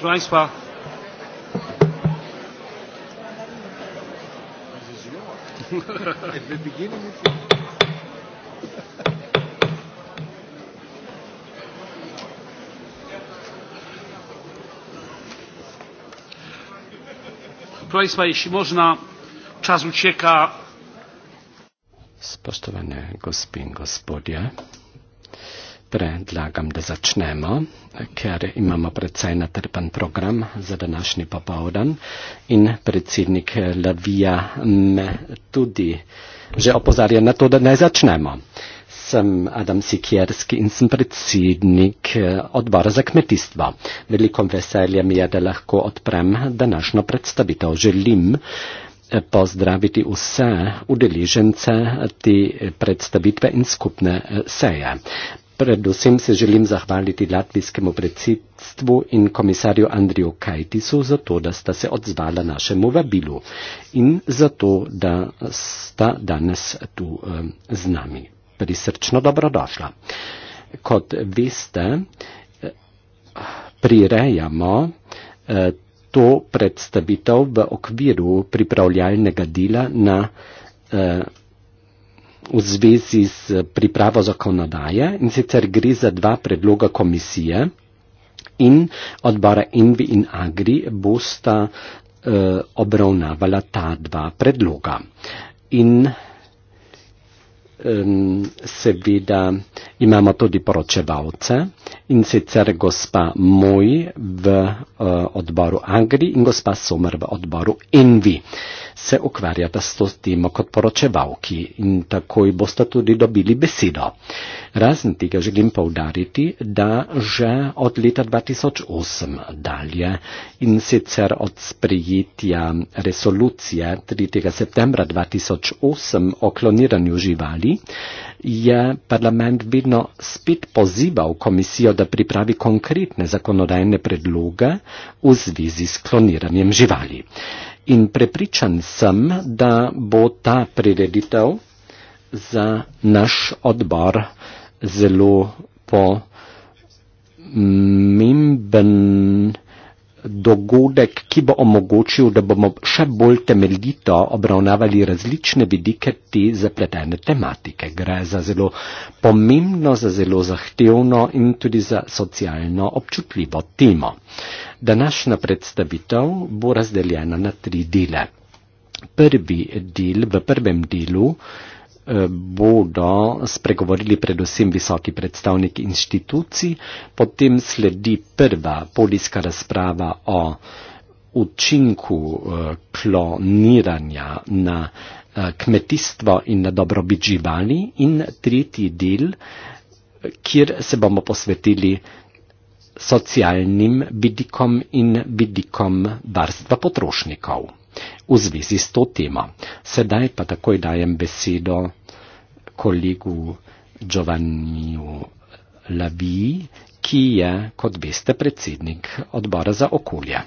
proszę państwa proszę państwa jeśli można czas ucieka Spoštovane gospe in gospodje predlagam, da začnemo, ker imamo predvsej natrpen program za današnji popovdan in predsednik Lavija me tudi že opozarja na to, da ne začnemo. Sem Adam Sikjerski in sem predsednik eh, odbora za kmetijstvo. Veliko veselje mi je, da lahko odprem današnjo predstavitev. Želim eh, pozdraviti vse udeležence te predstavitve in skupne eh, seje. Predvsem se želim zahvaliti latvijskemu predsedstvu in komisarju Andriju Kajtisu za to, da sta se odzvala našemu vabilu in za to, da sta danes tu eh, z nami. Prisrčno dobrodošla. Kot veste, eh, prirejamo eh, to predstavitev v okviru pripravljalnega dela na v zvezi z pripravo zakonodaje in sicer gre za dva predloga komisije in odbora Envi in Agri bosta uh, obravnavala ta dva predloga. In seveda imamo tudi poročevalce in sicer gospa Moj v eh, odboru Agri in gospa Somer v odboru Envi se ukvarjata s to temo kot poročevalki in takoj boste tudi dobili besedo. Razen tega želim povdariti, da že od leta 2008 dalje in sicer od sprejetja resolucije 3. septembra 2008 o kloniranju živali, je parlament vedno spet pozival komisijo, da pripravi konkretne zakonodajne predloge v zvezi s kloniranjem živali. In prepričan sem, da bo ta prireditev za naš odbor zelo pomemben dogodek, ki bo omogočil, da bomo še bolj temeljito obravnavali različne vidike te zapletene tematike. Gre za zelo pomembno, za zelo zahtevno in tudi za socialno občutljivo temo. Današnja predstavitev bo razdeljena na tri dele. Prvi del v prvem delu bodo spregovorili predvsem visoki predstavnik inštitucij, potem sledi prva polijska razprava o učinku eh, kloniranja na eh, kmetijstvo in na dobrobit živali in tretji del, kjer se bomo posvetili socialnim vidikom in vidikom varstva potrošnikov v zvezi s to tema. Sedaj pa takoj dajem besedo kolegu Giovanniju Lavi, ki je, kot veste, predsednik odbora za okolje.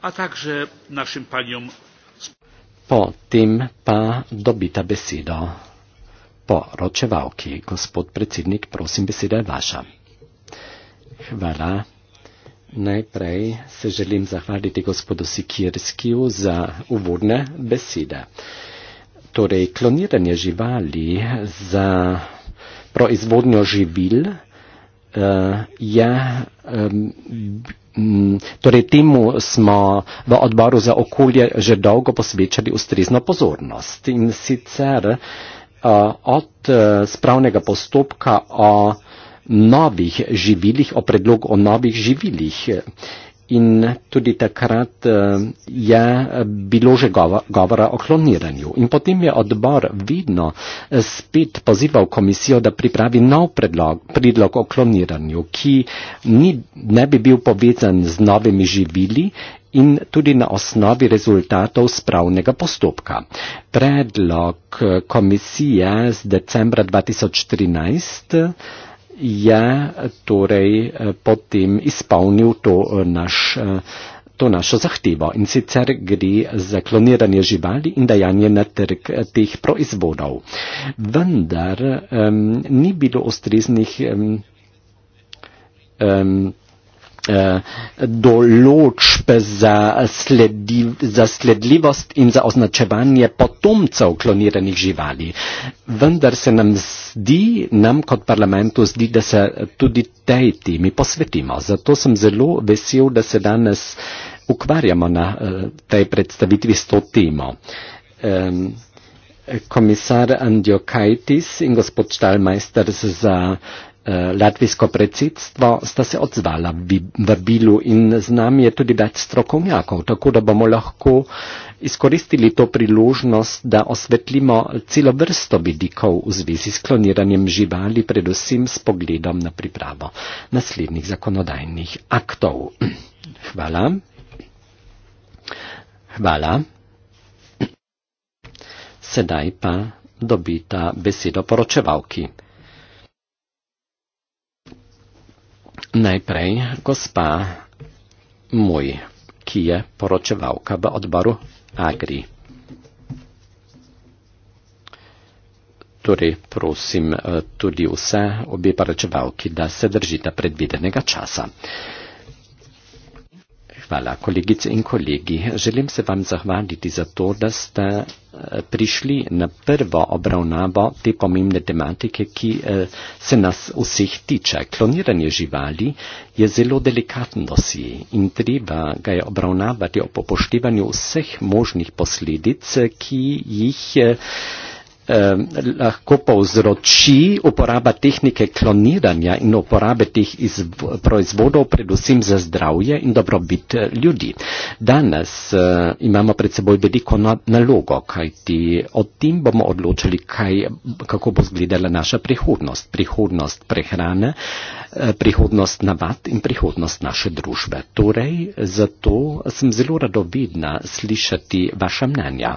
A takže našim panjom. Potem pa dobita besedo poročevalki. Gospod predsednik, prosim, beseda je vaša. Hvala. Najprej se želim zahvaliti gospodu Sikirskiju za uvodne besede. Torej, kloniranje živali za proizvodnjo živil uh, je. Um, torej, temu smo v odboru za okolje že dolgo posvečali ustrezno pozornost in sicer uh, od uh, spravnega postopka o uh, novih živilih, o predlogu o novih živilih. In tudi takrat eh, je bilo že govora o kloniranju. In potem je odbor vidno eh, spet pozival komisijo, da pripravi nov predlog, predlog o kloniranju, ki ni, ne bi bil povezan z novimi živili in tudi na osnovi rezultatov spravnega postopka. Predlog eh, komisije z decembra 2013 je torej eh, potem izpolnil to, eh, naš, eh, to našo zahtevo in sicer gre za kloniranje živali in dajanje na trg teh proizvodov. Vendar um, ni bilo ustreznih um, um, Eh, določb za, sledi, za sledljivost in za označevanje potomcev kloniranih živali. Vendar se nam zdi, nam kot parlamentu zdi, da se tudi tej temi posvetimo. Zato sem zelo vesel, da se danes ukvarjamo na eh, tej predstavitvi s to temo. Um, komisar Andjo Kajtis in gospod Štalmajster za uh, Eh, latvijsko predsedstvo sta se odzvala v bilu in z nami je tudi več strokovnjakov, tako da bomo lahko izkoristili to priložnost, da osvetlimo celo vrsto vidikov v zvezi s kloniranjem živali, predvsem s pogledom na pripravo naslednjih zakonodajnih aktov. Hvala. Hvala. Sedaj pa dobita besedo poročevalki. Najprej gospa Muj, ki je poročevalka v odboru Agri. Torej, prosim eh, tudi vse obe poročevalki, da se držite predvidenega časa hvala, kolegice in kolegi. Želim se vam zahvaliti za to, da ste eh, prišli na prvo obravnavo te pomembne tematike, ki eh, se nas vseh tiče. Kloniranje živali je zelo delikatno dosje in treba ga je obravnavati ob upoštevanju vseh možnih posledic, ki jih eh, eh, lahko povzroči uporaba tehnike kloniranja in uporabe teh proizvodov predvsem za zdravje in dobrobit eh, ljudi. Danes eh, imamo pred seboj veliko no-, nalogo, kajti o tem bomo odločili, kaj, kako bo izgledala naša prihodnost, prihodnost prehrane. Eh, Eh, prihodnost navad in prihodnost naše družbe. Torej, zato sem zelo radovedna slišati vaša mnenja.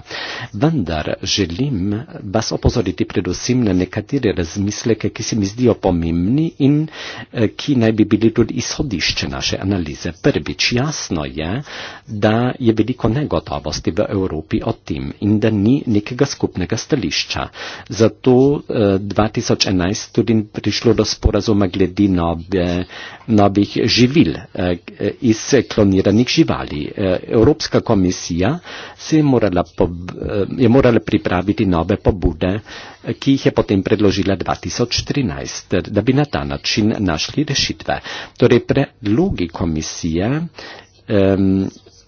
Vendar želim vas opozoriti predvsem na nekatere razmisleke, ki se mi zdijo pomembni in eh, ki naj bi bili tudi izhodišče naše analize. Prvič, jasno je, da je veliko negotovosti v Evropi o tem in da ni nekega skupnega stališča. Zato 2011 eh, tudi prišlo do sporazuma glede na novih živil eh, iz kloniranih živali. Eh, Evropska komisija je morala, eh, je morala pripraviti nove pobude, ki jih je potem predložila 2013, da bi na ta način našli rešitve. Torej, predlogi komisije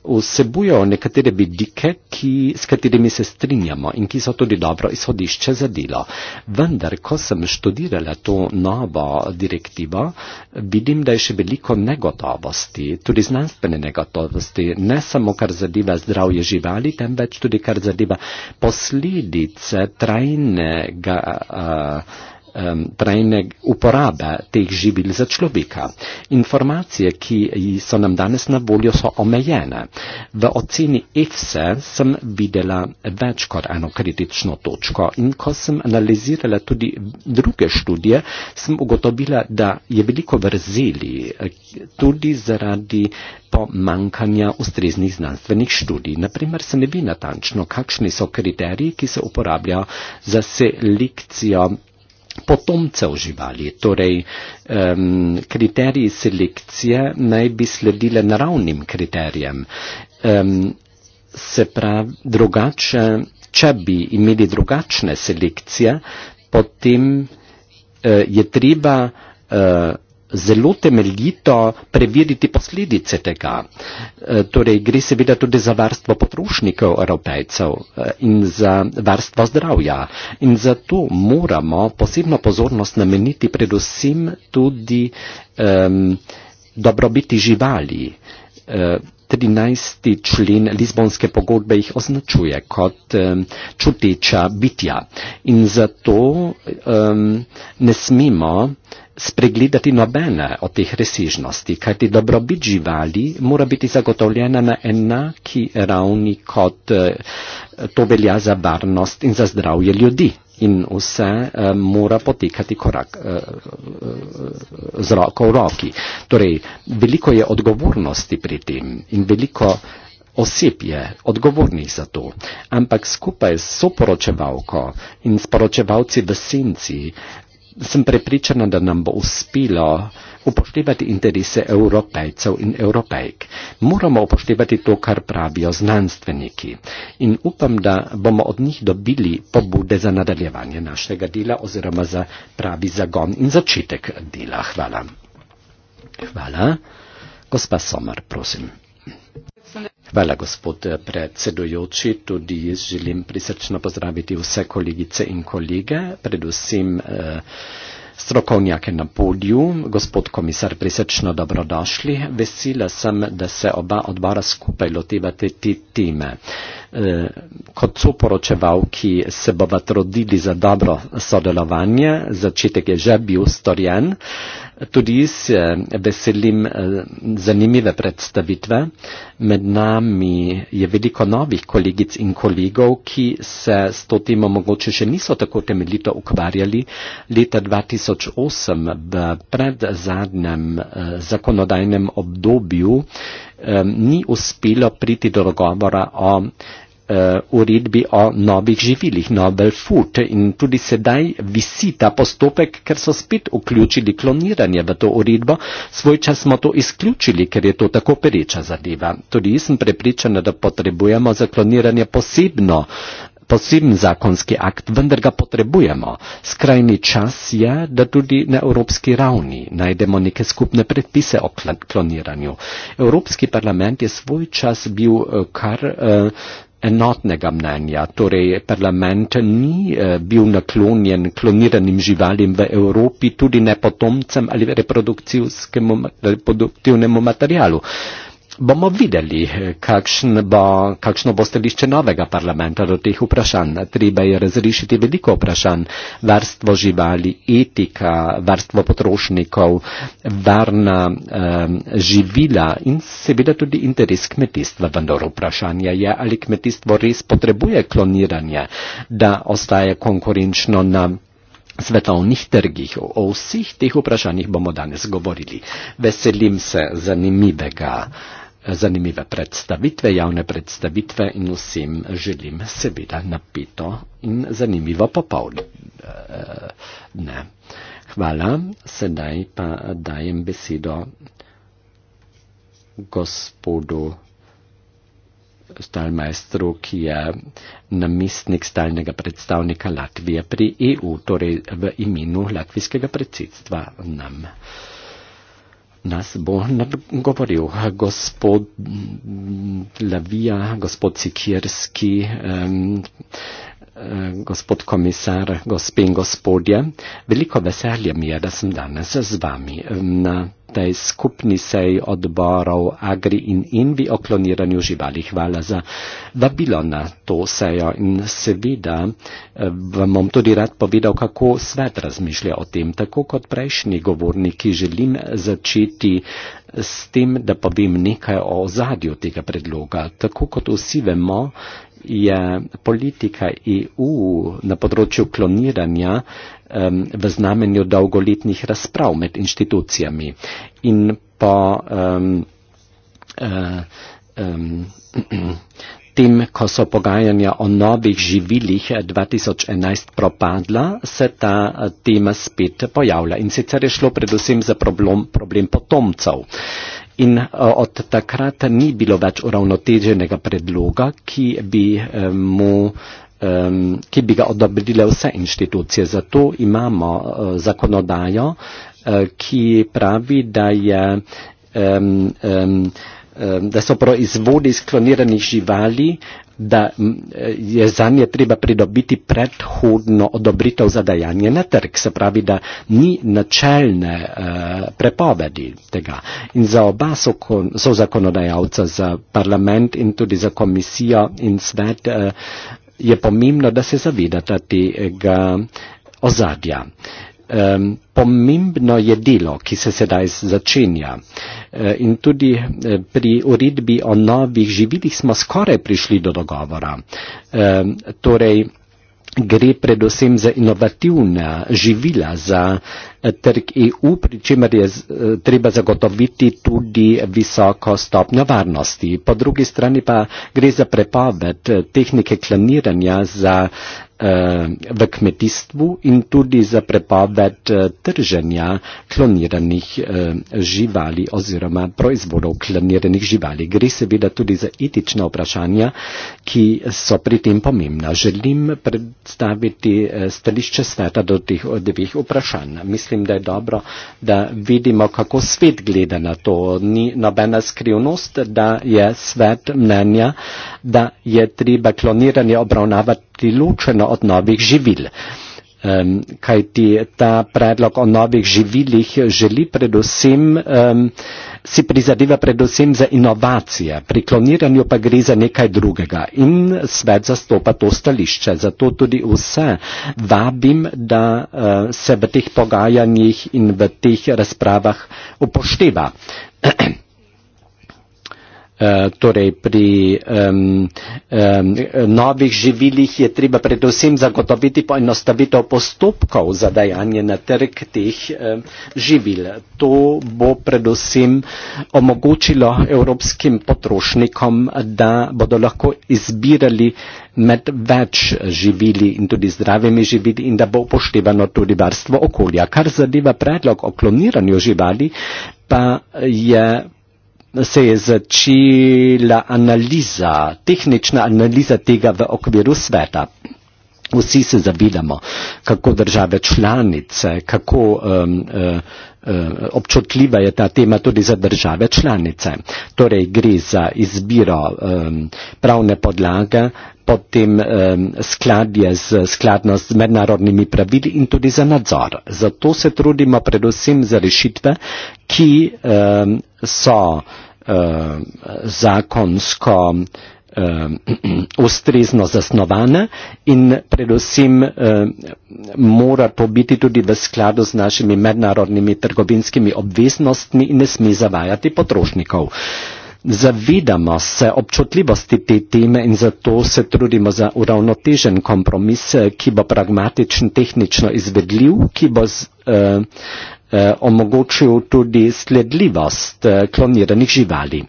vsebujejo nekatere vidike, ki, s katerimi se strinjamo in ki so tudi dobro izhodišče za delo. Vendar, ko sem študirala to novo direktivo, vidim, da je še veliko negotovosti, tudi znanstvene negotovosti, ne samo kar zadeva zdravje živali, temveč tudi kar zadeva posledice trajnega. Uh, trajne uporabe teh živil za človeka. Informacije, ki so nam danes na voljo, so omejene. V oceni EFSE sem videla več kot eno kritično točko in ko sem analizirala tudi druge študije, sem ugotovila, da je veliko vrzeli eh, tudi zaradi pomankanja ustreznih znanstvenih študij. Naprimer, se ne bi natančno, kakšni so kriteriji, ki se uporabljajo za selekcijo potomcev živali. Torej, um, kriteriji selekcije naj bi sledile naravnim kriterijem. Um, se pravi, drugače, če bi imeli drugačne selekcije, potem uh, je treba uh, zelo temeljito preveriti posledice tega. E, torej, gre seveda tudi za varstvo potrošnikov evropejcev e, in za varstvo zdravja. In zato moramo posebno pozornost nameniti predvsem tudi um, dobrobiti živali. 13. E, člen Lizbonske pogodbe jih označuje kot um, čuteča bitja. In zato um, ne smemo spregledati nobene od teh resižnosti, kajti dobrobit živali mora biti zagotovljena na enaki ravni, kot eh, to velja za varnost in za zdravje ljudi. In vse uh, mora potekati korak uh, z roko v roki. Torej, veliko je odgovornosti pri tem in veliko oseb je odgovornih za to. Ampak skupaj s soporočevalko in s poročevalci v senci sem prepričana, da nam bo uspelo upoštevati interese evropejcev in evropejk. Moramo upoštevati to, kar pravijo znanstveniki in upam, da bomo od njih dobili pobude za nadaljevanje našega dela oziroma za pravi zagon in začetek dela. Hvala. Hvala. Gospa Somar, prosim. Hvala, gospod eh, predsedujoči. Tudi jaz želim prisrčno pozdraviti vse kolegice in kolege, predvsem eh, strokovnjake na podiju. Gospod komisar, prisrčno dobrodošli. Vesela sem, da se oba odbora skupaj lotevate te teme. Eh, kot so poročevalki, se bova trudili za dobro sodelovanje, začetek je že bil storjen. Tudi jaz eh, veselim eh, zanimive predstavitve. Med nami je veliko novih kolegic in kolegov, ki se s to temo mogoče še niso tako temeljito ukvarjali. Leta 2008 v predzadnjem eh, zakonodajnem obdobju ni uspelo priti do dogovora o Eh, uredbi o novih živilih, novel food in tudi sedaj visi ta postopek, ker so spet vključili kloniranje v to uredbo, svoj čas smo to izključili, ker je to tako pereča zadeva. Tudi jaz sem prepričan, da potrebujemo za kloniranje posebno poseben zakonski akt, vendar ga potrebujemo. Skrajni čas je, da tudi na evropski ravni najdemo neke skupne predpise o kloniranju. Evropski parlament je svoj čas bil eh, kar. Uh, enotnega mnenja. Torej, parlament ni eh, bil naklonjen kloniranim živalim v Evropi, tudi ne potomcem ali reproduktivnemu materialu bomo videli, kakšen bo, kakšno bo stališče novega parlamenta do teh vprašanj. Treba je razrešiti veliko vprašanj. Varstvo živali, etika, varstvo potrošnikov, varna eh, živila in seveda tudi interes kmetijstva. Vendar vprašanje je, ali kmetijstvo res potrebuje kloniranje, da ostaje konkurenčno na svetovnih trgih. O vseh teh vprašanjih bomo danes govorili. Veselim se zanimivega zanimive predstavitve, javne predstavitve in vsem želim seveda napito in zanimivo popoldne. Hvala, sedaj pa dajem besedo gospodu stalmajstru, ki je namestnik stalnega predstavnika Latvije pri EU, torej v imenu latvijskega predsedstva nam. Uh, nas bo nagovoril gospod Lavija, gospod Sikirski, gospod komisar, gospe in gospodje. Veliko veselje mi je, da sem danes z vami na tej skupni sej odborov Agri in Invi o kloniranju živali. Hvala za vabilo na to sejo in seveda eh, vam bom tudi rad povedal, kako svet razmišlja o tem. Tako kot prejšnji govorniki želim začeti s tem, da povem nekaj o ozadju tega predloga. Tako kot vsi vemo, je politika EU na področju kloniranja um, v znamenju dolgoletnih razprav med institucijami in pa um, um, tem, ko so pogajanja o novih živilih 2011 propadla, se ta eh, tema spet pojavlja. In sicer je šlo predvsem za problem, problem potomcev. In eh, od takrat ni bilo več uravnoteženega predloga, ki bi eh, mu um, ki bi ga odobrile vse inštitucije. Zato imamo uh, zakonodajo, uh, ki pravi, da, je, um, um, um, da so proizvodi iz kloniranih živali, da eh, je za nje treba pridobiti predhodno odobritev za dajanje na trg. Se pravi, da ni načelne uh, prepovedi tega. In za oba so, so zakonodajalca, za parlament in tudi za komisijo in svet. Uh, je pomembno, da se zavedate tega ozadja. Um, pomembno je delo, ki se sedaj začenja. Um, in tudi eh, pri uredbi o novih živilih smo skoraj prišli do dogovora. Um, torej, gre predvsem za inovativna živila za eh, trg EU, pri čemer je eh, treba zagotoviti tudi visoko stopnjo varnosti. Po drugi strani pa gre za prepoved eh, tehnike kloniranja za Eh, v kmetijstvu in tudi za prepoved eh, trženja kloniranih eh, živali oziroma proizvodov kloniranih živali. Gre seveda tudi za etična vprašanja, ki so pri tem pomembna. Želim predstaviti stališče sveta do teh dveh vprašanj. Mislim, da je dobro, da vidimo, kako svet gleda na to. Ni nobena skrivnost, da je svet mnenja, da je treba kloniranje obravnavati ločeno od novih živil. Um, kaj ti ta predlog o novih živilih želi predvsem, um, si prizadeva predvsem za inovacije, pri kloniranju pa gre za nekaj drugega in svet zastopa to stališče. Zato tudi vse vabim, da uh, se v teh pogajanjih in v teh razpravah upošteva. Eh, torej pri um, um, novih živilih je treba predvsem zagotoviti poenostavitev postopkov za dajanje na trg teh um, živil. To bo predvsem omogočilo evropskim potrošnikom, da bodo lahko izbirali med več živili in tudi zdravimi živili in da bo upoštevano tudi varstvo okolja. Kar zadeva predlog o kloniranju živali, pa je se je začela analiza, tehnična analiza tega v okviru sveta. Vsi se zavidamo, kako države članice, kako um, um, občutljiva je ta tema tudi za države članice. Torej gre za izbiro um, pravne podlage, potem skladje z skladnost z mednarodnimi pravili in tudi za nadzor. Zato se trudimo predvsem za rešitve, ki so zakonsko ustrezno zasnovane in predvsem mora to biti tudi v skladu z našimi mednarodnimi trgovinskimi obveznostmi in ne sme zavajati potrošnikov. Zavedamo se občutljivosti te teme in zato se trudimo za uravnotežen kompromis, ki bo pragmatičen, tehnično izvedljiv, ki bo z, eh, eh, omogočil tudi sledljivost eh, kloniranih živali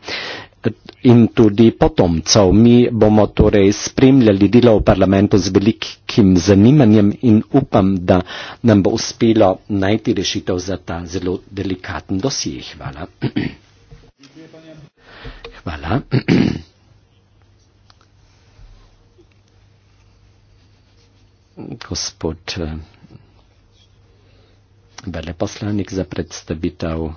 in tudi potomcev. Mi bomo torej spremljali delo v parlamentu z velikim zanimanjem in upam, da nam bo uspelo najti rešitev za ta zelo delikaten dosje. Hvala. Hvala. Gospod eh, veleposlanik za predstavitev eh,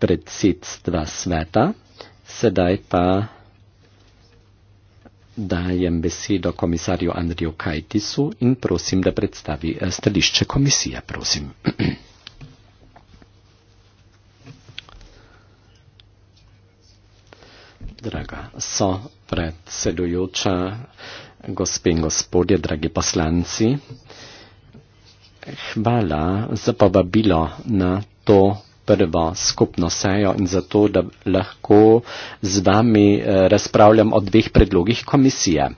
predsedstva sveta, sedaj pa dajem besedo komisarju Andriju Kajtisu in prosim, da predstavi eh, stališče komisije, prosim. so predsedujoča, gospe in gospodje, dragi poslanci. Hvala za povabilo na to prvo skupno sejo in za to, da lahko z vami eh, razpravljam o dveh predlogih komisije.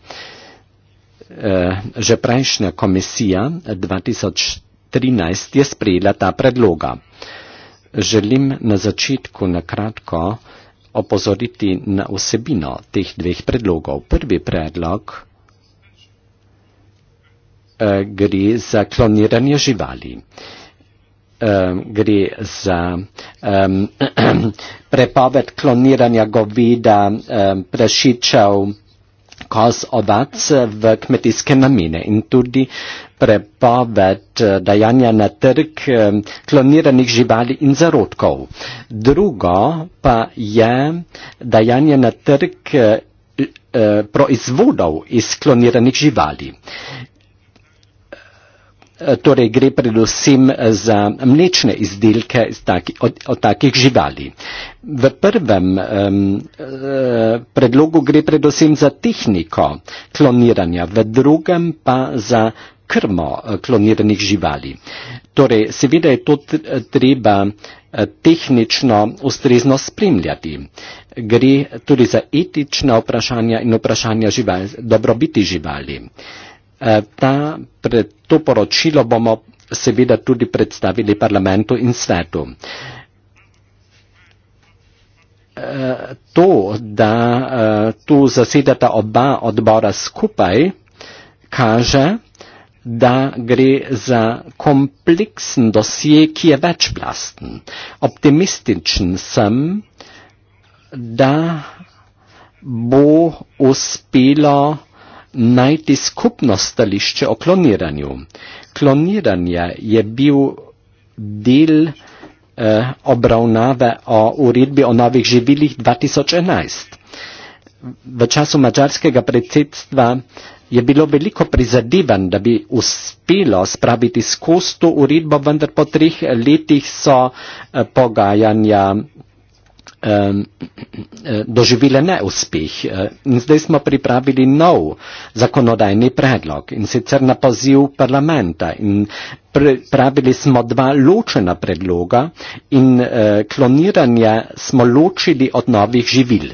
Eh, že prejšnja komisija 2013 je sprejela ta predloga. Želim na začetku na kratko opozoriti na vsebino teh dveh predlogov. Prvi predlog eh, gre za kloniranje živali. Eh, gre za prepoved kloniranja govida, prešičev, dokaz o vac v kmetijske namene in tudi prepoved eh, dajanja na trg eh, kloniranih živali in zarodkov. Drugo pa je dajanje na trg eh, proizvodov iz kloniranih živali torej gre predvsem za mlečne izdelke taki, od, od takih živali. V prvem um, predlogu gre predvsem za tehniko kloniranja, v drugem pa za krmo eh, kloniranih živali. Torej, seveda je to treba eh, tehnično ustrezno spremljati. Gre tudi za etična vprašanja in vprašanja živali, dobrobiti živali. Uh, Eh, ta, pred, to poročilo bomo seveda tudi predstavili parlamentu in svetu. Eh, to, da eh, tu zasedata oba odbora skupaj, kaže, da gre za kompleksen dosje, ki je večplasten. Optimističen sem, da bo uspelo najti skupno stališče o kloniranju. Kloniranje je bil del eh, obravnave o uredbi o novih živilih 2011. V času mačarskega predsedstva je bilo veliko prizadevanj, da bi uspelo spraviti skozi to uredbo, vendar po treh letih so eh, pogajanja Eh, doživile neuspeh eh, in zdaj smo pripravili nov zakonodajni predlog in sicer na poziv parlamenta in pripravili smo dva ločena predloga in eh, kloniranje smo ločili od novih živil.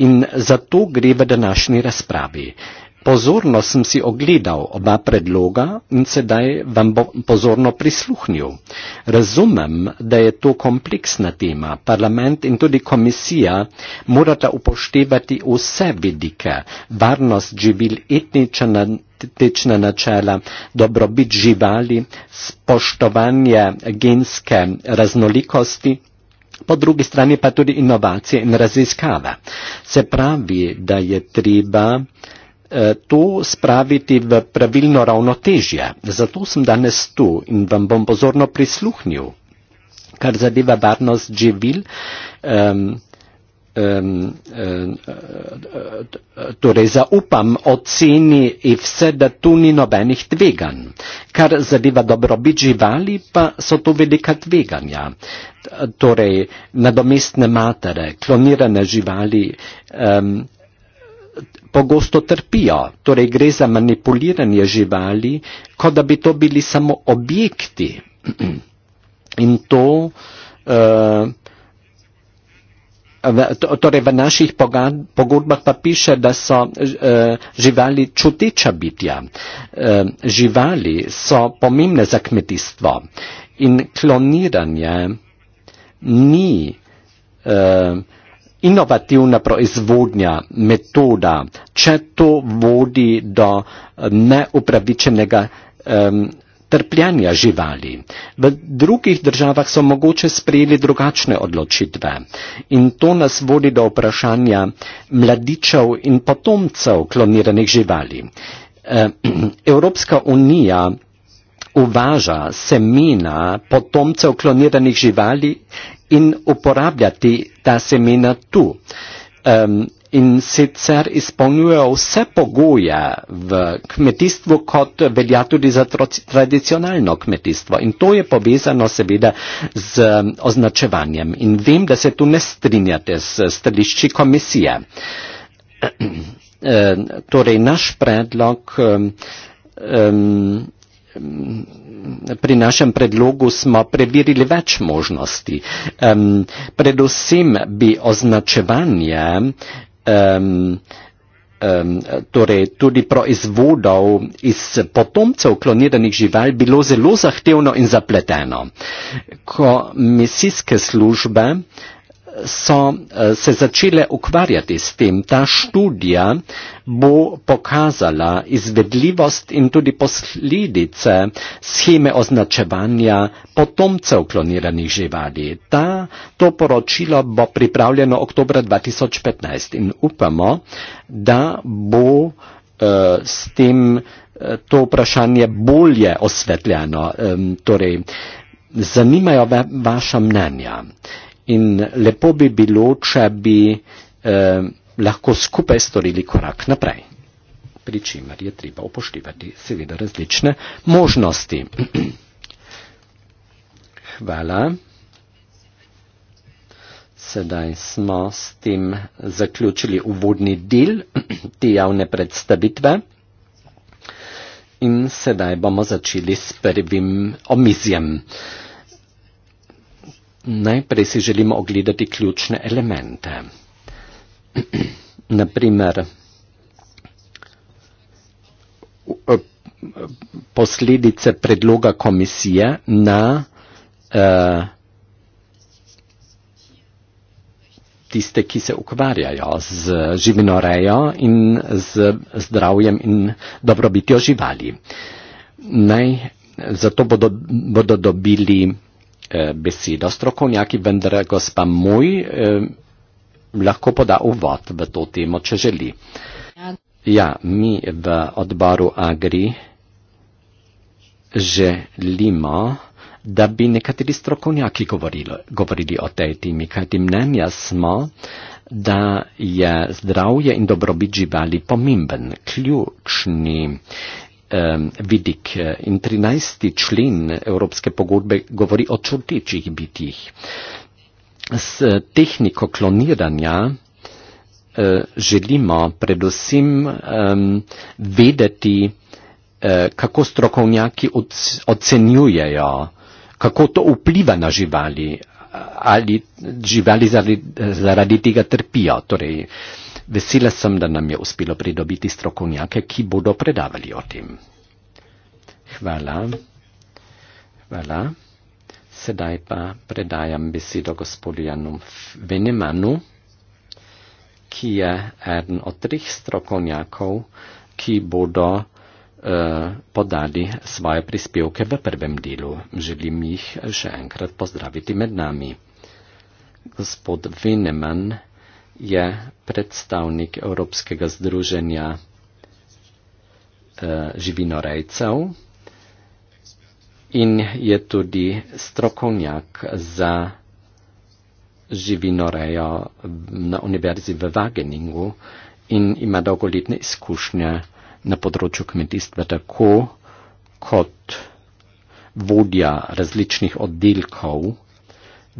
In zato gre v današnji razpravi. Uh, Pozorno sem si ogledal oba predloga in sedaj vam bo pozorno prisluhnil. Razumem, da je to kompleksna tema. Parlament in tudi komisija morata upoštevati vse vidike, varnost živil, etnična načela, dobrobit živali, spoštovanje genske raznolikosti. Po drugi strani pa tudi inovacije in raziskave. Se pravi, da je treba Eh, to spraviti v pravilno ravnotežje. Zato sem danes tu in vam bom pozorno prisluhnil, kar zadeva varnost živil, um, um, torej zaupam oceni in vse, da tu ni nobenih tveganj. Kar zadeva dobrobit živali, pa so to velika tveganja. Torej, nadomestne matere, klonirane živali. Um, pogosto trpijo, torej gre za manipuliranje živali, kot da bi to bili samo objekti. In to, uh, v, to torej v naših pogodbah pa piše, da so uh, živali čuteča bitja. Uh, živali so pomembne za kmetijstvo in kloniranje ni uh, inovativna proizvodnja, metoda, če to vodi do eh, neupravičenega um, trpljenja živali. V drugih državah so mogoče sprejeli drugačne odločitve in to nas vodi do vprašanja mladičev in potomcev kloniranih živali. Eh, Evropska unija uvaža semena potomcev kloniranih živali in uporabljati ta semena tu. Um, in sicer izpolnjujejo vse pogoje v kmetijstvu, kot velja tudi za tradicionalno kmetijstvo. In to je povezano seveda z označevanjem. In vem, da se tu ne strinjate s stališči komisije. Torej, naš predlog. Um, um, pri našem predlogu smo preverili več možnosti. Um, predvsem bi označevanje um, um, torej tudi proizvodov iz potomcev kloniranih živali bilo zelo zahtevno in zapleteno. Komisijske službe so eh, se začele ukvarjati s tem. Ta študija bo pokazala izvedljivost in tudi posledice scheme označevanja potomcev kloniranih živali. Ta, to poročilo bo pripravljeno oktober 2015 in upamo, da bo uh, s tem eh, to vprašanje bolje osvetljeno. Um, torej, zanimajo vaša mnenja. In lepo bi bilo, če bi eh, lahko skupaj storili korak naprej. Pri čemer je treba upoštevati seveda različne možnosti. Hvala. Sedaj smo s tem zaključili uvodni del te javne predstavitve in sedaj bomo začeli s prvim omizjem. Uh, najprej si želimo ogledati ključne elemente. Naprimer, posledice predloga komisije na eh, tiste, ki se ukvarjajo z živinorejo in z zdravjem in dobrobitjo živali. Zato bodo dobili vsega, Eh, besedo strokovnjaki, vendar gospa Moj eh, lahko poda uvod v to temo, če želi. Ja, mi v odboru Agri želimo, da bi nekateri strokovnjaki govorili, govorili o tej temi, kajti mnenja smo, da je zdravje in dobrobit živali pomemben, ključni. Um, vidik. In 13. člen Evropske pogodbe govori o čutečih bitjih. S eh, tehniko kloniranja eh, želimo predvsem vedeti, eh, kako strokovnjaki ocenjujejo, kako to vpliva na živali, ali živali zaradi tega trpijo. Torej, Vesela sem, da nam je uspelo pridobiti strokovnjake, ki bodo predavali o tem. Hvala. Hvala. Sedaj pa predajam besedo gospodinu Venemanu, ki je eden od treh strokovnjakov, ki bodo eh, podali svoje prispevke v prvem delu. Želim jih še enkrat pozdraviti med nami. Gospod Veneman je predstavnik Evropskega združenja eh, živinorejcev in je tudi strokovnjak za živinorejo na univerzi v Wageningu in ima dolgoletne izkušnje na področju kmetijstva, tako kot vodja različnih oddelkov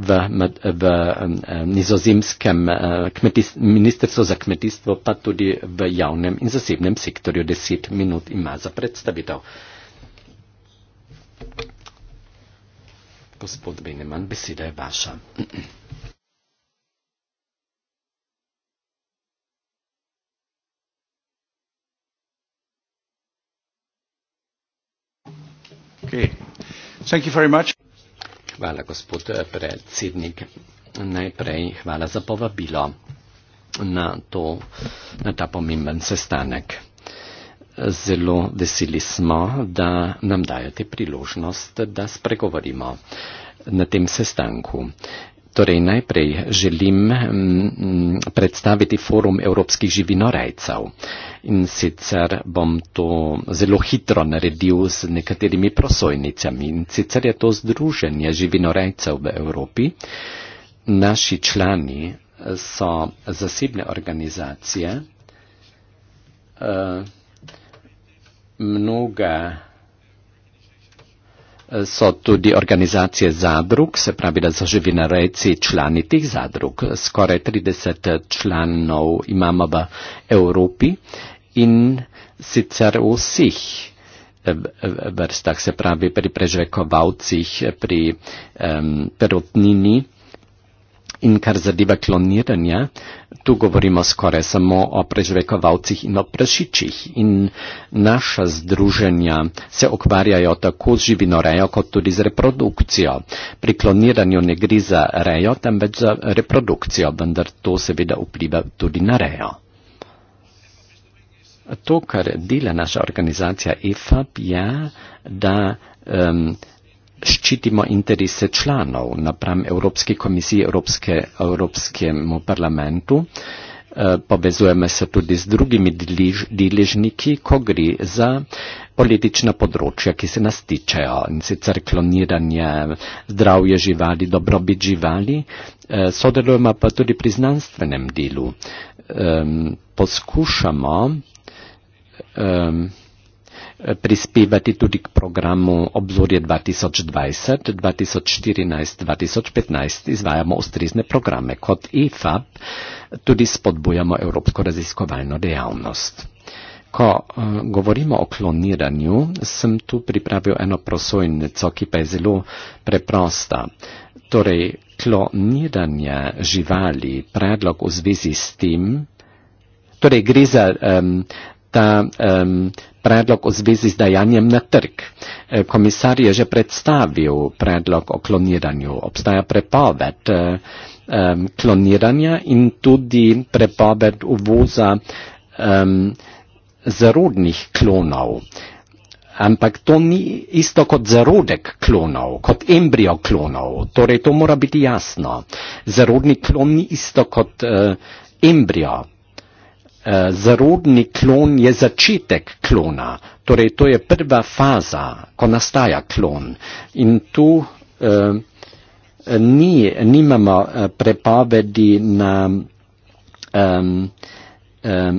v, v nizozemskem eh, kmetist, ministrstvu za kmetijstvo, pa tudi v javnem in zasebnem sektorju. Deset minut ima za predstavitev. Gospod Beneman, beseda je vaša. Okay. Thank you very much. Hvala, gospod eh, predsednik. Najprej hvala za povabilo na, to, na ta pomemben sestanek. Zelo veseli smo, da nam dajo te priložnost, da spregovorimo na tem sestanku. Torej najprej želim mm, predstaviti forum evropskih živinorejcev in sicer bom to zelo hitro naredil z nekaterimi prosojnicami in sicer je to združenje živinorejcev v Evropi. Naši člani eh, so zasebne organizacije, eh, mnoga so tudi organizacije zadrug, se pravi, da so živina reci člani tih zadrug. Skoraj 30 članov imamo v Evropi in sicer v vseh eh, vrstah, se pravi pri prežvekovalcih, pri um, perotnini in kar zadeva kloniranja, tu govorimo skoraj samo o preživekovalcih in o prašičih in naša združenja se ukvarjajo tako z živino rejo kot tudi z reprodukcijo. Pri kloniranju ne gre za rejo, temveč za reprodukcijo, vendar to seveda vpliva tudi na rejo. To, kar dela naša organizacija EFAP, je, da um, ščitimo interese članov napram Evropski komisiji, Evropske, Evropskemu parlamentu, eh, povezujemo se tudi z drugimi deležniki, ko gre za politična področja, ki se nas tičejo, in sicer kloniranje, zdravje živali, dobrobit živali, eh, sodelujemo pa tudi pri znanstvenem delu. Ehm, poskušamo ehm, Eh, prispevati tudi k programu obzorje 2020, 2014, 2015 izvajamo ustrezne programe kot EFAP, tudi spodbujamo evropsko raziskovalno dejavnost. Ko uh, govorimo o kloniranju, sem tu pripravil eno prosojnico, ki pa je zelo preprosta. Torej, kloniranje živali, predlog v zvezi s tem, torej gre za um, ta um, predlog v zvezi z dajanjem na trg. E, komisar je že predstavil predlog o kloniranju. Obstaja prepoved um, kloniranja in tudi prepoved uvoza um, zarodnih klonov. Ampak to ni isto kot zarodek klonov, kot embrio klonov. Torej, to mora biti jasno. Zarodni klon ni isto kot uh, embrio Eh, zarodni klon je začetek klona, torej to je prva faza, ko nastaja klon. In tu eh, ni, nimamo eh, prepovedi na, eh, eh,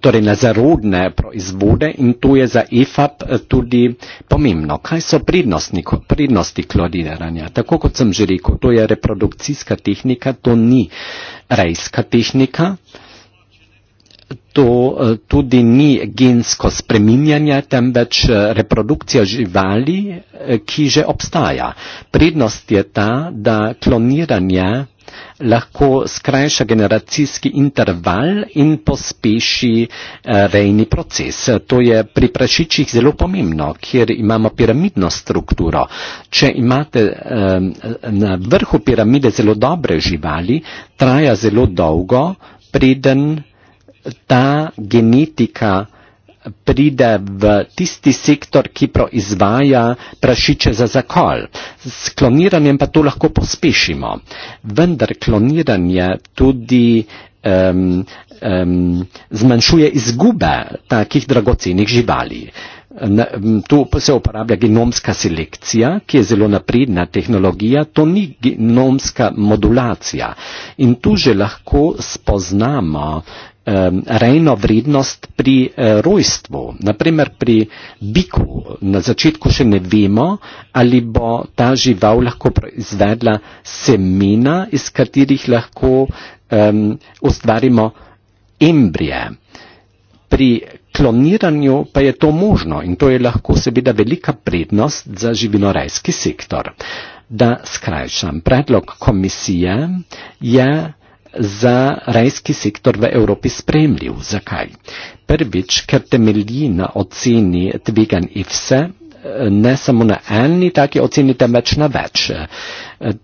torej na zarodne proizvode in tu je za IFAP eh, tudi pomembno. Kaj so prednosti, prednosti kloriranja? Tako kot sem že rekel, to je reprodukcijska tehnika, to ni rejska tehnika to eh, tudi ni gensko spreminjanje, temveč eh, reprodukcija živali, eh, ki že obstaja. Prednost je ta, da kloniranje lahko skrajša generacijski interval in pospeši rejni proces. To je pri prašičih zelo pomembno, kjer imamo piramidno strukturo. Če imate na vrhu piramide zelo dobre živali, traja zelo dolgo, preden ta genetika pride v tisti sektor, ki proizvaja prašiče za zakol. S kloniranjem pa to lahko pospešimo. Vendar kloniranje tudi um, um, zmanjšuje izgube takih dragocenih živali. Tu se uporablja genomska selekcija, ki je zelo napredna tehnologija, to ni genomska modulacija. In tu že lahko spoznamo Ehm, rejno vrednost pri eh, rojstvu. Naprimer pri biku na začetku še ne vemo, ali bo ta žival lahko proizvedla semena, iz katerih lahko um, ustvarimo embrije. Pri kloniranju pa je to možno in to je lahko seveda velika prednost za živinorejski sektor. Da skrajšam, predlog komisije je za rajski sektor v Evropi spremljiv. Zakaj? Prvič, ker temelji na oceni tvegan IFSE, ne samo na eni taki oceni, temveč na več.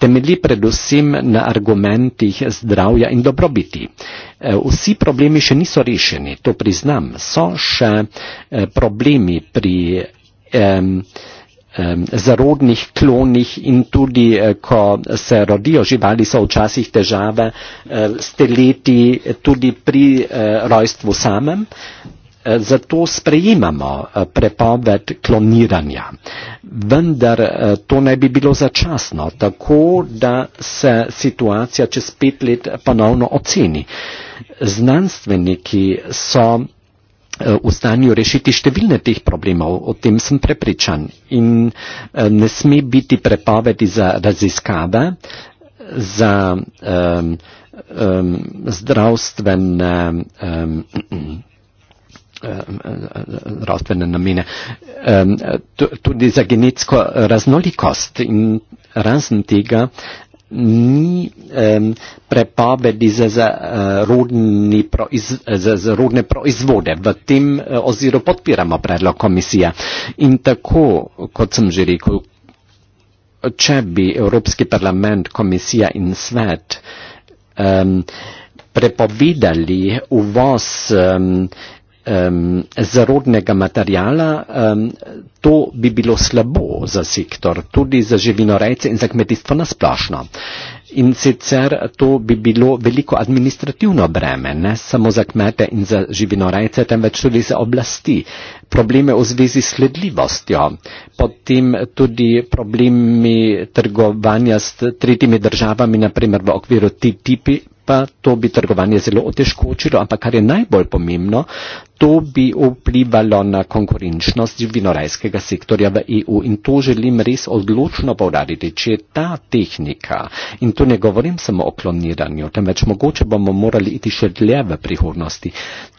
Temelji predvsem na argumentih zdravja in dobrobiti. Vsi problemi še niso rešeni, to priznam. So še eh, problemi pri. Eh, Ehm, zarodnih klonih in tudi, eh, ko se rodijo živali, so včasih težave eh, s teleti tudi pri eh, rojstvu samem. Zato sprejemamo prepoved kloniranja. Vendar to naj bi bilo začasno, tako da se situacija čez pet let ponovno oceni. Znanstveniki so Eh, v stanju rešiti številne teh problemov, o tem sem prepričan. In eh, ne sme biti prepovedi za raziskave, za um, um, zdravstvene, um, zdravstvene namene, um, tudi za genetsko raznolikost. In razen tega nie um, prepovedi za, za, eh, rodni proiz, za, za rodne proizvode. V tem eh, oziru podpiramo predlog komisije. In tako, kot sem že rekel, če bi Evropski parlament, komisija in svet um, prepovedali uvoz um, um, zarodnega materijala, um, to bi bilo slabo za sektor, tudi za živinorejce in za kmetijstvo nasplošno. In sicer to bi bilo veliko administrativno breme, ne samo za kmete in za živinorejce, temveč tudi za oblasti. Probleme v zvezi s sledljivostjo, potem tudi problemi trgovanja s tretjimi državami, naprimer v okviru TTIP-a, to bi trgovanje zelo otežkočilo, ampak kar je najbolj pomembno, to bi vplivalo na konkurenčnost vinorajskega sektorja v EU in to želim res odločno povdariti, če je ta tehnika in tu ne govorim samo o kloniranju, temveč mogoče bomo morali iti še dlje v prihodnosti,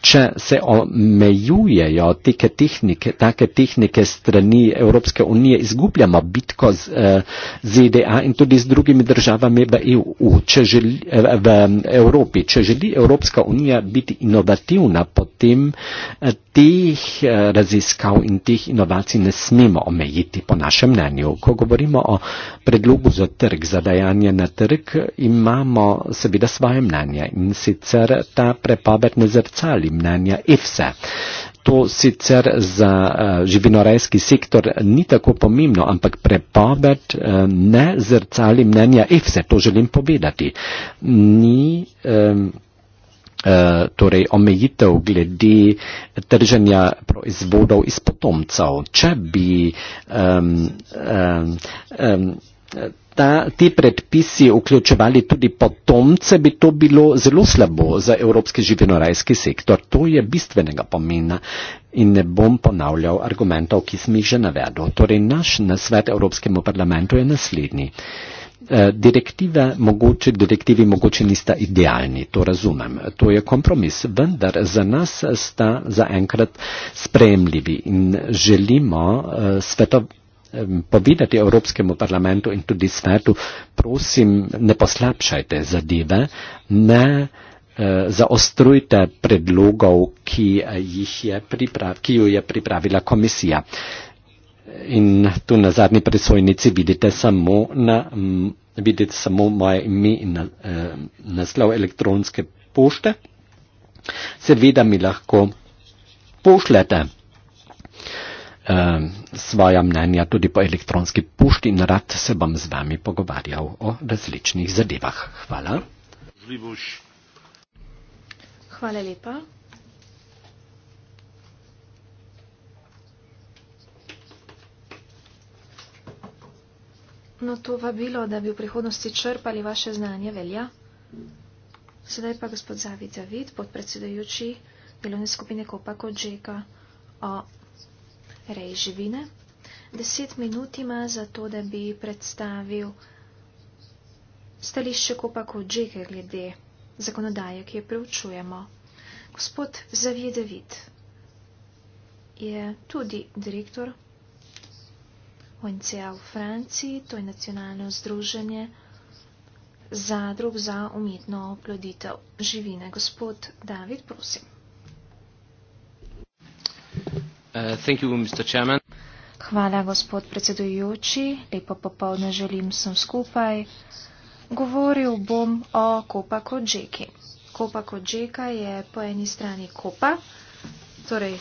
če se omejujejo take tehnike, take tehnike strani Evropske unije, izgubljamo bitko z eh, ZDA in tudi z drugimi državami v EU, če želi, eh, v Evropi, če želi Evropska unija biti inovativna, potem Eh, teh eh, raziskav in teh inovacij ne smemo omejiti, po našem mnenju. Ko govorimo o predlogu za trg, za dajanje na trg, imamo seveda svoje mnenje in sicer ta prepoved ne zrcali mnenja EFSE. To sicer za eh, živinorejski sektor ni tako pomembno, ampak prepoved ne zrcali mnenja EFSE, to želim povedati. Ni, um, Eh, torej omejitev glede trženja proizvodov iz potomcev. Če bi um, um, ta, ti predpisi vključevali tudi potomce, bi to bilo zelo slabo za evropski živinorajski sektor. To je bistvenega pomena in ne bom ponavljal argumentov, ki sem jih že navedel. Torej, naš nasvet Evropskemu parlamentu je naslednji. Eh, direktive mogoče, direktivi mogoče nista idealni, to razumem, to je kompromis, vendar za nas sta zaenkrat spremljivi in želimo eh, sveto eh, povedati Evropskemu parlamentu in tudi svetu, prosim, ne poslabšajte zadeve, ne zaostrujte predlogov, ki, jih je priprav, ki jo je pripravila komisija in tu na zadnji predsojnici vidite samo, na, vidite samo moje ime in na, eh, naslov elektronske pošte. Seveda mi lahko pošljete eh, svoja mnenja tudi po elektronski pošti in rad se bom z vami pogovarjal o različnih zadevah. Hvala. Hvala lepa. No, to vabilo, da bi v prihodnosti črpali vaše znanje, velja. Sedaj pa gospod Zavid Zavid, podpredsedujoči delovne skupine Kopa Kodžeka o reji živine. Deset minut ima za to, da bi predstavil stališče Kopa Kodžeke glede zakonodaje, ki jo preučujemo. Gospod Zavid Zavid je tudi direktor ONCA v Franciji, to je nacionalno združenje zadrug za umetno oploditev. Živine, gospod David, prosim. Uh, thank you, Mr. Chairman. Hvala, gospod predsedujoči. Lepo popovdne želim sem skupaj. Govoril bom o Kopa Kodžeki. Kopa Kodžeka je po eni strani Kopa, torej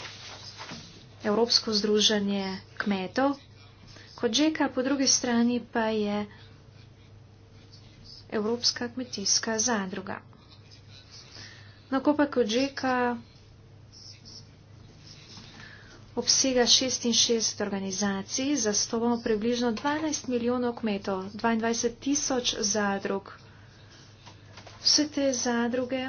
Evropsko združenje kmetov, kot žeka, po drugi strani pa je Evropska kmetijska zadruga. No, ko pa kot žeka obsega 66 organizacij, zastopamo približno 12 milijonov kmetov, 22 tisoč zadrug. Vse te zadruge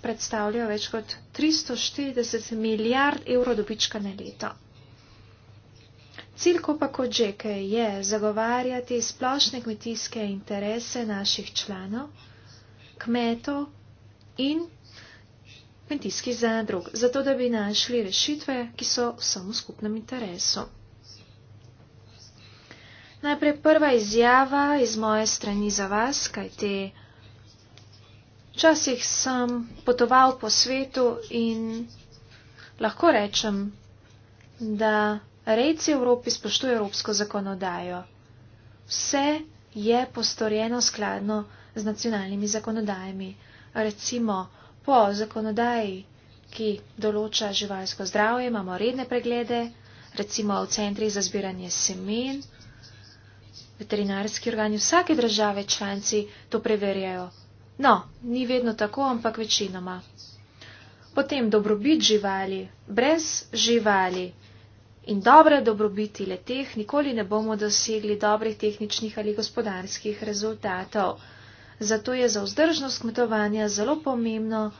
predstavljajo več kot 340 milijard evrov dobička na leto. Cilj Kopakodžeke je zagovarjati splošne kmetijske interese naših članov, kmetov in kmetijskih zadrug, zato da bi našli rešitve, ki so vsem v skupnem interesu. Najprej prva izjava iz moje strani za vas, kajte včasih sem potoval po svetu in lahko rečem, da Rejci v Evropi spoštujejo evropsko zakonodajo. Vse je postorjeno skladno z nacionalnimi zakonodajami. Recimo, po zakonodaji, ki določa živalsko zdravje, imamo redne preglede, recimo v centrih za zbiranje semen, veterinarski organi vsake države članci to preverjajo. No, ni vedno tako, ampak večinoma. Potem dobrobit živali, brez živali in dobre dobrobiti le teh, nikoli ne bomo dosegli dobrih tehničnih ali gospodarskih rezultatov. Zato je za vzdržnost kmetovanja zelo pomembno,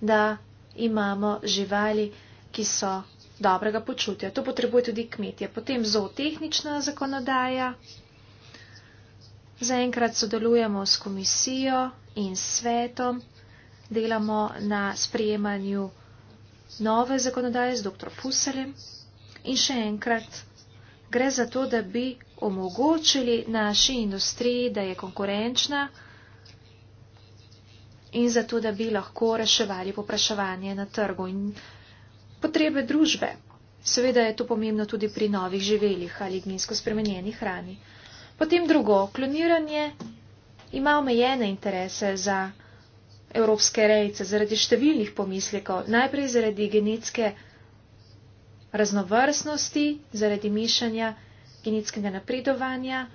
da imamo živali, ki so dobrega počutja. To potrebuje tudi kmetje. Potem zootehnična zakonodaja. Zaenkrat sodelujemo s komisijo in svetom, delamo na sprejemanju nove zakonodaje z dr. Puselem. In še enkrat, gre za to, da bi omogočili naši industriji, da je konkurenčna in zato, da bi lahko reševali popraševanje na trgu in potrebe družbe. Seveda je to pomembno tudi pri novih živeljih ali gnisko spremenjeni hrani. Potem drugo, kloniranje ima omejene interese za evropske rejce zaradi številnih pomislekov. Najprej zaradi genetske raznovrstnosti zaradi mišanja genetskega napredovanja.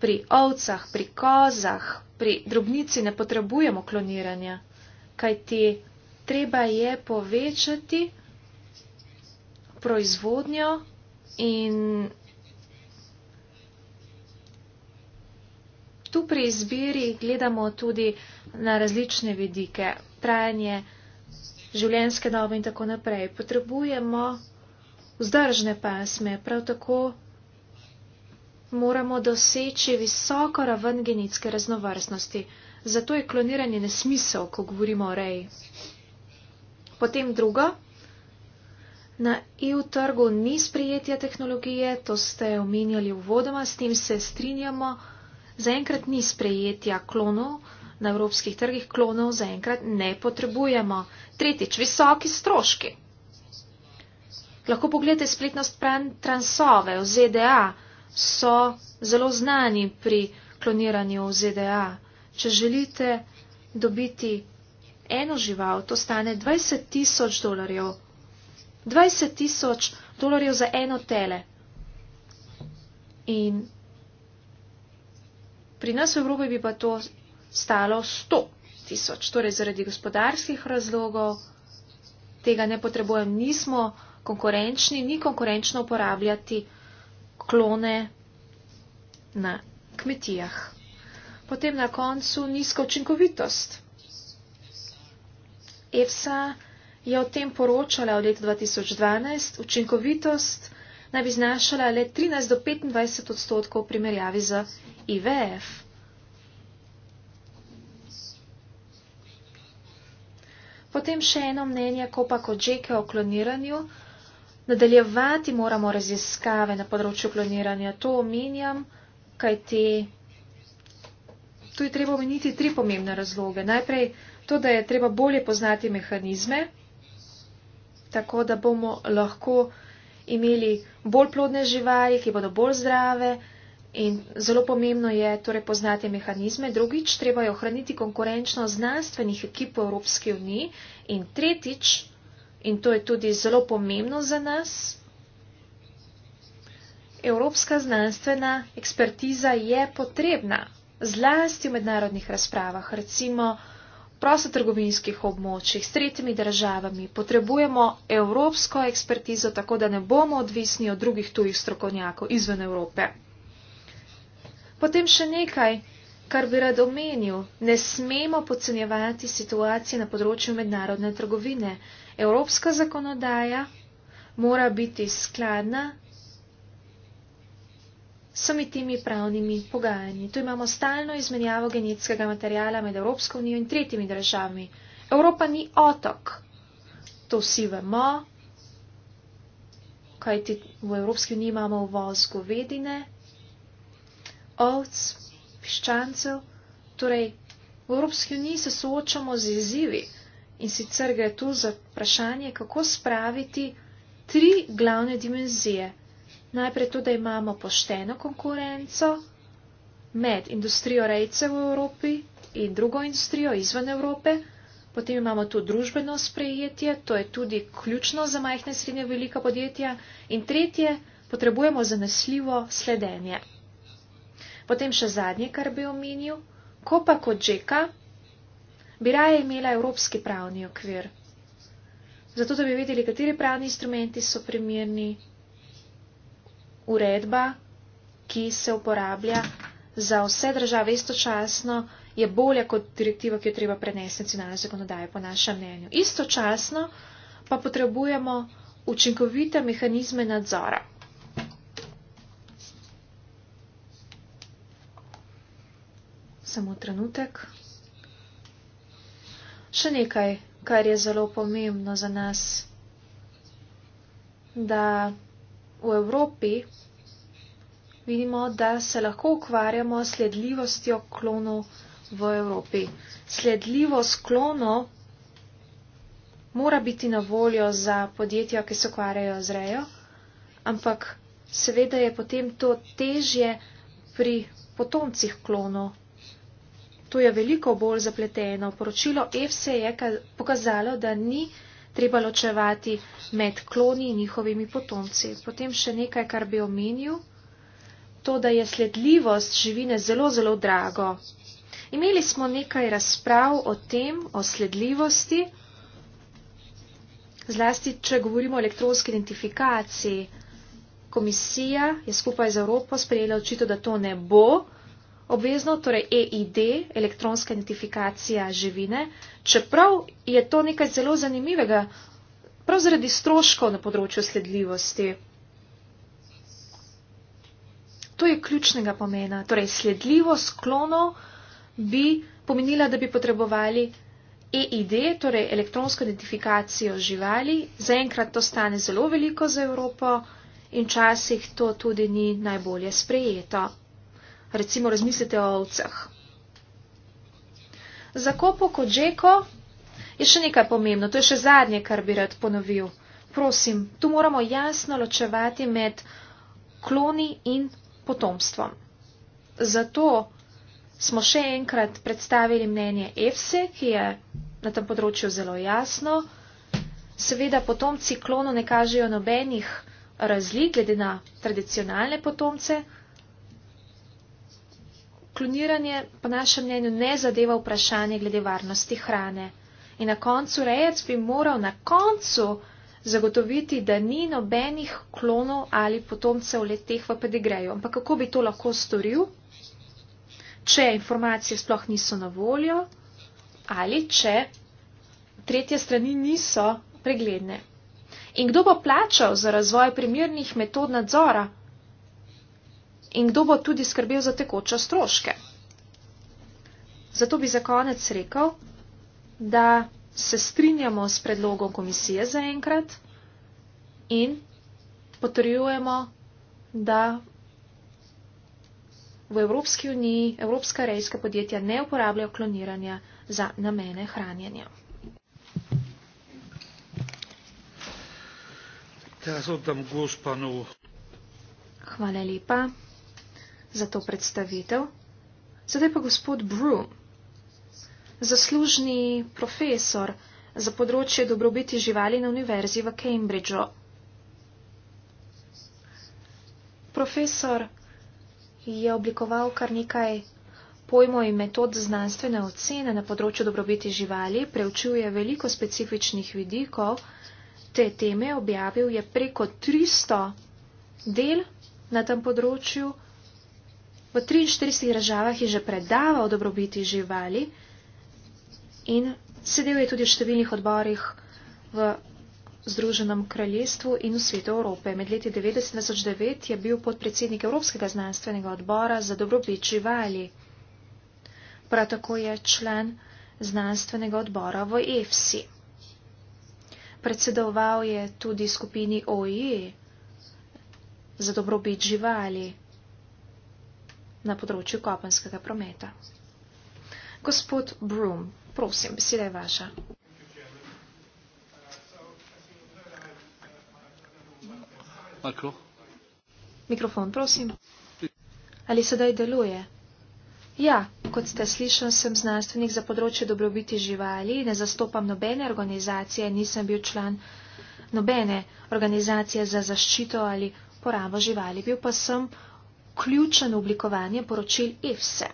Pri ovcah, pri kozah, pri drobnici ne potrebujemo kloniranja, kajti treba je povečati proizvodnjo in tu pri izbiri gledamo tudi na različne vidike. Trajanje življenjske dobe in tako naprej. Potrebujemo vzdržne pasme, prav tako moramo doseči visoko raven genetske raznovrstnosti. Zato je kloniranje nesmisel, ko govorimo o reji. Potem drugo, na EU trgu ni sprijetja tehnologije, to ste omenjali v vodoma, s tem se strinjamo, zaenkrat ni sprijetja klonov na evropskih trgih klonov zaenkrat ne potrebujemo. Tretjič, visoki stroški. Lahko pogledate spletno stran Transove v ZDA, so zelo znani pri kloniranju v ZDA. Če želite dobiti eno žival, to stane 20 tisoč dolarjev. 20 tisoč dolarjev za eno tele. In pri nas v Evropi bi pa to stalo 100 tisoč. Torej, zaradi gospodarskih razlogov tega ne potrebujem, nismo konkurenčni, ni konkurenčno uporabljati klone na kmetijah. Potem na koncu nizka učinkovitost. EFSA je o tem poročala v letu 2012, učinkovitost naj bi znašala le 13 do 25 odstotkov v primerjavi z IVF. Potem še eno mnenje Kopa Kodžeke o kloniranju. Nadaljevati moramo raziskave na področju kloniranja. To omenjam, kaj te. Tu je treba omeniti tri pomembne razloge. Najprej to, da je treba bolje poznati mehanizme, tako da bomo lahko imeli bolj plodne živali, ki bodo bolj zdrave, In zelo pomembno je torej poznati mehanizme. Drugič, treba je ohraniti konkurenčno znanstvenih ekip v Evropski uniji. In tretjič, in to je tudi zelo pomembno za nas, evropska znanstvena ekspertiza je potrebna zlasti v mednarodnih razpravah, recimo v prostotrgovinskih območjih s tretjimi državami. Potrebujemo evropsko ekspertizo, tako da ne bomo odvisni od drugih tujih strokovnjakov izven Evrope. Potem še nekaj, kar bi rad omenil. Ne smemo podcenjevati situacije na področju mednarodne trgovine. Evropska zakonodaja mora biti skladna s vsemi temi pravnimi pogajanji. Tu imamo stalno izmenjavo genetskega materijala med Evropsko unijo in tretjimi državami. Evropa ni otok. To vsi vemo, kajti v Evropski uniji imamo uvoz govedine, ovc, piščancev. Torej, v Evropski uniji se soočamo z izzivi in sicer gre tu za vprašanje, kako spraviti tri glavne dimenzije. Najprej to, da imamo pošteno konkurenco med industrijo rejcev v Evropi in drugo industrijo izven Evrope. Potem imamo tu družbeno sprejetje, to je tudi ključno za majhne in srednje velika podjetja. In tretje, potrebujemo zanesljivo sledenje. Potem še zadnje, kar bi omenil, ko pa kot žeka, bi raje imela evropski pravni okvir. Zato, da bi vedeli, kateri pravni instrumenti so primerni, uredba, ki se uporablja za vse države istočasno, je bolja kot direktiva, ki jo treba prenesti nacionalno zakonodajo, po našem mnenju. Istočasno pa potrebujemo učinkovite mehanizme nadzora. samo trenutek. Še nekaj, kar je zelo pomembno za nas, da v Evropi vidimo, da se lahko ukvarjamo sledljivostjo klonov v Evropi. Sledljivost klonov mora biti na voljo za podjetja, ki se ukvarjajo z rejo, ampak seveda je potem to težje pri potomcih klonov. Tu je veliko bolj zapleteno. Poročilo EFSE je pokazalo, da ni treba ločevati med kloni in njihovimi potomci. Potem še nekaj, kar bi omenil, to, da je sledljivost živine zelo, zelo drago. Imeli smo nekaj razprav o tem, o sledljivosti, zlasti, če govorimo o elektronski identifikaciji. Komisija je skupaj z Evropo sprejela očito, da to ne bo obvezno, torej EID, elektronska identifikacija živine, čeprav je to nekaj zelo zanimivega, prav zaradi stroškov na področju sledljivosti. To je ključnega pomena. Torej, sledljivost klonov bi pomenila, da bi potrebovali EID, torej elektronsko identifikacijo živali. Zaenkrat to stane zelo veliko za Evropo in včasih to tudi ni najbolje sprejeto. Recimo razmislite o ovcah. Za kopo kodžeko je še nekaj pomembno, to je še zadnje, kar bi rad ponovil. Prosim, tu moramo jasno ločevati med kloni in potomstvom. Zato smo še enkrat predstavili mnenje EFSE, ki je na tem področju zelo jasno. Seveda potomci klonu ne kažejo nobenih razlik glede na tradicionalne potomce kloniranje po našem mnenju ne zadeva vprašanje glede varnosti hrane. In na koncu rejec bi moral na koncu zagotoviti, da ni nobenih klonov ali potomcev leteh v pedigreju. Ampak kako bi to lahko storil, če informacije sploh niso na voljo ali če tretje strani niso pregledne. In kdo bo plačal za razvoj primernih metod nadzora? in kdo bo tudi skrbel za tekoče stroške. Zato bi za konec rekel, da se strinjamo s predlogom komisije za enkrat in potrjujemo, da v Evropski uniji evropska rejska podjetja ne uporabljajo kloniranja za namene hranjenja. Hvala lepa za to predstavitev. Zdaj pa gospod Broom, zaslužni profesor za področje dobrobiti živali na univerzi v Cambridgeu. Profesor je oblikoval kar nekaj pojmov in metod znanstvene ocene na področju dobrobiti živali, preučil je veliko specifičnih vidikov te teme, objavil je preko 300 del na tem področju v 43 državah je že predaval o dobrobiti živali in sedel je tudi v številnih odborih v Združenem kraljestvu in v svetu Evrope. Med leti 1909 je bil podpredsednik Evropskega znanstvenega odbora za dobrobit živali. Prav tako je član znanstvenega odbora v EFSI. Predsedoval je tudi skupini OIE za dobrobit živali na področju kopenskega prometa. Gospod Broom, prosim, beseda je vaša. Lako. Mikrofon, prosim. Ali sedaj deluje? Ja, kot ste slišali, sem znanstvenik za področje dobrobiti živali, ne zastopam nobene organizacije, nisem bil član nobene organizacije za zaščito ali porabo živali. Bil pa sem vključen v oblikovanje poročil EFSE.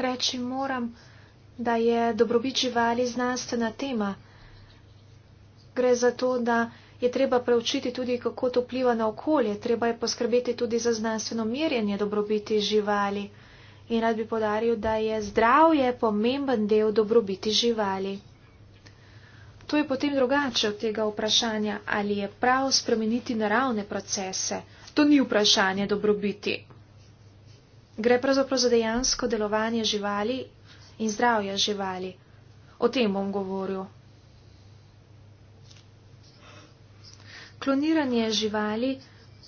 Reči moram, da je dobrobit živali znanstvena tema. Gre za to, da je treba preučiti tudi, kako to vpliva na okolje. Treba je poskrbeti tudi za znanstveno merjenje dobrobiti živali. In rad bi podaril, da je zdravje pomemben del dobrobiti živali. To je potem drugače od tega vprašanja, ali je prav spremeniti naravne procese. To ni vprašanje dobrobiti. Gre pravzaprav za dejansko delovanje živali in zdravja živali. O tem bom govoril. Kloniranje živali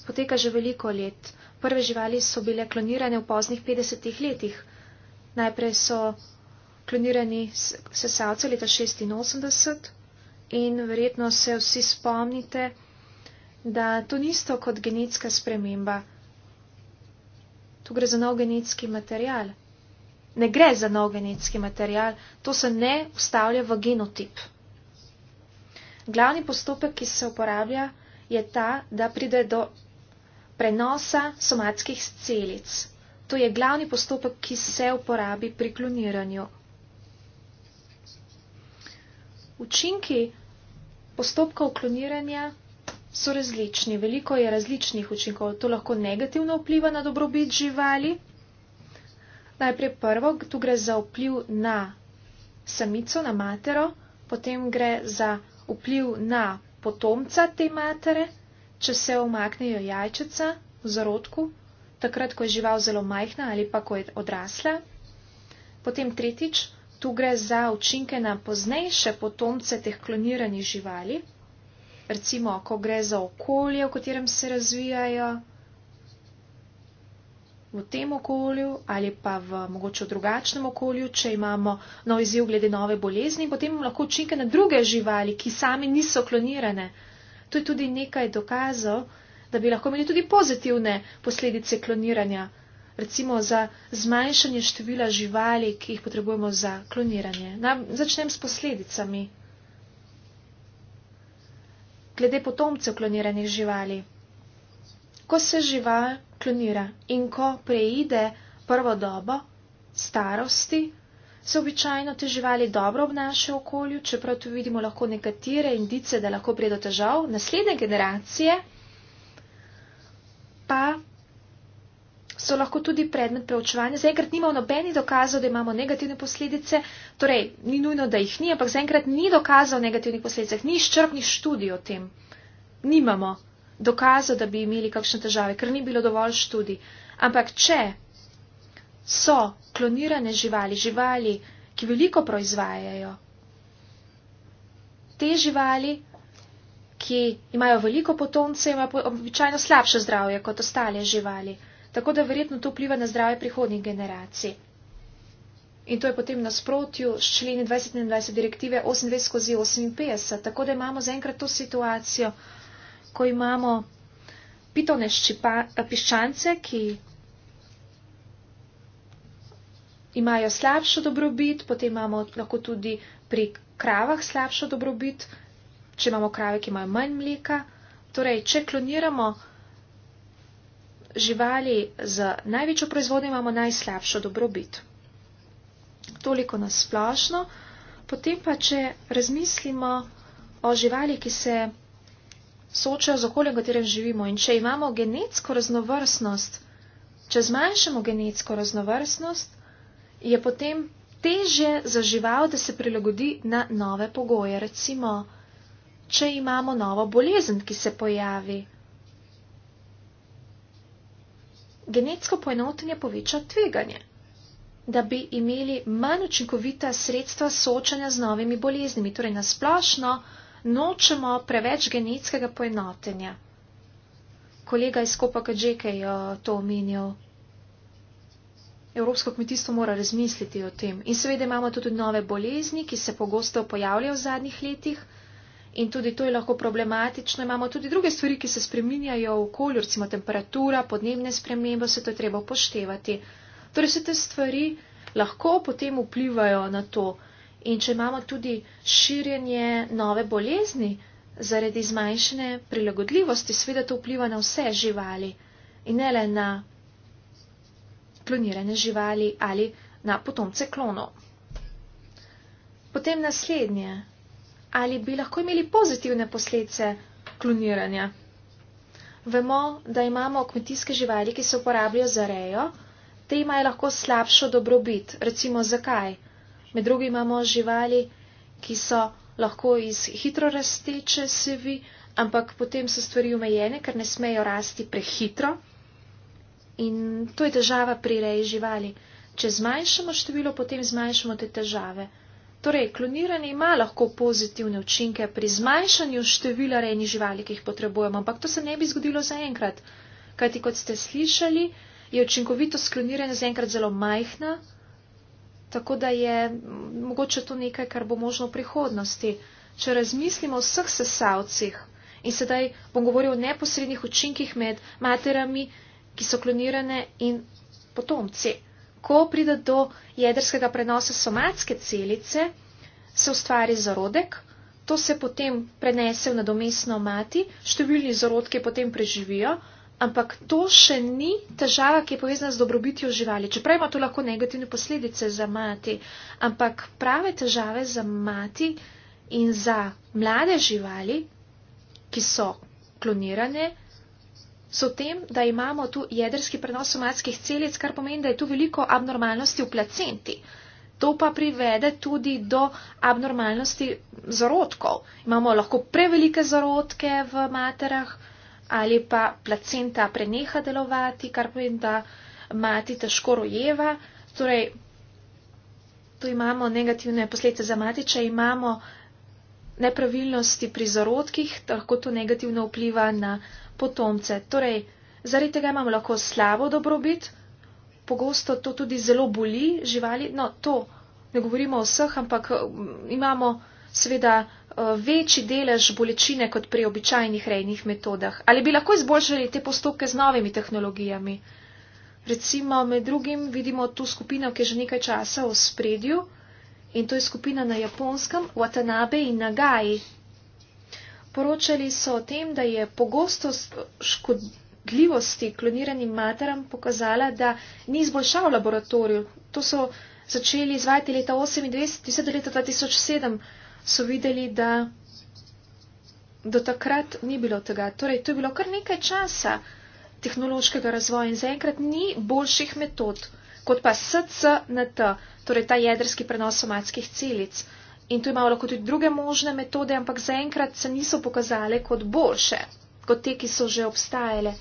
poteka že veliko let. Prve živali so bile klonirane v poznih 50-ih letih. Najprej so klonirani sesalce leta 86 in verjetno se vsi spomnite, da to ni isto kot genetska sprememba. Tu gre za nov genetski material. Ne gre za nov genetski material, to se ne ustavlja v genotip. Glavni postopek, ki se uporablja, je ta, da pride do prenosa somatskih celic. To je glavni postopek, ki se uporabi pri kloniranju. Učinki postopkov kloniranja so različni. Veliko je različnih učinkov. To lahko negativno vpliva na dobrobit živali. Najprej prvo, tu gre za vpliv na samico, na matero, potem gre za vpliv na potomca te matere, če se omaknejo jajčica v zarodku, takrat, ko je žival zelo majhna ali pa ko je odrasla. Potem tretjič, tu gre za učinke na poznejše potomce teh kloniranih živali, recimo, ko gre za okolje, v katerem se razvijajo, v tem okolju ali pa v mogoče drugačnem okolju, če imamo nov izziv glede nove bolezni, potem imamo lahko učinke na druge živali, ki sami niso klonirane. To je tudi nekaj dokazov, da bi lahko imeli tudi pozitivne posledice kloniranja recimo za zmanjšanje števila živali, ki jih potrebujemo za kloniranje. Naj začnem s posledicami. Glede potomcev kloniranih živali. Ko se žival klonira in ko preide prvo dobo starosti, se običajno te živali dobro obnašajo v okolju, čeprav tu vidimo lahko nekatere indice, da lahko pride do težav. Naslednje generacije pa so lahko tudi predmet preučevanja. Zaenkrat nimamo nobenih dokazov, da imamo negativne posledice, torej ni nujno, da jih ni, ampak zaenkrat ni dokazov o negativnih posledicah, ni izčrpnih študij o tem. Nimamo dokazov, da bi imeli kakšne težave, ker ni bilo dovolj študij. Ampak če so klonirane živali, živali, ki veliko proizvajajo, te živali, ki imajo veliko potomcev, imajo običajno slabše zdravje kot ostale živali. Tako da verjetno to vpliva na zdrave prihodnih generacij. In to je potem nasprotju s členi 2021 direktive 28 skozi 58. Tako da imamo zaenkrat to situacijo, ko imamo pitone ščipa, eh, piščance, ki imajo slabšo dobrobit, potem imamo lahko tudi pri kravah slabšo dobrobit, če imamo krave, ki imajo manj mleka. Torej, če kloniramo živali z največjo proizvodnjo imamo najslabšo dobrobit. Toliko na splošno. Potem pa, če razmislimo o živali, ki se soočajo z okoljem, v katerem živimo in če imamo genetsko raznovrstnost, če zmanjšamo genetsko raznovrstnost, je potem teže za žival, da se prilagodi na nove pogoje. Recimo, če imamo novo bolezen, ki se pojavi, genetsko poenotenje poveča tveganje, da bi imeli manj učinkovita sredstva soočanja z novimi boleznimi. Torej, nasplošno nočemo preveč genetskega poenotenja. Kolega iz Kopaka Džeke je eh, to omenil. Evropsko kmetijstvo mora razmisliti o tem. In seveda imamo tudi nove bolezni, ki se pogosto pojavljajo v zadnjih letih. In tudi to je lahko problematično. Imamo tudi druge stvari, ki se spreminjajo v okolju, recimo temperatura, podnebne spremembe, vse to je treba upoštevati. Torej vse te stvari lahko potem vplivajo na to. In če imamo tudi širjenje nove bolezni zaradi zmanjšene prilagodljivosti, seveda to vpliva na vse živali in ne le na klonirane živali ali na potomce klonov. Potem naslednje ali bi lahko imeli pozitivne posledice kloniranja. Vemo, da imamo kmetijske živali, ki se uporabljajo za rejo, te imajo lahko slabšo dobrobit. Recimo zakaj? Med drugim imamo živali, ki so lahko iz hitro rasteče sevi, ampak potem so stvari omejene, ker ne smejo rasti prehitro. In to je težava pri reji živali. Če zmanjšamo število, potem zmanjšamo te težave. Torej, kloniranje ima lahko pozitivne učinke pri zmanjšanju števila rejnih živali, ki jih potrebujemo, ampak to se ne bi zgodilo zaenkrat. Kajti, kot ste slišali, je učinkovitost kloniranja zaenkrat zelo majhna, tako da je mogoče to nekaj, kar bo možno v prihodnosti. Če razmislimo o vseh sesalcih in sedaj bom govoril o neposrednih učinkih med materami, ki so klonirane in potomci ko pride do jedrskega prenosa somatske celice, se ustvari zarodek, to se potem prenese v nadomestno mati, številni zarodki potem preživijo, ampak to še ni težava, ki je povezana z dobrobitjo živali. Čeprav ima to lahko negativne posledice za mati, ampak prave težave za mati in za mlade živali, ki so klonirane, so tem, da imamo tu jedrski prenos somatskih celic, kar pomeni, da je tu veliko abnormalnosti v placenti. To pa privede tudi do abnormalnosti zarodkov. Imamo lahko prevelike zarodke v materah ali pa placenta preneha delovati, kar pomeni, da mati težko rojeva. Torej, tu imamo negativne posledice za mati, če imamo nepravilnosti pri zarodkih, lahko to negativno vpliva na potomce. Torej, zaradi tega imamo lahko slabo dobrobit, pogosto to tudi zelo boli živali. No, to ne govorimo o vseh, ampak mm, imamo seveda eh, večji delež bolečine kot pri običajnih rejnih metodah. Ali bi lahko izboljšali te postopke z novimi tehnologijami? Recimo, med drugim vidimo tu skupino, ki je že nekaj časa v spredju in to je skupina na japonskem Watanabe in Nagai. Poročali so o tem, da je pogostost škodljivosti kloniranim materam pokazala, da ni izboljšal laboratoriju. To so začeli izvajati leta 28, vse do leta 2007 so videli, da do takrat ni bilo tega. Torej, to je bilo kar nekaj časa tehnološkega razvoja in zaenkrat ni boljših metod kot pa SCNT, torej ta jedrski prenos somatskih celic. In tu imajo lahko tudi druge možne metode, ampak zaenkrat se niso pokazale kot boljše, kot te, ki so že obstajale.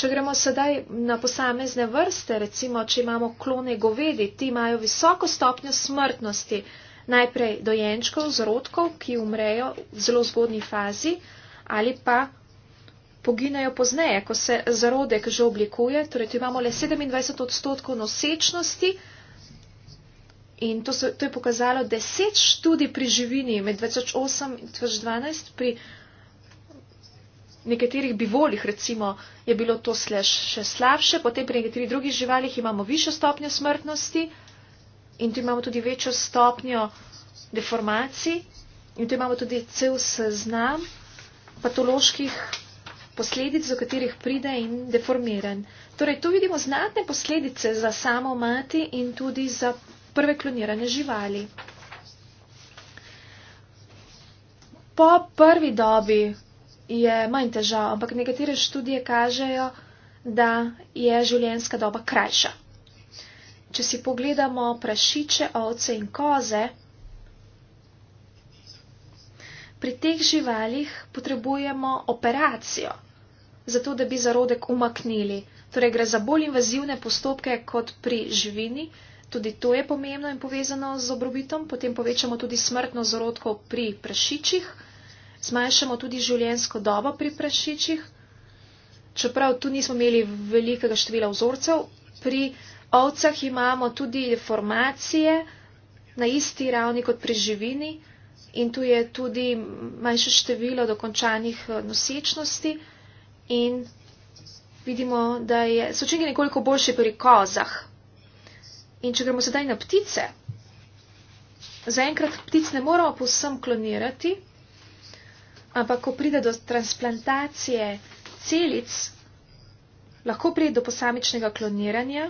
Če gremo sedaj na posamezne vrste, recimo, če imamo klone govedi, ti imajo visoko stopnjo smrtnosti. Najprej dojenčkov, zrodkov, ki umrejo v zelo zgodni fazi ali pa poginejo pozneje, ko se zarodek že oblikuje. Torej, tu imamo le 27 odstotkov nosečnosti, In to, so, to je pokazalo deset študij pri živini med 2008 in 2012, pri nekaterih bivolih recimo je bilo to slež še slabše, potem pri nekaterih drugih živalih imamo višjo stopnjo smrtnosti in tu imamo tudi večjo stopnjo deformacij in tu imamo tudi cel seznam patoloških posledic, do katerih pride in deformiran. Torej, tu vidimo znatne posledice za samo mati in tudi za prve klonirane živali. Po prvi dobi je manj težav, ampak nekatere študije kažejo, da je življenjska doba krajša. Če si pogledamo prašiče, ovce in koze, pri teh živalih potrebujemo operacijo, zato da bi zarodek umaknili. Torej gre za bolj invazivne postopke kot pri živini, Tudi to je pomembno in povezano z obrobitom. Potem povečamo tudi smrtno zarodko pri prašičih, zmanjšamo tudi življensko dobo pri prašičih. Čeprav tu nismo imeli velikega števila vzorcev, pri ovcah imamo tudi deformacije na isti ravni kot pri živini in tu je tudi manjše število dokončanih eh, nosečnosti in vidimo, da je sočinki nekoliko boljši pri kozah. In če gremo sedaj na ptice, zaenkrat ptic ne moramo povsem klonirati, ampak ko pride do transplantacije celic, lahko pride do posamičnega kloniranja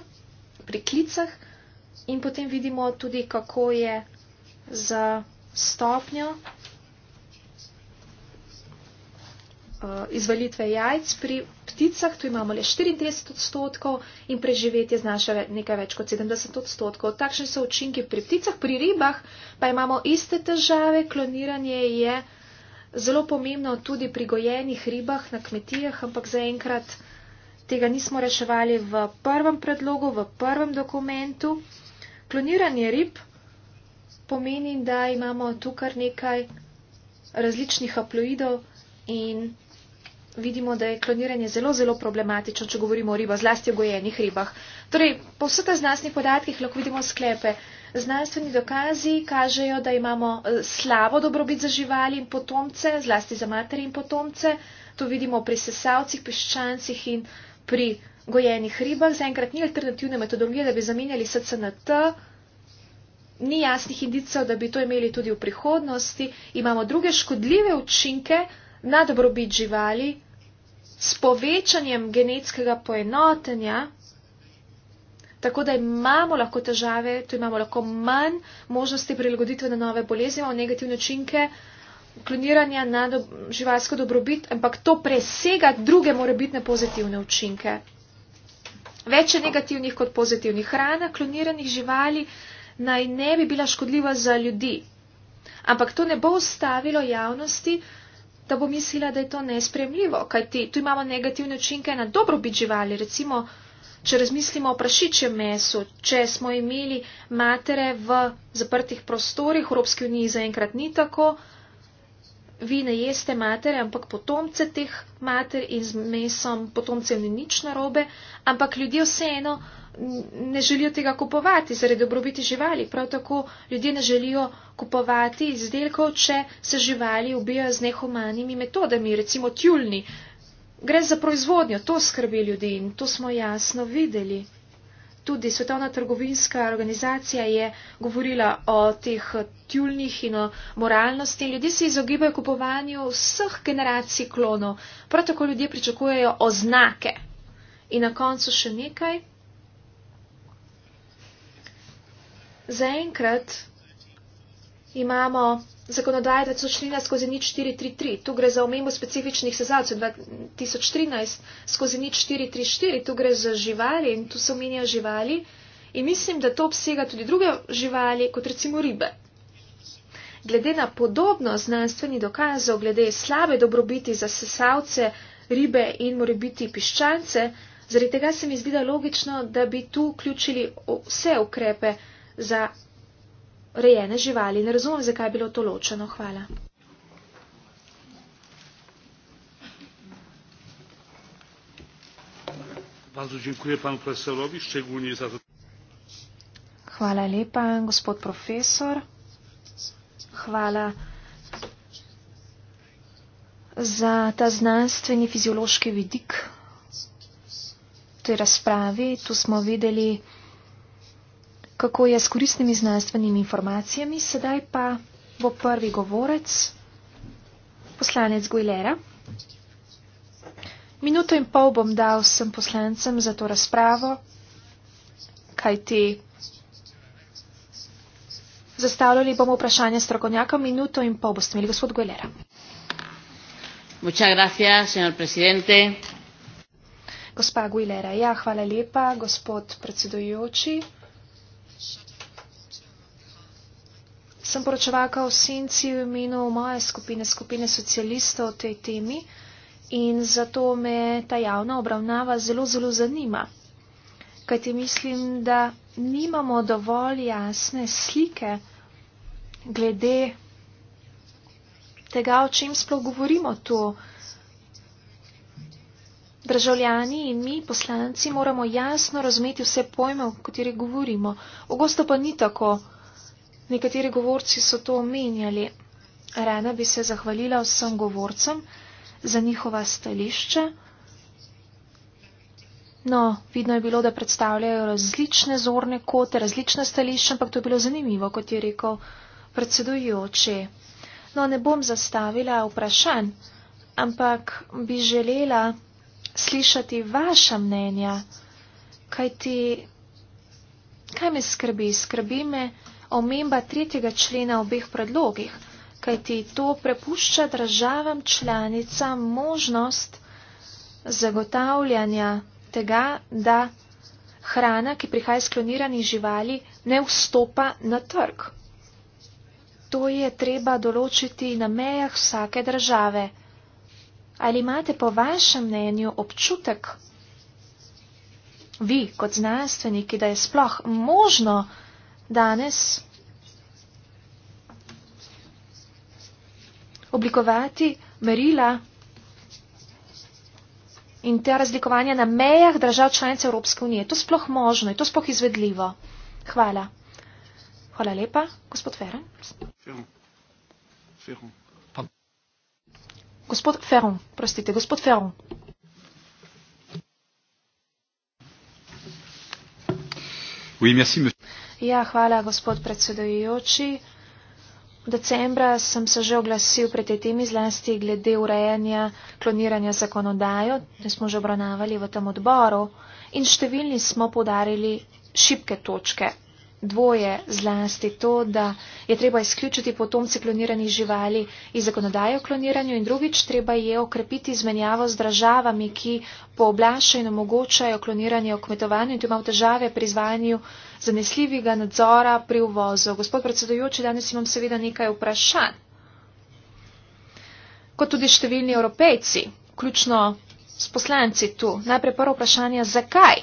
pri klicah in potem vidimo tudi, kako je z stopnjo eh, izvalitve jajc pri pticah tu imamo le 34 odstotkov in preživetje znaša nekaj več kot 70 odstotkov. Takšni so učinki pri pticah, pri ribah pa imamo iste težave. Kloniranje je zelo pomembno tudi pri gojenih ribah na kmetijah, ampak zaenkrat tega nismo reševali v prvem predlogu, v prvem dokumentu. Kloniranje rib pomeni, da imamo tu kar nekaj različnih haploidov in vidimo, da je kloniranje zelo, zelo problematično, če govorimo o ribah, zlasti o gojenih ribah. Torej, po vseh teh znanstvenih podatkih lahko vidimo sklepe. Znanstveni dokazi kažejo, da imamo eh, slabo dobrobit za živali in potomce, zlasti za materje in potomce. To vidimo pri sesalcih, piščancih in pri gojenih ribah. Zaenkrat ni alternativne metodologije, da bi zamenjali SCNT. Ni jasnih indicev, da bi to imeli tudi v prihodnosti. Imamo druge škodljive učinke na dobrobit živali, s povečanjem genetskega poenotenja, tako da imamo lahko težave, tu imamo lahko manj možnosti prilagoditve na nove bolezni, imamo negativne učinke kloniranja na do, živalsko dobrobit, ampak to presega druge morebitne pozitivne učinke. Več je negativnih kot pozitivnih. Hrana kloniranih živali naj ne bi bila škodljiva za ljudi. Ampak to ne bo ustavilo javnosti, da bo mislila, da je to nespremljivo, kajti tu imamo negativne učinke na dobrobit živali. Recimo, če razmislimo o prašičjem mesu, če smo imeli matere v zaprtih prostorih, v Evropski uniji zaenkrat ni tako, vi ne jeste matere, ampak potomce teh mater in z mesom potomcev ni nič narobe, ampak ljudje vseeno ne želijo tega kupovati zaradi dobrobiti živali. Prav tako ljudje ne želijo kupovati izdelkov, če se živali ubijajo z nehumanimi metodami, recimo tjulni. Gre za proizvodnjo, to skrbi ljudi in to smo jasno videli. Tudi Svetovna trgovinska organizacija je govorila o teh tjulnih in o moralnosti. Ljudje se izogibajo kupovanju vseh generacij klonov. Prav tako ljudje pričakujejo oznake. In na koncu še nekaj. zaenkrat imamo zakonodaje 2013 skozi nič 433, tu gre za omembo specifičnih sezalcev 2013 skozi nič 434, tu gre za živali in tu se omenja živali in mislim, da to obsega tudi druge živali, kot recimo ribe. Glede na podobno znanstveni dokazov, glede slabe dobrobiti za sesalce, ribe in morebiti piščance, zaradi tega se mi zdi logično, da bi tu vključili vse ukrepe, za rejene živali. Ne razumem, zakaj je bilo to ločeno. Hvala. Bardzo dziękuję panu profesorowi, szczególnie za to. Hvala lepa, gospod profesor. Hvala za ta znanstveni fiziološki vidik te razprave. Tu smo videli kako je s koristnimi znanstvenimi informacijami. Sedaj pa bo prvi govorec, poslanec Gojlera. Minuto in pol bom dal vsem poslancem za to razpravo, kaj ti. Zastavljali bomo vprašanje strokovnjaka, minuto in pol boste imeli, gospod Gojlera. Gospa Gujlera, ja, hvala lepa, gospod predsedujoči. Sem poročevalka v senci v imenu moje skupine, skupine socialistov o tej temi in zato me ta javna obravnava zelo, zelo zanima. Kaj ti mislim, da nimamo dovolj jasne slike glede tega, o čem sploh govorimo tu. Državljani in mi, poslanci, moramo jasno razumeti vse pojme, o katerih govorimo. Ogosto pa ni tako. Nekateri govorci so to omenjali. Rada bi se zahvalila vsem govorcem za njihova stališča. No, vidno je bilo, da predstavljajo različne zorne kote, različne stališča, ampak to je bilo zanimivo, kot je rekel predsedujoči. No, ne bom zastavila vprašanj, ampak bi želela slišati vaša mnenja, kaj ti, kaj me skrbi, skrbi me omemba tretjega člena obeh predlogih, kajti to prepušča državam članicam možnost zagotavljanja tega, da hrana, ki prihaja iz kloniranih živali, ne vstopa na trg. To je treba določiti na mejah vsake države. Ali imate po vašem mnenju občutek, vi kot znanstveniki, da je sploh možno, danes oblikovati merila in te razlikovanja na mejah držav članic Evropske unije. To sploh možno, je to sploh izvedljivo. Hvala. Hvala lepa, gospod Ferron. Gospod Ferron, prostite, gospod Ferron. Oui, merci, monsieur. Ja, hvala, gospod predsedujoči. Decembra sem se že oglasil pred tej temi zlasti glede urejanja kloniranja zakonodajo, ki smo že obravnavali v tem odboru in številni smo podarili šibke točke dvoje zlasti to, da je treba izključiti potomce kloniranih živali iz zakonodaje o kloniranju in drugič treba je okrepiti izmenjavo z državami, ki pooblašajo in omogočajo kloniranje o kmetovanju in tu imamo težave pri izvajanju zanesljivega nadzora pri uvozu. Gospod predsedujoči, danes imam seveda nekaj vprašanj. Kot tudi številni evropejci, ključno s poslanci tu, najprej prvo vprašanje, zakaj?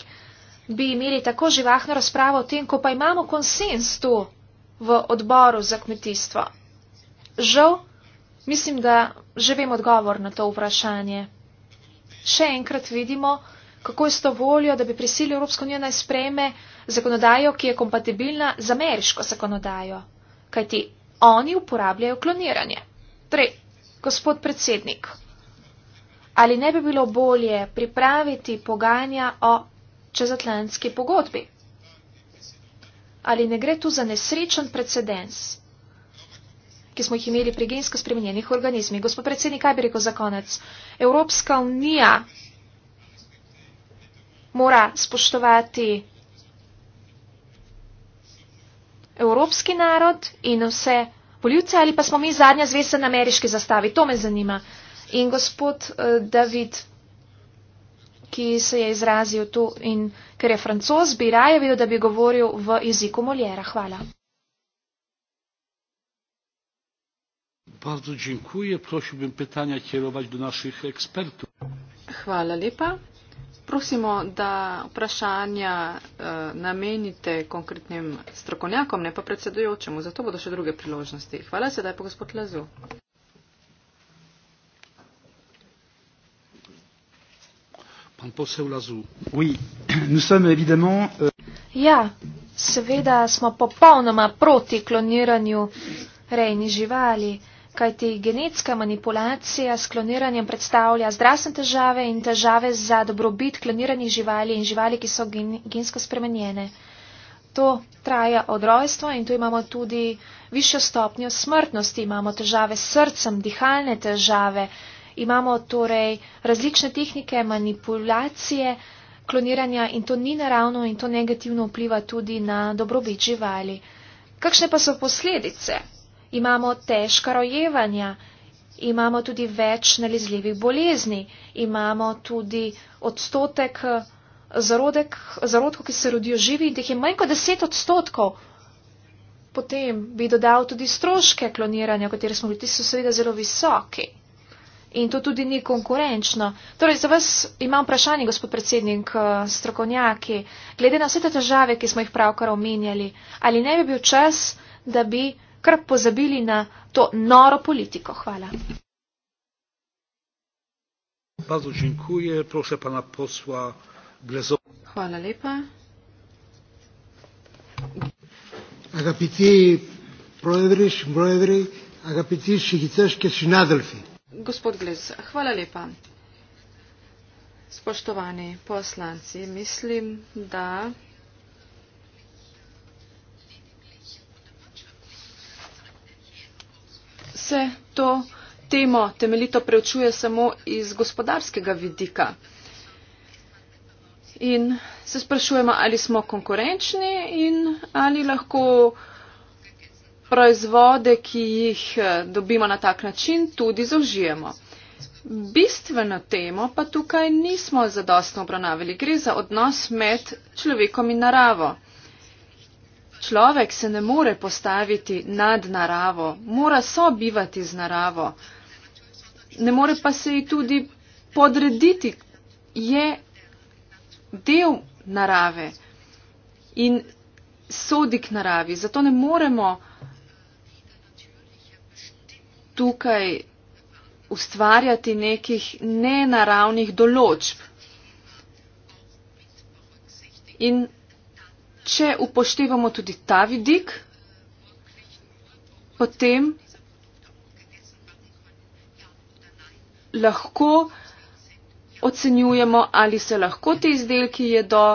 bi imeli tako živahno razpravo o tem, ko pa imamo konsens tu v odboru za kmetijstvo. Žal, mislim, da že vem odgovor na to vprašanje. Še enkrat vidimo, kako je s to voljo, da bi prisili Evropsko unijo naj spreme zakonodajo, ki je kompatibilna z ameriško zakonodajo, kajti oni uporabljajo kloniranje. Torej, gospod predsednik, ali ne bi bilo bolje pripraviti pogajanja o čezatlantski pogodbi. Ali ne gre tu za nesrečen precedens, ki smo jih imeli pri gensko spremenjenih organizmih? Gospod predsednik, kaj bi rekel za konec? Evropska unija mora spoštovati evropski narod in vse poljubce, ali pa smo mi zadnja zvesta na ameriški zastavi? To me zanima. In gospod eh, David ki se je izrazil tu in ker je francos, bi raje bil, da bi govoril v jeziku Moljera. Hvala. Bardzo dziękuję. Prosiłbym pytania kierować do naszych ekspertów. Hvala lepa. Prosimo, da vprašanja uh, namenite konkretnim strokovnjakom, ne pa predsedujočemu. Zato bodo še druge priložnosti. Hvala sedaj pa gospod Lazu. Euh, ja, seveda smo popolnoma proti kloniranju rejni živali, kajti genetska manipulacija s kloniranjem predstavlja zdravstvene težave in težave za dobrobit kloniranih živali in živali, ki so gensko spremenjene. To traja od rojstva in tu imamo tudi višjo stopnjo smrtnosti, imamo težave s srcem, dihalne težave, imamo torej različne tehnike manipulacije, kloniranja in to ni naravno in to negativno vpliva tudi na dobrobit živali. Kakšne pa so posledice? Imamo težka rojevanja, imamo tudi več nalezljivih bolezni, imamo tudi odstotek eh, zarodek, zarodkov, ki se rodijo živi in teh je manj kot 10 odstotkov. Potem bi dodal tudi stroške kloniranja, o katerih smo govorili, ti so seveda zelo visoki in to tudi ni konkurenčno. Torej, za vas imam vprašanje, gospod predsednik, eh, strokovnjaki, glede na vse te težave, ki smo jih pravkar omenjali, ali ne bi bil čas, da bi kar pozabili na to noro politiko? Hvala. Hvala lepa. Agapiti, brojevri, brojevri, agapiti, šihicaške, šinadelfi. Gospod Glez, hvala lepa. Spoštovani poslanci, mislim, da se to temo temeljito preučuje samo iz gospodarskega vidika. In se sprašujemo, ali smo konkurenčni in ali lahko proizvode, ki jih eh, dobimo na tak način, tudi zaužijemo. Bistveno temo pa tukaj nismo zadostno obravnavili. Gre za odnos med človekom in naravo. Človek se ne more postaviti nad naravo, mora sobivati z naravo, ne more pa se ji tudi podrediti, je del narave in sodi k naravi. Zato ne moremo tukaj ustvarjati nekih nenaravnih določb. In če upoštevamo tudi ta vidik, potem lahko ocenjujemo, ali se lahko te izdelki jedo,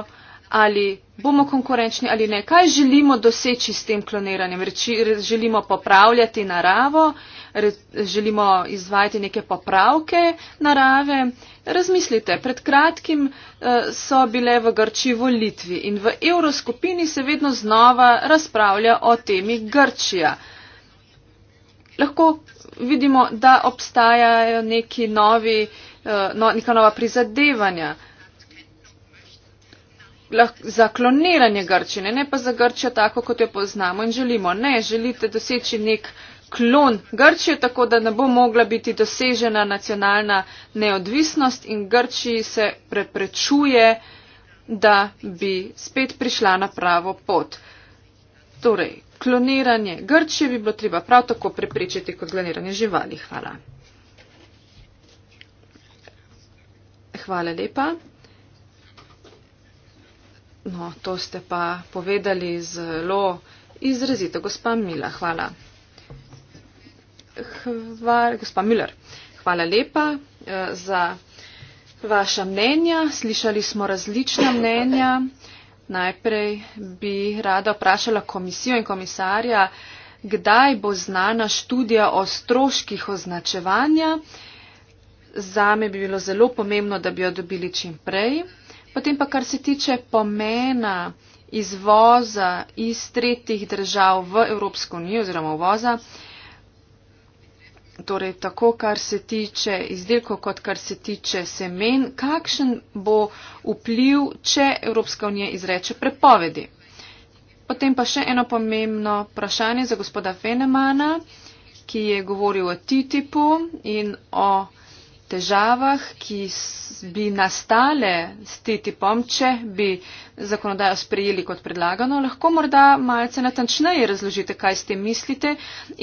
ali bomo konkurenčni ali ne. Kaj želimo doseči s tem kloniranjem? Reči, želimo popravljati naravo, re, želimo izvajati neke popravke narave. Razmislite, pred kratkim uh, so bile v Grči volitvi in v evroskupini se vedno znova razpravlja o temi Grčija. Lahko vidimo, da obstajajo neki novi, uh, no, neka nova prizadevanja. Uh, za kloniranje Grčine, ne pa za Grčijo tako, kot jo poznamo in želimo. Ne, želite doseči nek klon Grčije, tako da ne bo mogla biti dosežena nacionalna neodvisnost in Grčiji se preprečuje, da bi spet prišla na pravo pot. Torej, kloniranje Grčije bi bilo treba prav tako preprečiti kot kloniranje živali. Hvala. Hvala lepa. No, to ste pa povedali zelo izrazito, gospa Mila. Hvala. Hvala, gospa Miller. Hvala lepa eh, za vaša mnenja. Slišali smo različna mnenja. Najprej bi rada vprašala komisijo in komisarja, kdaj bo znana študija o stroških označevanja. Zame bi bilo zelo pomembno, da bi jo dobili čim prej. Potem pa kar se tiče pomena izvoza iz tretjih držav v Evropsko unijo oziroma uvoza, torej tako kar se tiče izdelkov kot kar se tiče semen, kakšen bo vpliv, če Evropska unija izreče prepovedi. Potem pa še eno pomembno vprašanje za gospoda Fenemana, ki je govoril o TTIP-u in o težavah, ki bi nastale s TTIP-om, če bi zakonodajo sprejeli kot predlagano, lahko morda malce natančneje razložite, kaj s tem mislite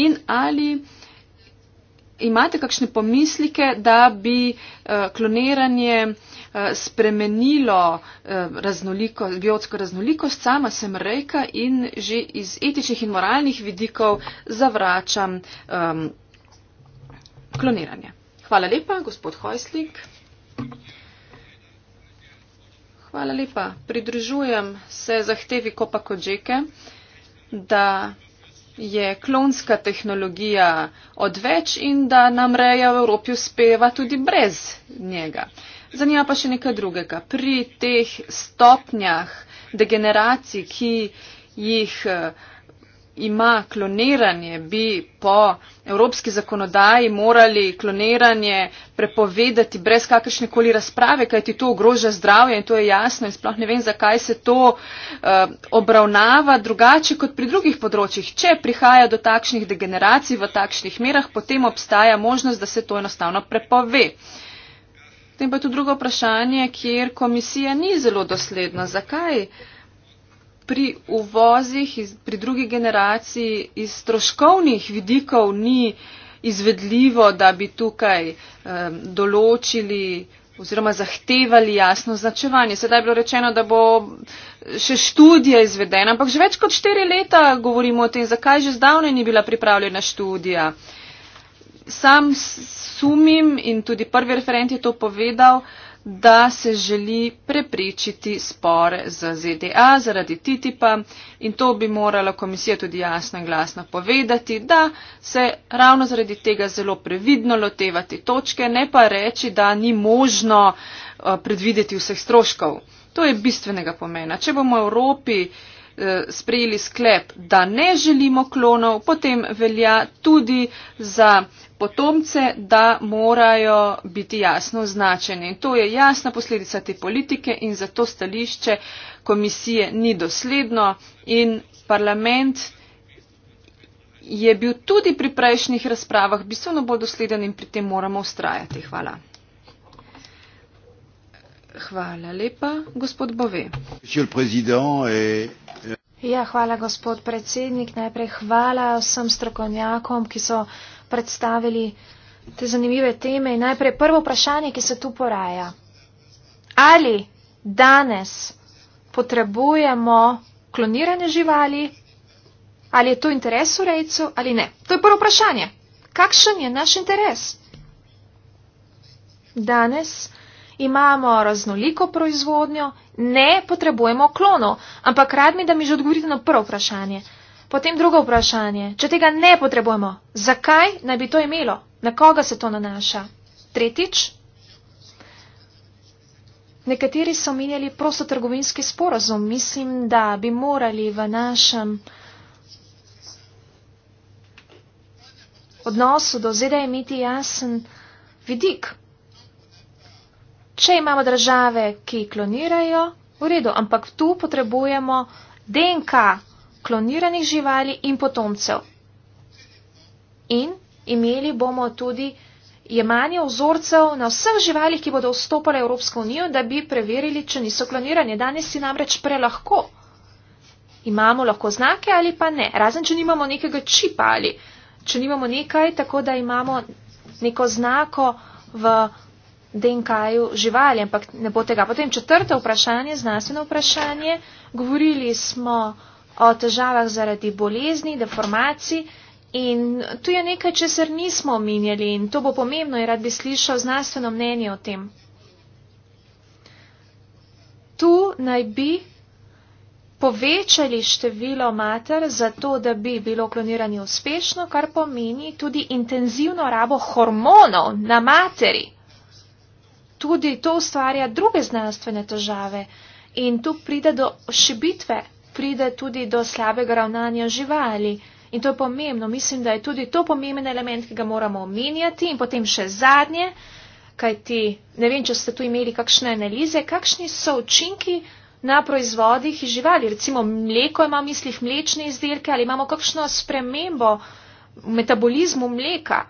in ali imate kakšne pomislike, da bi eh, kloniranje eh, spremenilo eh, raznoliko, biotsko raznolikost. Sama sem rejka in že iz etičnih in moralnih vidikov zavračam ehm, kloniranje. Hvala lepa, gospod Hojslik. Hvala lepa. Pridružujem se zahtevi Kopa Kodžeke, da je klonska tehnologija odveč in da nam reja v Evropi uspeva tudi brez njega. Zanima pa še nekaj drugega. Pri teh stopnjah degeneracij, ki jih. Uh, ima kloniranje, bi po evropski zakonodaji morali kloniranje prepovedati brez kakršne koli razprave, kajti to ogroža zdravje in to je jasno in sploh ne vem, zakaj se to uh, obravnava drugače kot pri drugih področjih. Če prihaja do takšnih degeneracij v takšnih merah, potem obstaja možnost, da se to enostavno prepove. Potem pa je tu drugo vprašanje, kjer komisija ni zelo dosledna. Zakaj? Uh, pri uvozih, iz, pri drugi generaciji iz stroškovnih vidikov ni izvedljivo, da bi tukaj um, določili oziroma zahtevali jasno značevanje. Sedaj je bilo rečeno, da bo še študija izvedena, ampak že več kot štiri leta govorimo o tem, zakaj že zdavne ni bila pripravljena študija. Sam sumim in tudi prvi referent je to povedal, da se želi preprečiti spore z ZDA zaradi TTIP-a in to bi morala komisija tudi jasno in glasno povedati, da se ravno zaradi tega zelo previdno lotevati točke, ne pa reči, da ni možno eh, predvideti vseh stroškov. To je bistvenega pomena. Če bomo v Evropi eh, sprejeli sklep, da ne želimo klonov, potem velja tudi za potomce, da morajo biti jasno označeni. In to je jasna posledica te politike in zato stališče komisije ni dosledno in parlament je bil tudi pri prejšnjih razpravah bistveno bolj dosleden in pri tem moramo ustrajati. Hvala. Hvala lepa, gospod Bove. Ja, hvala, gospod predsednik. Najprej hvala vsem strokovnjakom, ki so predstavili te zanimive teme. Najprej prvo vprašanje, ki se tu poraja. Ali danes potrebujemo klonirane živali, ali je to interes v rejcu ali ne? To je prvo vprašanje. Kakšen je naš interes? Danes imamo raznoliko proizvodnjo, ne potrebujemo klonov, ampak rad mi, da mi že odgovorite na prvo vprašanje. Potem drugo vprašanje. Če tega ne potrebujemo, zakaj naj bi to imelo? Na koga se to nanaša? Tretjič. Nekateri so omenjali prostotrgovinski sporozum. Mislim, da bi morali v našem odnosu do ZDA imeti jasen vidik. Če imamo države, ki klonirajo, v redu, ampak tu potrebujemo DNK kloniranih živali in potomcev. In imeli bomo tudi jemanje vzorcev na vseh živalih, ki bodo vstopali v Evropsko unijo, da bi preverili, če niso klonirani. Danes si namreč prelahko. Imamo lahko znake ali pa ne, razen če nimamo nekega čipa ali če nimamo nekaj, tako da imamo neko znako v DNK-ju živali, ampak ne bo tega. Potem četrte vprašanje, znanstveno vprašanje. Govorili smo o težavah zaradi bolezni, deformacij. In tu je nekaj, česar nismo omenjali in to bo pomembno, jer rad bi slišal znanstveno mnenje o tem. Tu naj bi povečali število mater za to, da bi bilo kloniranje uspešno, kar pomeni tudi intenzivno rabo hormonov na materi. Tudi to ustvarja druge znanstvene težave in tu pride do šibitve pride tudi do slabega ravnanja živali. In to je pomembno. Mislim, da je tudi to pomemben element, ki ga moramo omenjati. In potem še zadnje, kajti ne vem, če ste tu imeli kakšne analize, kakšni so učinki na proizvodih iz živali. Recimo mleko ima v mislih mlečne izdelke ali imamo kakšno spremembo v metabolizmu mleka,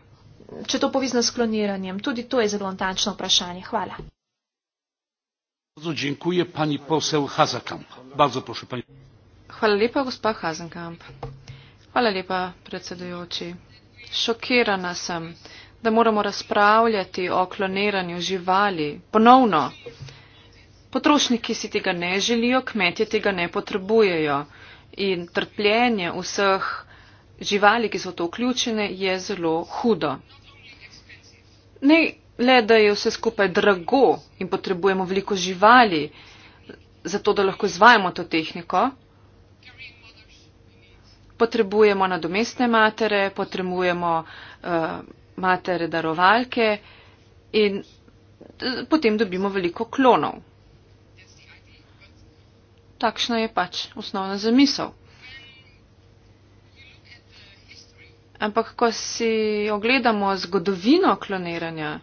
če to povizno s kloniranjem. Tudi to je zelo natančno vprašanje. Hvala. Bardzo dziękuję pani poseł Hazakamp. Bardzo proszę pani. Hvala lepa, gospa Hazenkamp. Hvala lepa, predsedujoči. Šokirana sem, da moramo razpravljati o kloniranju živali. Ponovno. Potrošniki si tega ne želijo, kmetje tega ne potrebujejo. In trpljenje vseh živali, ki so v to vključene, je zelo hudo. Ne le, da je vse skupaj drago in potrebujemo veliko živali, zato da lahko izvajamo to tehniko, potrebujemo nadomestne matere, potrebujemo uh, matere darovalke in eh, potem dobimo veliko klonov. Takšna je pač osnovna zamisel. Ampak, ko si ogledamo zgodovino kloniranja,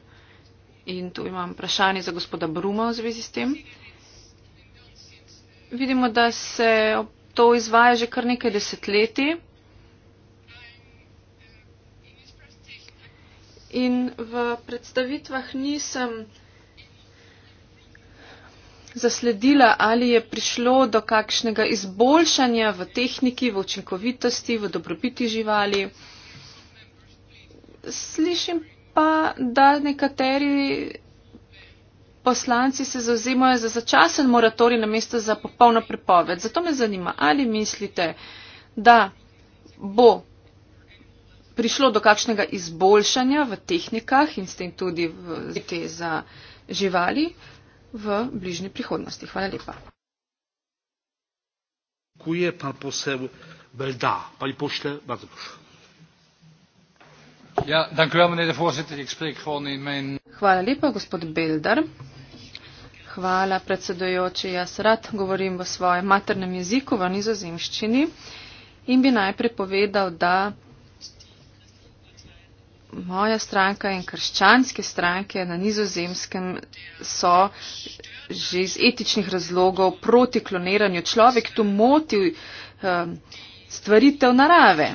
in tu imam vprašanje za gospoda Bruma v zvezi s tem, vidimo, da se to izvaja že kar nekaj desetletij. In v predstavitvah nisem zasledila, ali je prišlo do kakšnega izboljšanja v tehniki, v učinkovitosti, v dobrobiti živali. Slišim pa, da nekateri poslanci se zauzemajo za začasen moratorij na mesto za popolno prepoved. Zato me zanima, ali mislite, da bo prišlo do kakšnega izboljšanja v tehnikah in s tem tudi v zvite za živali v bližnji prihodnosti. Hvala lepa. Kuje pa posebej, da, pa jih pošle, bardzo prosim. Ja, Hvala lepa, gospod Beldar. Hvala, predsedojoči. Jaz rad govorim v svojem maternem jeziku v nizozemščini in bi najprej povedal, da moja stranka in krščanske stranke na nizozemskem so že iz etičnih razlogov proti kloniranju. Človek tu moti eh, stvaritev narave.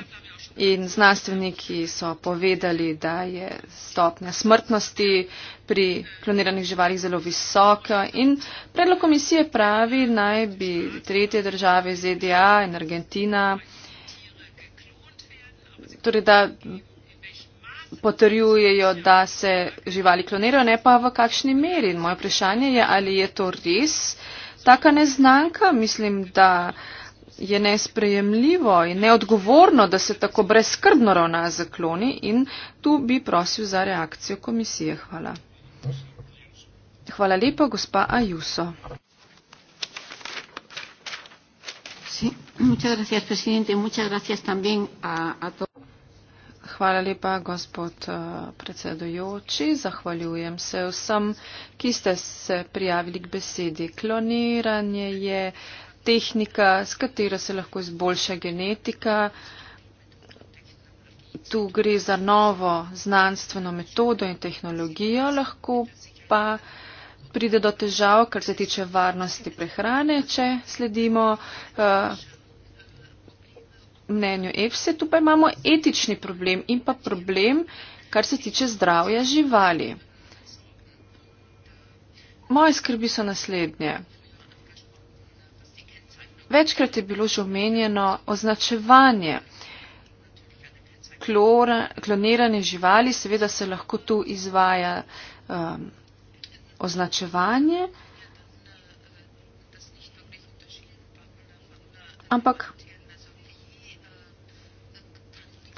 In znanstveniki so povedali, da je stopnja smrtnosti pri kloniranih živalih zelo visoka. In predlog komisije pravi, naj bi tretje države ZDA in Argentina, torej da potrjujejo, da se živali klonirajo, ne pa v kakšni meri. In moje vprašanje je, ali je to res taka neznanka? Mislim, da. Uh, je nesprejemljivo in neodgovorno, da se tako brezkrbno ravna zakloni in tu bi prosil za reakcijo komisije. Hvala. Hvala lepa, gospa Ajuso. Hvala lepa, gospod eh, predsedojoči. Zahvaljujem se vsem, ki ste se prijavili k besedi. Kloniranje je tehnika, s katero se lahko izboljša genetika. Tu gre za novo znanstveno metodo in tehnologijo, lahko pa pride do težav, kar se tiče varnosti prehrane, če sledimo uh, mnenju EFSE. Tukaj imamo etični problem in pa problem, kar se tiče zdravja živali. Moje skrbi so naslednje. Večkrat je bilo že omenjeno označevanje. Klor, klonirane živali, seveda se lahko tu izvaja um, označevanje. Ampak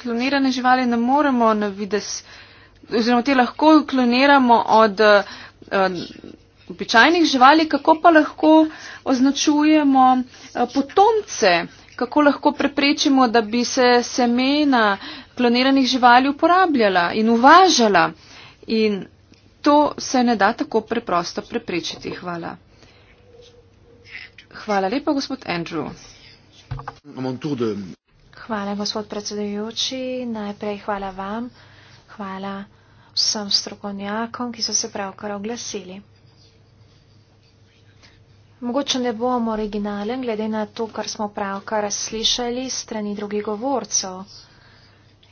klonirane živali ne moremo na vides, oziroma te lahko kloniramo od. od um, običajnih živali, kako pa lahko označujemo eh, potomce, kako lahko preprečimo, da bi se semena kloniranih živali uporabljala in uvažala. In to se ne da tako preprosto preprečiti. Hvala. Hvala lepa, gospod Andrew. Hvala, gospod predsedujoči. Najprej hvala vam. Hvala vsem strokovnjakom, ki so se pravkar oglasili. Mogoče ne bom originalen, glede na to, kar smo pravkar slišali strani drugih govorcev.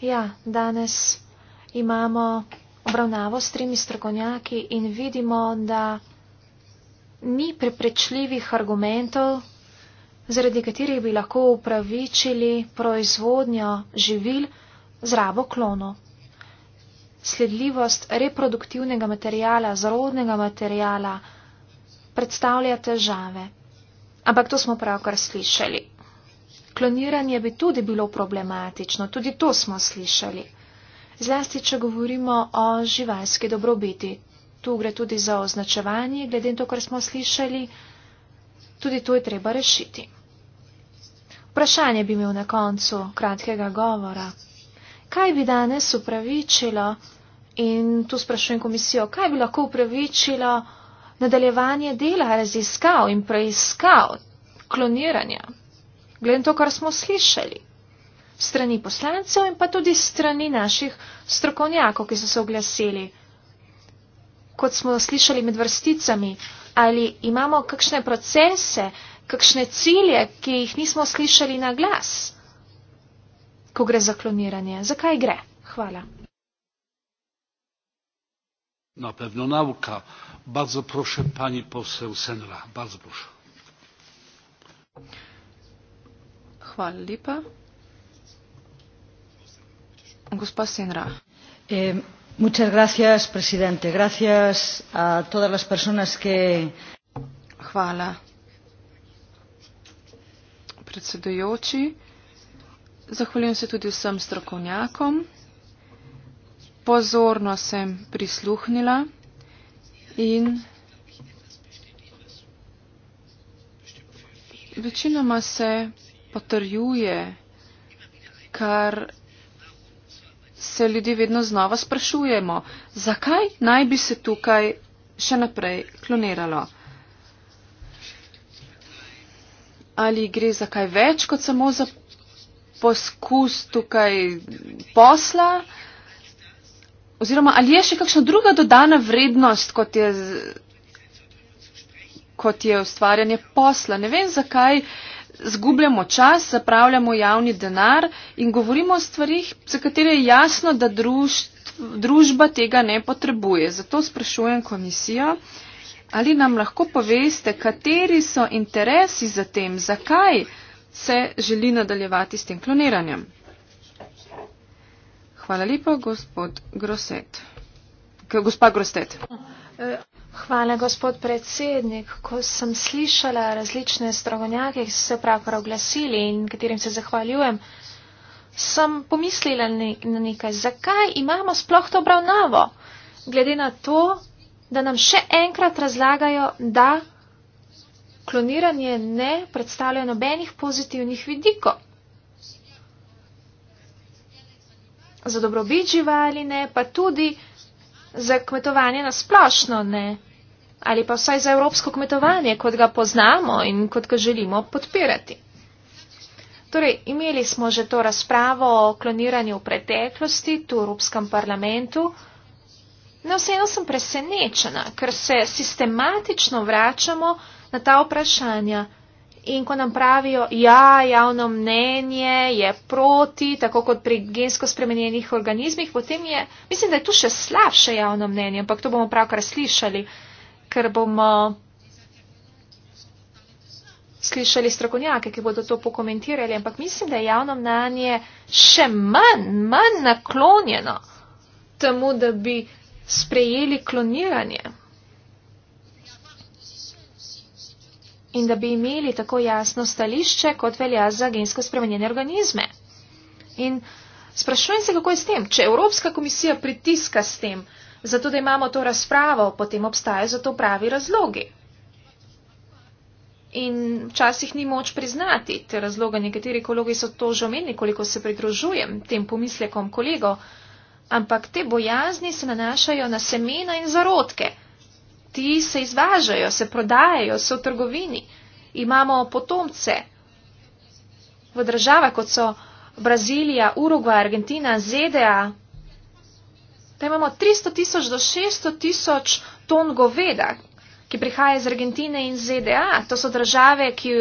Ja, danes imamo obravnavo s trimi strokovnjaki in vidimo, da ni preprečljivih argumentov, zaradi katerih bi lahko upravičili proizvodnjo živil z rabo klono. Sledljivost reproduktivnega materijala, zrodnega materijala, predstavlja težave. Ampak to smo pravkar slišali. Kloniranje bi tudi bilo problematično, tudi to smo slišali. Zlasti, če govorimo o živalski dobrobiti. Tu gre tudi za označevanje, glede to, kar smo slišali, tudi to je treba rešiti. Vprašanje bi imel na koncu kratkega govora. Kaj bi danes upravičilo, in tu sprašujem komisijo, kaj bi lahko upravičilo nadaljevanje dela raziskav in preiskav kloniranja. Glede to, kar smo slišali strani poslancev in pa tudi strani naših strokovnjakov, ki so se oglasili, kot smo slišali med vrsticami, ali imamo kakšne procese, kakšne cilje, ki jih nismo slišali na glas, ko gre za kloniranje. Zakaj gre? Hvala na pewno nauka. Bardzo proszę pani poseł Senra. Bardzo proszę. Hvala lepa. Gospa Senra. Eh, muchas gracias, presidente. Gracias a todas las personas que. Hvala. Predsedujoči, zahvaljujem se tudi vsem strokovnjakom pozorno sem prisluhnila in večinoma se potrjuje, kar se ljudje vedno znova sprašujemo, zakaj naj bi se tukaj še naprej kloniralo. Ali gre za kaj več kot samo za poskus tukaj posla, oziroma ali je še kakšna druga dodana vrednost, kot je, kot je ustvarjanje posla. Ne vem, zakaj zgubljamo čas, zapravljamo javni denar in govorimo o stvarih, za katere je jasno, da družb, družba tega ne potrebuje. Zato sprašujem komisijo, ali nam lahko poveste, kateri so interesi za tem, zakaj se želi nadaljevati s tem kloniranjem. Hvala lepa, gospod Groset. K, gospa Grostet. Hvala, gospod predsednik. Ko sem slišala različne strogonjake, ki so se pravkar oglasili in katerim se zahvaljujem, sem pomislila na nekaj, zakaj imamo sploh to obravnavo, glede na to, da nam še enkrat razlagajo, da kloniranje ne predstavlja nobenih pozitivnih vidikov. za dobrobit živali ne, pa tudi za kmetovanje na splošno ne, ali pa vsaj za evropsko kmetovanje, kot ga poznamo in kot ga želimo podpirati. Torej, imeli smo že to razpravo o kloniranju v preteklosti, tu v Evropskem parlamentu. Ne no, vseeno sem presenečena, ker se sistematično vračamo na ta vprašanja in ko nam pravijo, ja, javno mnenje je proti, tako kot pri gensko spremenjenih organizmih, potem je, mislim, da je tu še slabše javno mnenje, ampak to bomo pravkar slišali, ker bomo slišali strokovnjake, ki bodo to pokomentirali, ampak mislim, da je javno mnenje še manj, manj naklonjeno temu, da bi sprejeli kloniranje. in da bi imeli tako jasno stališče, kot velja za gensko spremenjene organizme. In sprašujem se, kako je s tem, če Evropska komisija pritiska s tem, zato da imamo to razpravo, potem obstajajo za to pravi razlogi. In včasih ni moč priznati te razloge, nekateri kolegi so to že omenili, koliko se pridružujem tem pomislekom kolego, ampak te bojazni se nanašajo na semena in zarodke ti se izvažajo, se prodajajo, so v trgovini. Imamo potomce v državah, kot so Brazilija, Uruguay, Argentina, ZDA. Da imamo 300 tisoč do 600 tisoč ton goveda, ki prihaja iz Argentine in ZDA. To so države, ki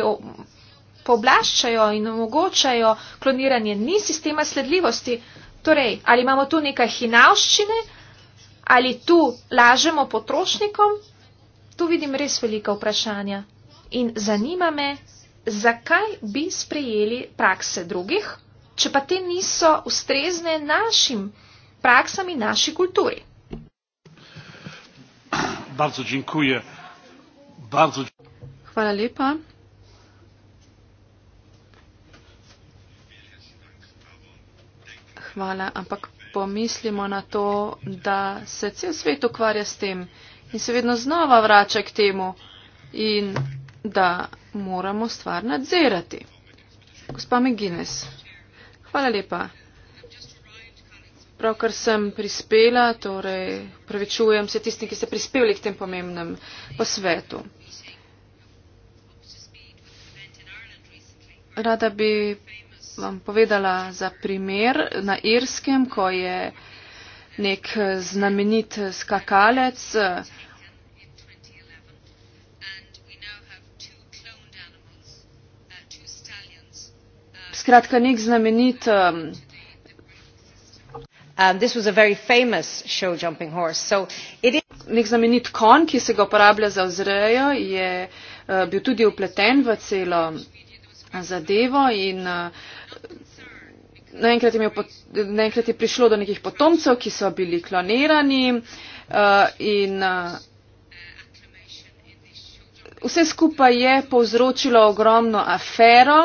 poblaščajo in omogočajo kloniranje. Ni sistema sledljivosti. Torej, ali imamo tu nekaj hinavščine? ali tu lažemo potrošnikom, tu vidim res velika vprašanja. In zanima me, zakaj bi sprejeli prakse drugih, če pa te niso ustrezne našim praksam in naši kulturi. Bardzo dziękuję. Bardzo Hvala lepa. Hvala, ampak pomislimo na to, da se cel svet ukvarja s tem in se vedno znova vrača k temu in da moramo stvar nadzirati. Gospa McGuinness, hvala lepa. Pravkar sem prispela, torej prevečujem se tistim, ki ste prispeli k tem pomembnem posvetu. Rada bi vam povedala za primer na Irskem, ko je nek znamenit skakalec Skratka, nek znamenit. Um, um horse, so is... Nek znamenit kon, ki se ga uporablja za vzrejo, je uh, bil tudi upleten v celo zadevo in uh, naenkrat, je imel, naenkrat je prišlo do nekih potomcev, ki so bili klonirani eh, in eh, vse skupaj je povzročilo ogromno afero.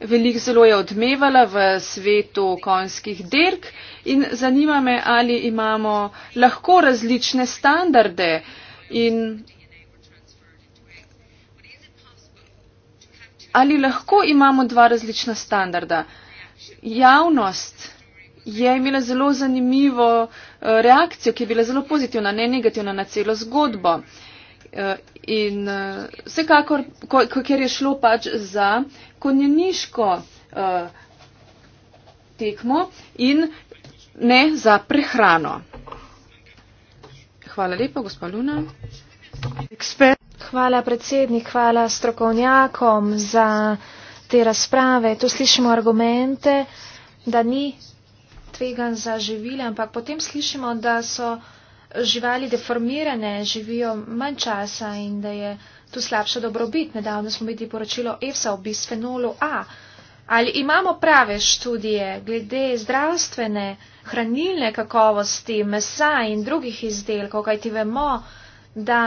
Velik zelo je odmevala v svetu konjskih dirk in zanima me, ali imamo lahko različne standarde in ali lahko imamo dva različna standarda. Uh, javnost je imela zelo zanimivo eh, reakcijo, ki je bila zelo pozitivna, ne negativna na celo zgodbo. Eh, in eh, vsekakor, ker je šlo pač za konjeniško tekmo in ne za prehrano. Hvala lepa, gospa Luna. Hvala predsednik, hvala strokovnjakom za te razprave, tu slišimo argumente, da ni tvegan za živile, ampak potem slišimo, da so živali deformirane, živijo manj časa in da je tu slabša dobrobit. Nedavno smo videli poročilo EFSA o bisfenolu A. Ali imamo prave študije glede zdravstvene, hranilne kakovosti, mesa in drugih izdelkov, kaj ti vemo, da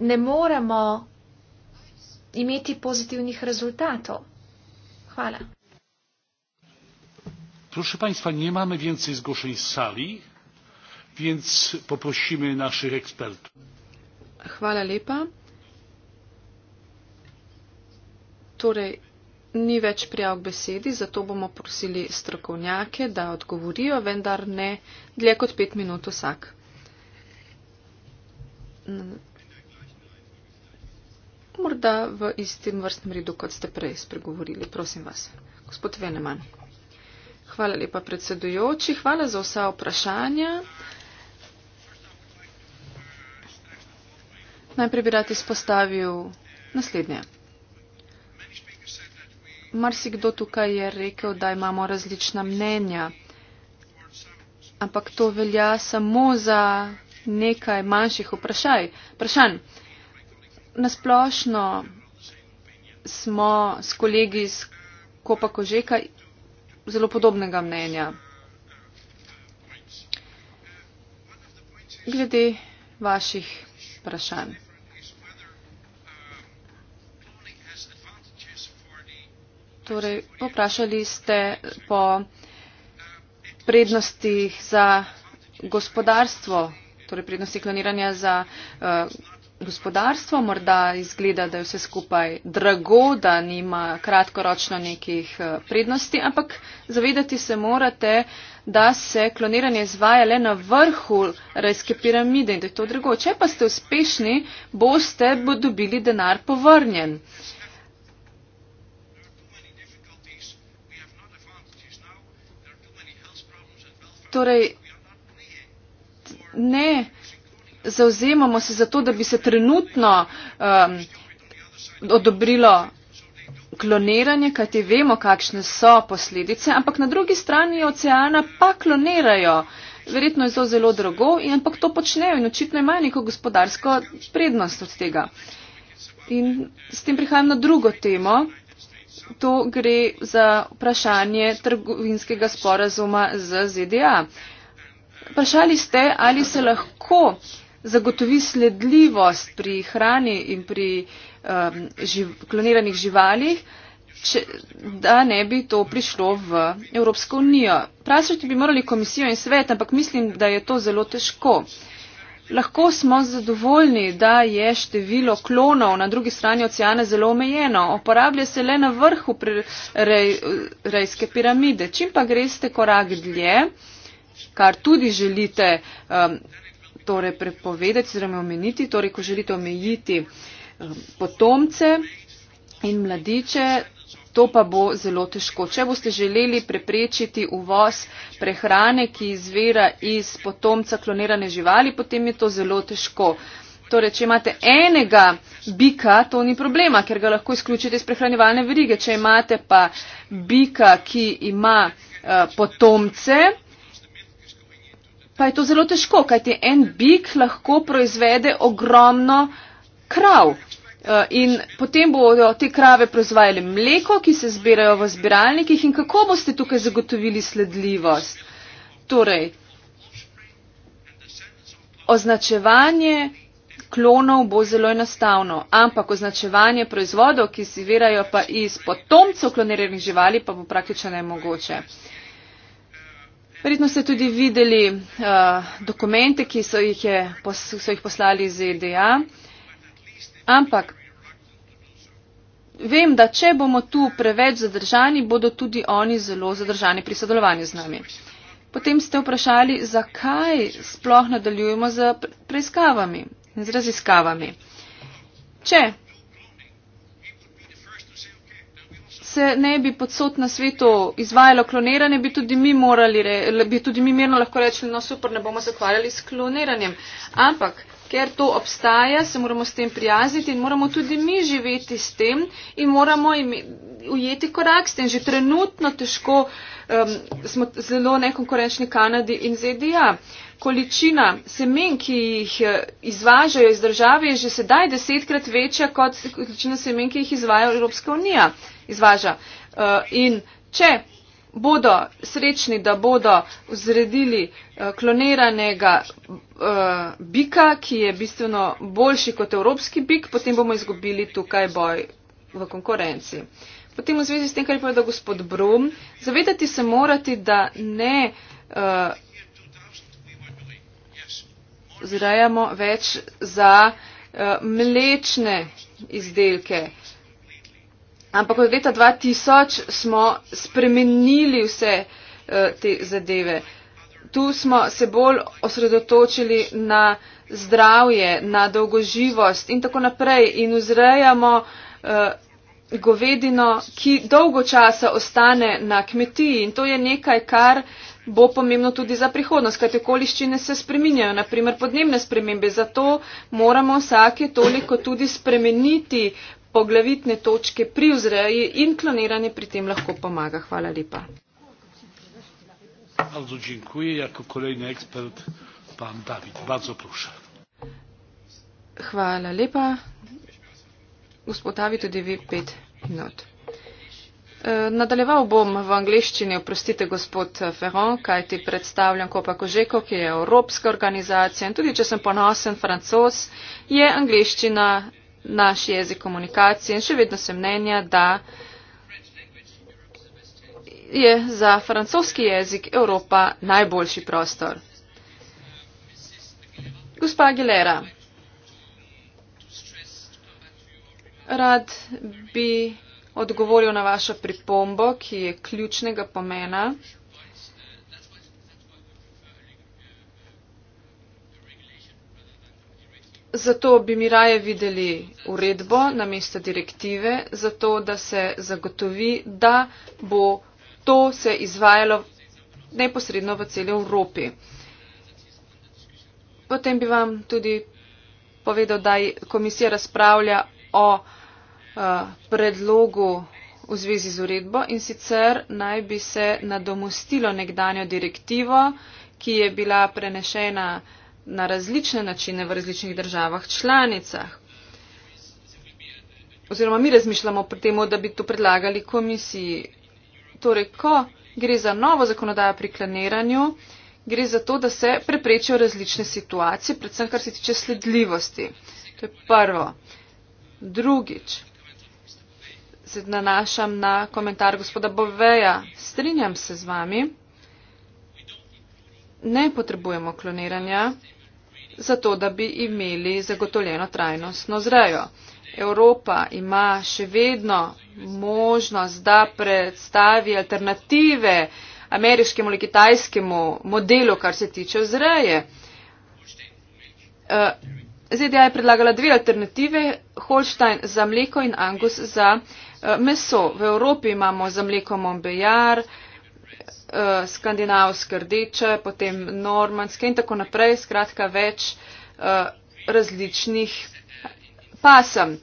ne moremo imeti pozitivnih rezultatov. Hvala. Proszę Państwa, nie mamy więcej zgłoszeń z sali, więc poprosimy naszych ekspertów. Hvala lepa. Torej, ni več prijav k besedi, zato bomo prosili strokovnjake, da odgovorijo, vendar ne dlje kot pet minut vsak morda v istem vrstnem redu, kot ste prej spregovorili. Prosim vas, gospod Veneman. Hvala lepa predsedujoči, hvala za vsa vprašanja. Najprej bi rad izpostavil naslednje. Marsikdo tukaj je rekel, da imamo različna mnenja, ampak to velja samo za nekaj manjših vprašanj nasplošno smo s kolegi iz Kopa Kožeka zelo podobnega mnenja. Glede vaših vprašanj. Torej, poprašali ste po prednostih za gospodarstvo, torej prednosti planiranja za uh, gospodarstvo, morda izgleda, da je vse skupaj drago, da nima kratkoročno nekih eh, prednosti, ampak zavedati se morate, da se kloniranje izvaja le na vrhu rajske piramide in da je to drago. Če pa ste uspešni, boste bo dobili denar povrnjen. Torej, ne zauzemamo se za to, da bi se trenutno um, odobrilo kloniranje, kajti vemo, kakšne so posledice, ampak na drugi strani oceana pa klonirajo. Verjetno je to zelo drago, ampak to počnejo in očitno imajo neko gospodarsko prednost od tega. In s tem prihajam na drugo temo. To gre za vprašanje trgovinskega sporazuma z ZDA. Vprašali ste, ali se lahko zagotovi sledljivost pri hrani in pri um, živ, kloniranih živalih, če, da ne bi to prišlo v Evropsko unijo. Prašati bi morali komisijo in svet, ampak mislim, da je to zelo težko. Lahko smo zadovoljni, da je število klonov na drugi strani oceana zelo omejeno. Uporablja se le na vrhu rej, rejske piramide. Čim pa greste korak dlje, kar tudi želite um, torej prepovedati, zelo omeniti, torej ko želite omejiti eh, potomce in mladiče, to pa bo zelo težko. Če boste želeli preprečiti uvoz prehrane, ki izvira iz potomca klonirane živali, potem je to zelo težko. Torej, če imate enega bika, to ni problema, ker ga lahko izključite iz prehranjevalne verige. Če imate pa bika, ki ima uh, potomce, pa je to zelo težko, kajti en bik lahko proizvede ogromno krav. Eh, in potem bodo te krave proizvajale mleko, ki se zbirajo v zbiralnikih in kako boste tukaj zagotovili sledljivost. Torej, označevanje klonov bo zelo enostavno, ampak označevanje proizvodov, ki se zbirajo pa iz potomcev kloniranih živali, pa bo praktično nemogoče. Uh, Verjetno ste tudi videli uh, dokumente, ki so jih, je, pos, so jih poslali iz ZDA. Ampak vem, da če bomo tu preveč zadržani, bodo tudi oni zelo zadržani pri sodelovanju z nami. Potem ste vprašali, zakaj sploh nadaljujemo z preiskavami in z raziskavami. Če se ne bi podsod na svetu izvajalo kloniranje, bi tudi mi morali, bi tudi mi mirno lahko rekli, no super, ne bomo se ukvarjali s kloniranjem. Ampak, ker to obstaja, se moramo s tem prijazniti in moramo tudi mi živeti s tem in moramo ujeti korak s tem. Že trenutno težko um, smo zelo nekonkurenčni Kanadi in ZDA. Količina semen, ki jih eh, izvažajo iz države, je že sedaj desetkrat večja kot količina semen, ki jih izvaja Evropska unija izvaža. Eh, in če bodo srečni, da bodo vzredili eh, kloniranega eh, bika, ki je bistveno boljši kot evropski bik, potem bomo izgubili tukaj boj v konkurenci. Potem v zvezi s tem, kar je povedal gospod Brum, zavedati se morate, da ne uh, zrajamo več za uh, mlečne izdelke. Uh, Ampak od leta 2000 smo spremenili vse eh, te zadeve. Tu smo se bolj osredotočili na zdravje, na dolgoživost in tako naprej in vzrejamo uh, govedino, ki dolgo časa ostane na kmetiji in to je nekaj, kar bo pomembno tudi za prihodnost, kajte okoliščine se spreminjajo, naprimer podnebne spremembe, zato moramo vsake toliko tudi spremeniti poglavitne točke pri vzreji in kloniranje pri tem lahko pomaga. Hvala lepa. Bardzo dziękuję. Jako kolejny ekspert pan Dawid. Bardzo proszę. Hvala lepa. Gospod Dawid, tudi vi pet minut. E, nadaljeval bom v angleščini, oprostite gospod Ferron, kaj ti predstavljam Kopa Kožeko, ki je evropska organizacija in tudi, če sem ponosen francos, je angleščina naš jezik komunikacije in še vedno sem mnenja, da je za francoski jezik Evropa najboljši prostor. Gospa Aguilera, rad bi odgovoril na vašo pripombo, ki je ključnega pomena. Zato bi mi raje videli uredbo na mesto direktive, zato da se zagotovi, da bo to se izvajalo neposredno v celi Evropi. Potem bi vam tudi povedal, da komisija razpravlja o uh, predlogu v zvezi z uredbo in sicer naj bi se nadomostilo nekdanjo direktivo, ki je bila prenešena na različne načine v različnih državah članicah. Oziroma mi razmišljamo pri temu, da bi to predlagali komisiji. Torej, ko gre za novo zakonodajo pri klaniranju, gre za to, da se preprečijo različne situacije, predvsem kar se tiče sledljivosti. To je prvo. Drugič, se nanašam na komentar gospoda Boveja. Strinjam se z vami. Ne potrebujemo kloniranja zato da bi imeli zagotovljeno trajnostno zrejo. Evropa ima še vedno možnost, da predstavi alternative ameriškemu ali kitajskemu modelu, kar se tiče vzreje. Eh, ZDA je predlagala dve alternative, Holstein za mleko in Angus za eh, meso. V Evropi imamo za mleko Montbéliard, uh, skandinavske rdeče, potem normanske in tako naprej, skratka več uh, različnih pasem.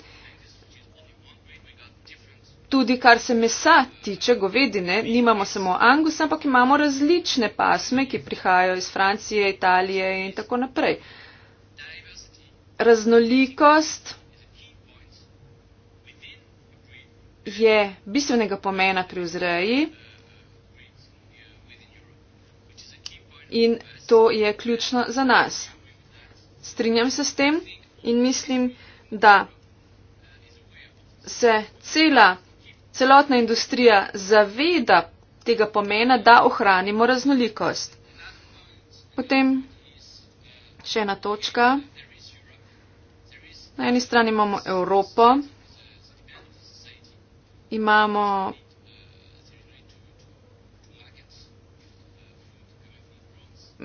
Tudi kar se mesa tiče govedine, nimamo samo angus, ampak imamo različne pasme, ki prihajajo iz Francije, Italije in tako naprej. Raznolikost je bistvenega pomena pri vzreji. in to je ključno za nas. Strinjam se s tem in mislim, da se cela, celotna industrija zaveda tega pomena, da ohranimo raznolikost. Potem še ena točka. Na eni strani imamo Evropo, imamo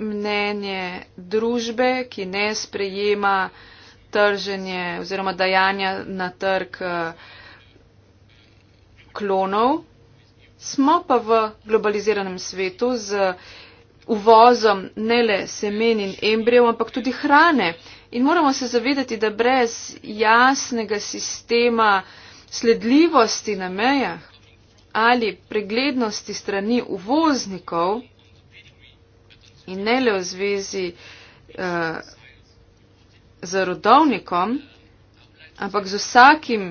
mnenje družbe, ki ne sprejema trženje oziroma dajanja na trg eh, klonov. Smo pa v globaliziranem svetu z uvozom ne le semen in embrijev, ampak tudi hrane. In moramo se zavedati, da brez jasnega sistema sledljivosti na mejah ali preglednosti strani uvoznikov, in ne le v zvezi uh, z rodovnikom, ampak z vsakim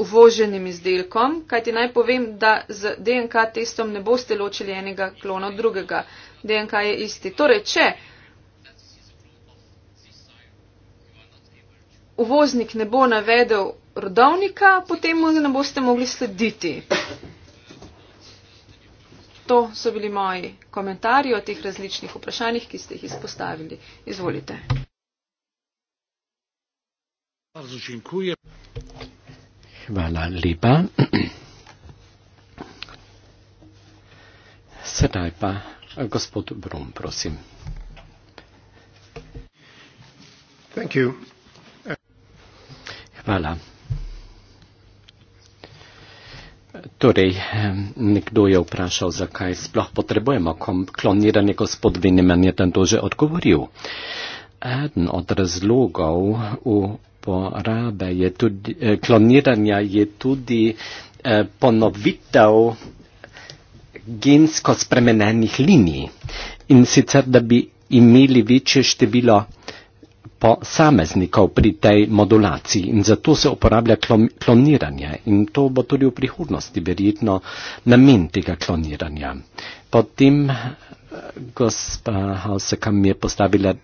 uvoženim izdelkom, kajti naj povem, da z DNK testom ne boste ločili enega klona od drugega. DNK je isti. Torej, če uvoznik ne bo navedel rodovnika, potem mu ne boste mogli slediti. To so bili moji komentarji o teh različnih vprašanjih, ki ste jih izpostavili. Izvolite. Hvala lepa. Sedaj pa gospod Brum, prosim. Hvala. Torej, nekdo je vprašal, zakaj sploh potrebujemo kloniranje, gospod Vinemen je tam to že odgovoril. Eden od razlogov uporabe je tudi, eh, kloniranja je tudi eh, ponovitev gensko spremenjenih linij. In sicer, da bi imeli večje število posameznikov pri tej modulaciji in zato se uporablja kloniranje in to bo tudi v prihodnosti verjetno namen tega kloniranja. Potem eh, gospa Hauseka mi je postavila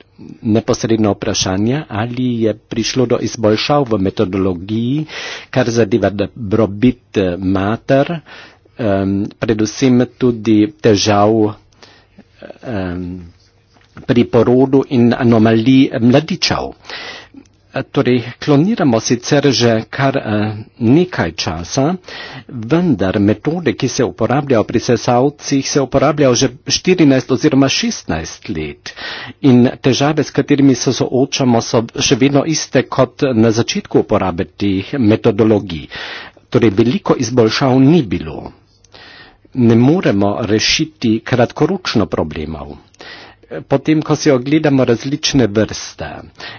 neposredno vprašanje, ali je prišlo do izboljšav v metodologiji, kar zadeva dobrobit eh, mater, ehm, predvsem tudi težav. Ehm, pri porodu in anomaliji mladičev. Torej, kloniramo sicer že kar eh, nekaj časa, vendar metode, ki se uporabljajo pri sesalcih, se uporabljajo že 14 oziroma 16 let in težave, s katerimi se soočamo, so še vedno iste kot na začetku uporabe teh metodologij. Torej, veliko izboljšav ni bilo. Ne moremo rešiti kratkoročno problemov potem, ko si ogledamo različne vrste.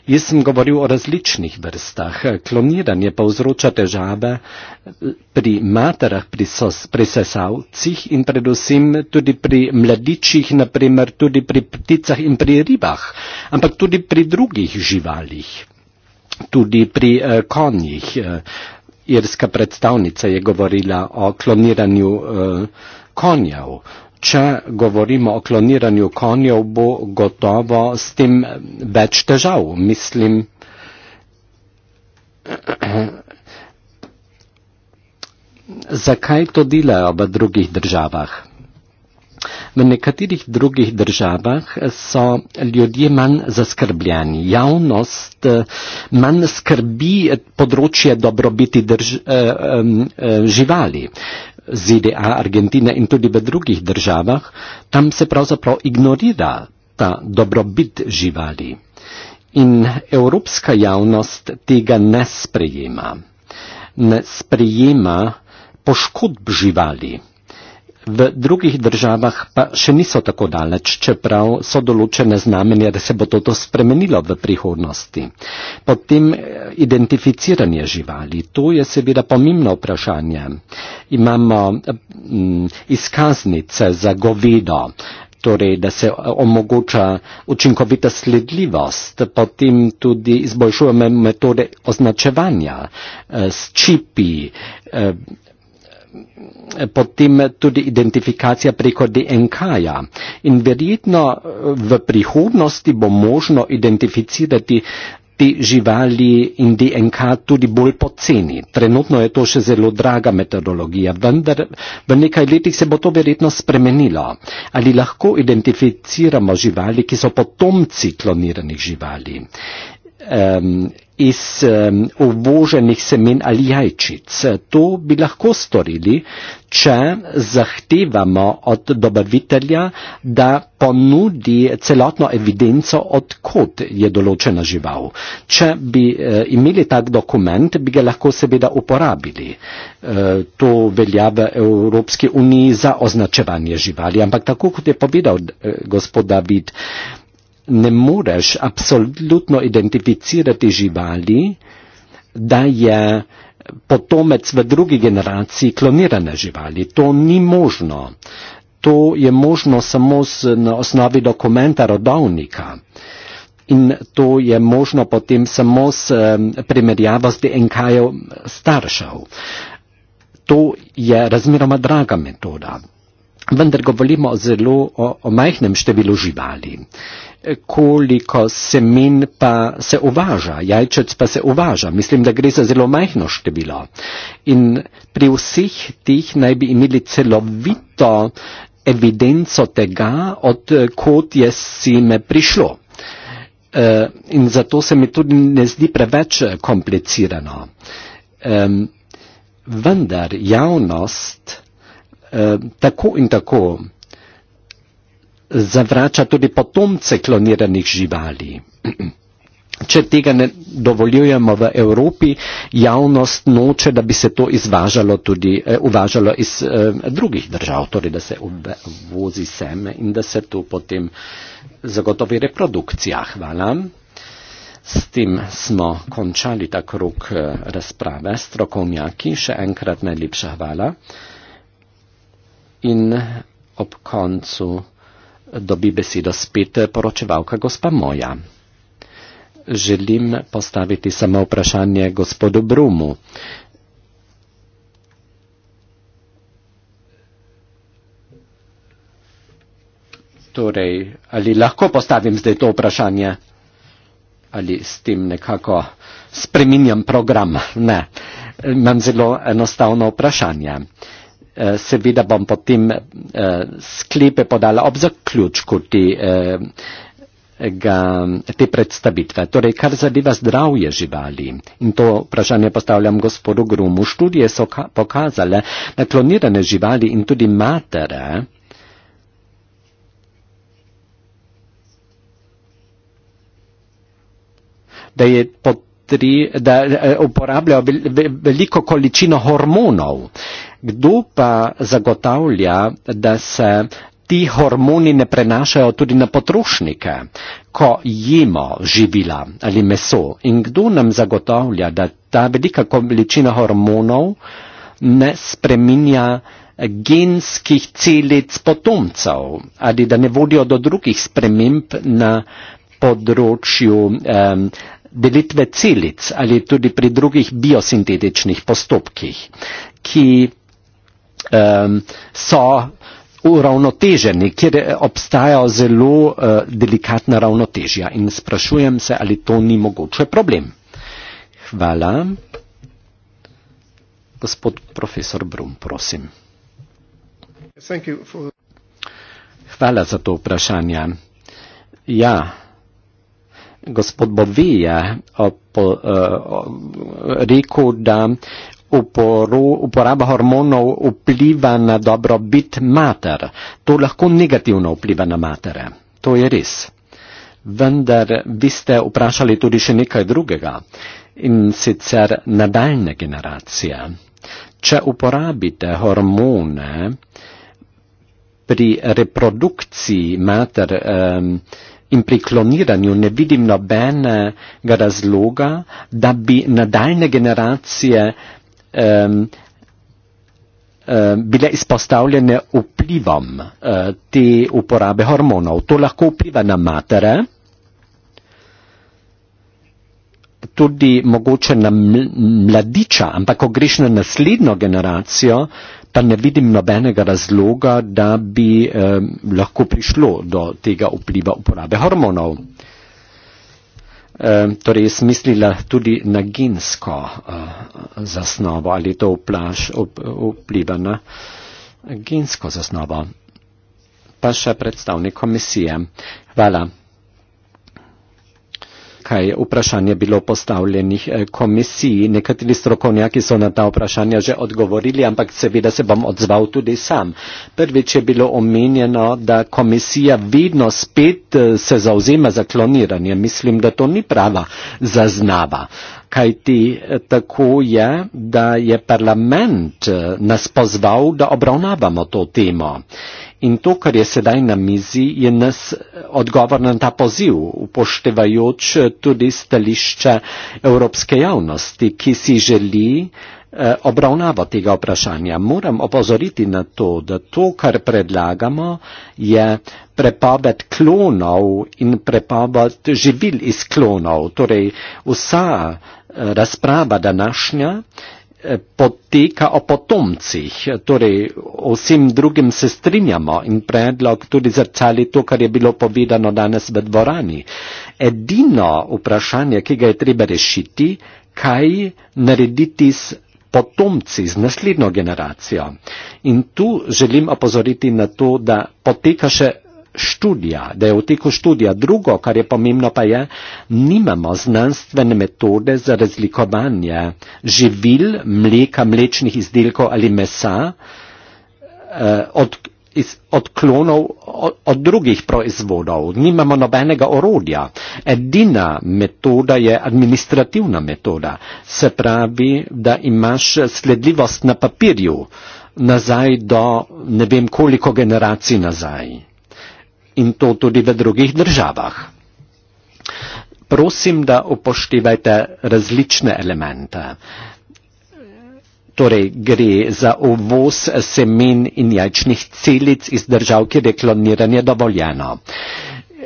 Jaz sem govoril o različnih vrstah. Kloniranje povzroča težave pri materah, pri presesavcih in predvsem tudi pri mladičih, naprimer tudi pri pticah in pri ribah, ampak tudi pri drugih živalih, tudi pri eh, konjih. Eh, irska predstavnica je govorila o kloniranju eh, konjev če govorimo o kloniranju konjev, bo gotovo s tem več težav. Mislim, zakaj to delajo v drugih državah? V nekaterih drugih državah so ljudje manj zaskrbljeni. Javnost eh, manj skrbi področje dobrobiti drž, eh, eh, živali. ZDA, Argentina in tudi v drugih državah, tam se pravzaprav ignorira ta dobrobit živali. In evropska javnost tega ne sprejema. Ne sprejema poškodb živali. V drugih državah pa še niso tako daleč, čeprav so določene znamenje, da se bo toto spremenilo v prihodnosti. Potem eh, identificiranje živali, to je seveda pomembno vprašanje. Imamo m, mm, izkaznice za govedo, torej da se eh, omogoča učinkovita sledljivost, potem tudi izboljšujemo metode označevanja eh, s čipi. E, potem tudi identifikacija preko DNK-ja. In verjetno eh, v prihodnosti bo možno identificirati te živali in DNK tudi bolj poceni. Trenutno je to še zelo draga metodologija, vendar v nekaj letih se bo to verjetno spremenilo. Ali lahko identificiramo živali, ki so potomci kloniranih živali? um, iz um, uvoženih semen ali jajčic. To bi lahko storili, če zahtevamo od dobavitelja, da ponudi celotno evidenco, odkot je določena žival. Če bi uh, imeli tak dokument, bi ga lahko seveda uporabili. Uh, to velja v Evropski uniji za označevanje živali. Ampak tako, kot je povedal uh, gospod David, uh, ne moreš absolutno identificirati živali, da je potomec v drugi generaciji klonirane živali. To ni možno. To je možno samo z, na osnovi dokumenta rodovnika. In to je možno potem samo s um, primerjavosti NK-jev staršev. To je razmeroma draga metoda. Vendar govorimo zelo o, o majhnem številu živali koliko semen pa se uvaža, jajčec pa se uvaža. Mislim, da gre za zelo majhno število. In pri vseh tih naj bi imeli celovito evidenco tega, odkot je seme prišlo. E, in zato se mi tudi ne zdi preveč komplicirano. E, vendar javnost e, tako in tako zavrača tudi potomce kloniranih živali. Če tega ne dovoljujemo v Evropi, javnost noče, da bi se to izvažalo tudi, eh, uvažalo iz eh, drugih držav, torej da se vozi seme in da se tu potem zagotovi reprodukcija. Hvala. S tem smo končali ta krok eh, razprave strokovnjaki. Še enkrat najlepša hvala. In ob koncu dobi besedo spet poročevalka gospa moja. Želim postaviti samo vprašanje gospodu Brumu. Torej, ali lahko postavim zdaj to vprašanje? Ali s tem nekako spreminjam program? Ne. Imam zelo enostavno vprašanje. Uh, Eh, seveda bom potem eh, sklepe podala ob zaključku te, eh, te predstavitve. Torej, kar zadeva zdravje živali, in to vprašanje postavljam gospodu Grumu, študije so pokazale, da klonirane živali in tudi matere, da je potri, da uporabljajo veliko količino hormonov kdo pa zagotavlja, da se ti hormoni ne prenašajo tudi na potrošnike, ko jemo živila ali meso in kdo nam zagotavlja, da ta velika količina hormonov ne spreminja genskih celic potomcev ali da ne vodijo do drugih sprememb na področju um, delitve celic ali tudi pri drugih biosintetičnih postopkih, ki um, so uravnoteženi, kjer obstajajo zelo uh, delikatna ravnotežja in sprašujem se, ali to ni mogoče problem. Hvala. Gospod profesor Brum, prosim. Hvala za to vprašanje. Ja, gospod Bovija je uh, rekel, da uporu, uporaba hormonov vpliva na dobrobit mater. To lahko negativno vpliva na matere. To je res. Vendar vi ste vprašali tudi še nekaj drugega in sicer nadaljne generacije. Če uporabite hormone pri reprodukciji mater um, in pri kloniranju, ne vidim nobenega razloga, da bi nadaljne generacije um, bile izpostavljene vplivom eh, te uporabe hormonov. To lahko vpliva na matere, tudi mogoče na mladiča, ampak ko greš na naslednjo generacijo, pa ne vidim nobenega razloga, da bi eh, lahko prišlo do tega vpliva uporabe hormonov torej jaz mislila tudi na gensko eh, zasnovo, ali to vplaš, vpliva na gensko zasnovo. Pa še predstavnik komisije. Hvala kaj vprašanje bilo postavljenih eh, komisiji. Nekateri strokovnjaki so na ta vprašanja že odgovorili, ampak seveda se bom odzval tudi sam. Prvič je bilo omenjeno, da komisija vedno spet eh, se zauzema za kloniranje. Mislim, da to ni prava zaznava. Kaj ti eh, tako je, da je parlament nas pozval, da obravnavamo to temo. In to, kar je sedaj na mizi, je nas eh, odgovor na ta poziv, upoštevajoč eh, tudi stališče evropske javnosti, ki si želi eh, obravnavo tega vprašanja. Moram opozoriti na to, da to, kar predlagamo, je prepoved klonov in prepoved živil iz klonov. Torej, vsa razprava današnja Eh, poteka o potomcih. Torej, vsem drugim se strinjamo in predlog tudi zrcali to, kar je bilo povedano danes v dvorani. Edino vprašanje, ki ga je treba rešiti, kaj narediti s potomci, z naslednjo generacijo. In tu želim opozoriti na to, da poteka še študija, da je v teku študija. Drugo, kar je pomembno, pa je, nimamo znanstvene metode za razlikovanje živil, mleka, mlečnih izdelkov ali mesa eh, od, iz, od klonov, od, od drugih proizvodov. Nimamo nobenega orodja. Edina metoda je administrativna metoda. Se pravi, da imaš sledljivost na papirju nazaj do ne vem koliko generacij nazaj in to tudi v drugih državah. Prosim, da upoštevajte različne elemente. Torej gre za uvoz semen in jajčnih celic iz držav, kjer je kloniranje dovoljeno.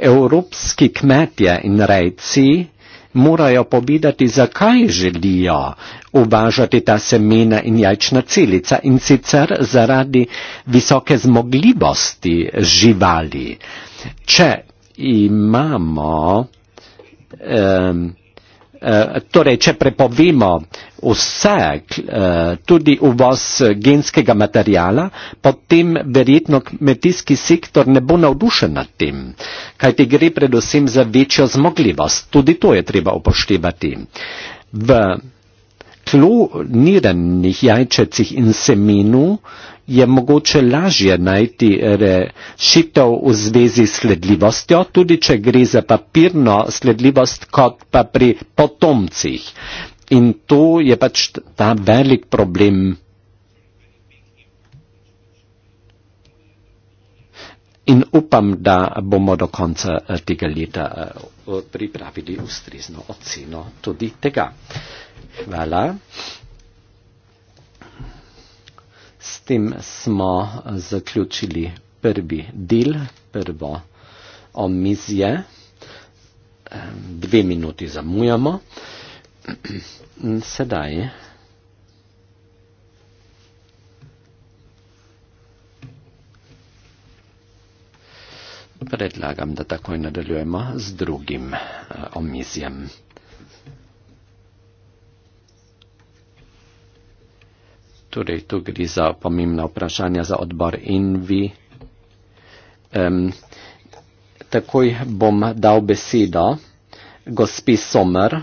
Evropski kmetje in rejci morajo pobidati, zakaj želijo uvažati ta semena in jajčna celica in sicer zaradi visoke zmogljivosti živali. Če imamo um, Eh, torej, če prepovimo vse, eh, tudi uvoz genskega materijala, potem verjetno kmetijski sektor ne bo navdušen nad tem, kajti gre predvsem za večjo zmogljivost. Tudi to je treba upoštevati. V Tlo nirenih jajčecih in semenu je mogoče lažje najti rešitev v zvezi s sledljivostjo, tudi če gre za papirno sledljivost, kot pa pri potomcih. In to je pač ta velik problem. In upam, da bomo do konca eh, tega leta eh, pripravili ustrezno oceno tudi tega. Hvala. S tem smo zaključili prvi del, prvo omizje. Dve minuti zamujamo. Sedaj. Predlagam, da takoj nadaljujemo z drugim eh, omizjem. Torej, tu gre za pomembna vprašanja za odbor in vi. Um, takoj bom dal besedo gospi Somer,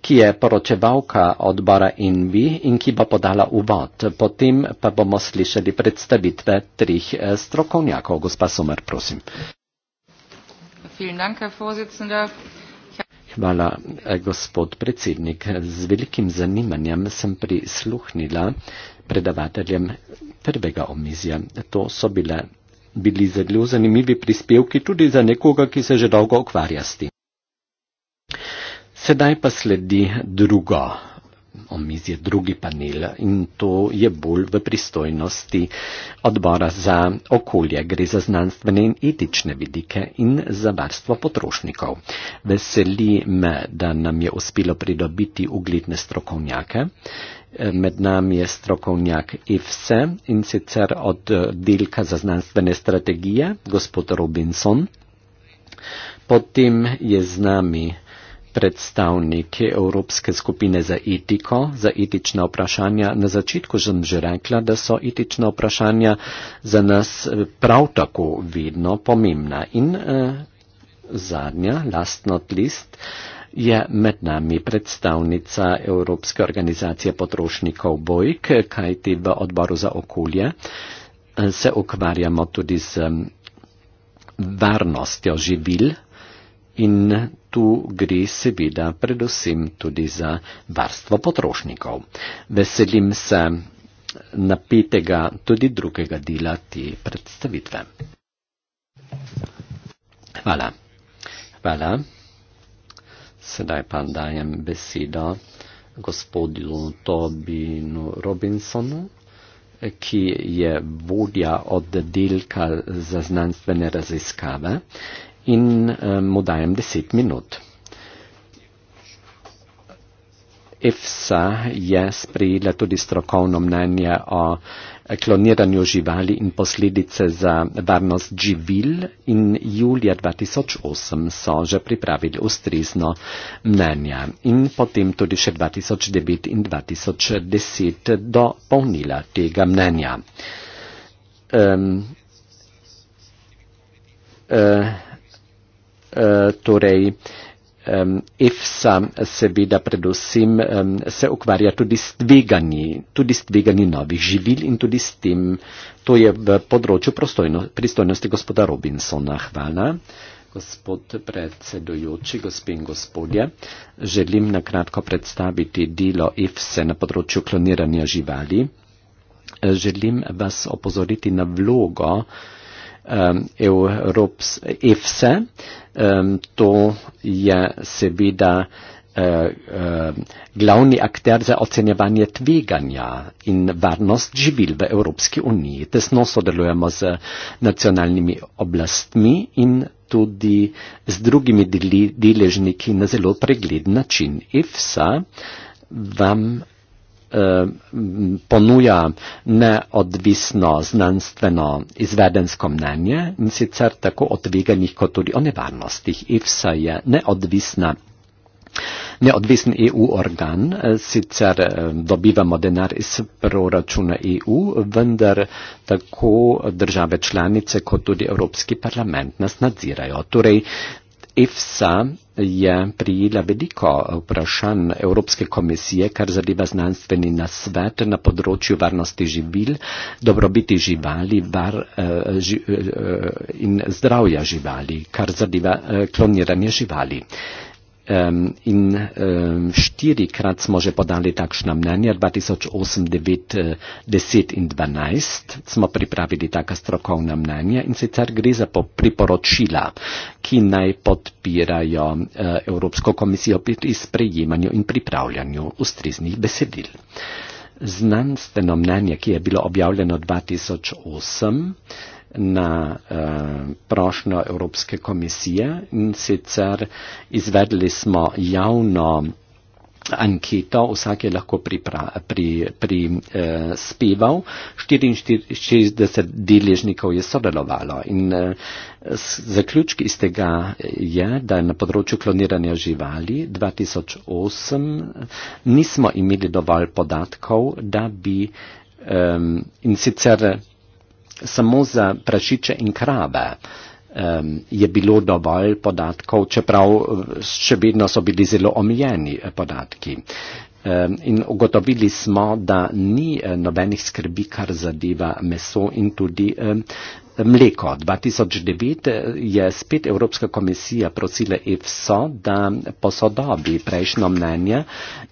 ki je poročevalka odbora INVI in ki bo podala uvod. Potem pa bomo slišali predstavitve trih eh, strokovnjakov. Gospa Somer, prosim. Vielen Dank, Herr Vorsitzender. Hvala, gospod predsednik. Z velikim zanimanjem sem prisluhnila predavateljem prvega omizja. To so bile, bili zelo zanimivi prispevki tudi za nekoga, ki se že dolgo ukvarja s tem. Sedaj pa sledi drugo omiz je drugi panel in to je bolj v pristojnosti odbora za okolje, gre za znanstvene in etične vidike in za varstvo potrošnikov. Veseli me, da nam je uspelo pridobiti ugledne strokovnjake. Med nami je strokovnjak IFSE in sicer od delka za znanstvene strategije, gospod Robinson. Potem je z nami predstavniki Evropske skupine za etiko, za etična vprašanja. Na začetku sem že rekla, da so etična vprašanja za nas eh, prav tako vedno pomembna. In eh, zadnja, last not least, je med nami predstavnica Evropske organizacije potrošnikov Bojk, kajti v odboru za okolje eh, se ukvarjamo tudi z mm, varnostjo živil. In tu gre seveda predvsem tudi za varstvo potrošnikov. Veselim se napetega tudi drugega dela te predstavitve. Hvala. Hvala. Sedaj pa dajem besedo gospodu Tobinu Robinsonu, ki je vodja oddelka za znanstvene raziskave in uh, mu dajem deset minut. EFSA je sprejela tudi strokovno mnenje o kloniranju živali in posledice za varnost živil in julija 2008 so že pripravili ustrezno mnenje in potem tudi še 2009 in 2010 dopolnila tega mnenja. Um, uh, Eh, torej IFSA seveda predvsem se ukvarja tudi s tveganji, tudi s tveganji novih živil in tudi s tem, to je v področju pristojnosti gospoda Robinsona. Hvala, gospod predsedujoči, gospe in gospodje. Želim na kratko predstaviti delo IFSA na področju kloniranja živali. Želim vas opozoriti na vlogo, Um, Evrops EFSE. Um, to je seveda uh, um, glavni akter za ocenjevanje tveganja in varnost živil v Evropski uniji. Tesno sodelujemo z nacionalnimi oblastmi in tudi z drugimi deležniki na zelo pregled način. EFSA vam Eh, ponuja neodvisno znanstveno izvedensko mnenje in sicer tako o tveganjih kot tudi o nevarnostih. IFSA je neodvisna Neodvisni EU organ, eh, sicer eh, dobivamo denar iz proračuna EU, vendar tako države članice kot tudi Evropski parlament nas nadzirajo. Torej, EFSA je prijela veliko vprašanj Evropske komisije, kar zadeva znanstveni nasvet na področju varnosti živil, dobrobiti živali var, eh, ži, eh, in zdravja živali, kar zadeva eh, kloniranje živali. Um, in um, štirikrat smo že podali takšna mnenja, 2008, 9, 10 in 12 smo pripravili taka strokovna mnenja in sicer gre za priporočila, ki naj podpirajo uh, Evropsko komisijo pri sprejemanju in pripravljanju ustreznih besedil. Znanstveno mnenje, ki je bilo objavljeno 2008, na uh, prošnjo Evropske komisije in sicer izvedli smo javno anketo, vsak je lahko prispeval, pri, pri, eh, 64 deležnikov je sodelovalo in eh, zaključki iz tega je, da je na področju kloniranja živali 2008 eh, nismo imeli dovolj podatkov, da bi eh, in sicer samo za prašiče in krabe um, je bilo dovolj podatkov, čeprav eh, še vedno so bili zelo omejeni eh, podatki. Uh, In ugotovili smo, da ni eh, nobenih skrbi, kar zadeva meso in tudi mleko. 2009 eh, je spet Evropska komisija prosila EFSO, da posodobi prejšnjo mnenje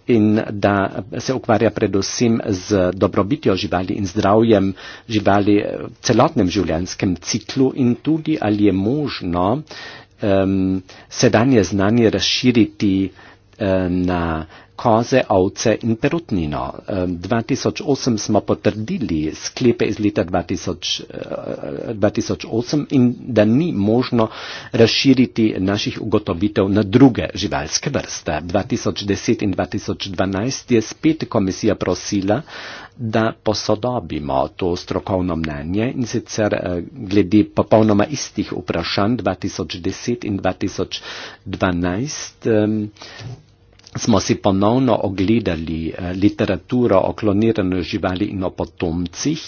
in da se ukvarja predvsem z dobrobitjo živali in zdravjem živali eh, v celotnem življenjskem ciklu in tudi ali je možno um, sedanje znanje razširiti um, na koze, ovce in perutnino. 2008 smo potrdili sklepe iz leta 2000, 2008 eh, in da ni možno razširiti naših ugotovitev na druge živalske vrste. 2010 in 2012 je spet komisija prosila, da posodobimo to strokovno mnenje in sicer eh, glede popolnoma istih vprašanj 2010 in 2012 smo si ponovno ogledali eh, literaturo o kloniranju živali in o potomcih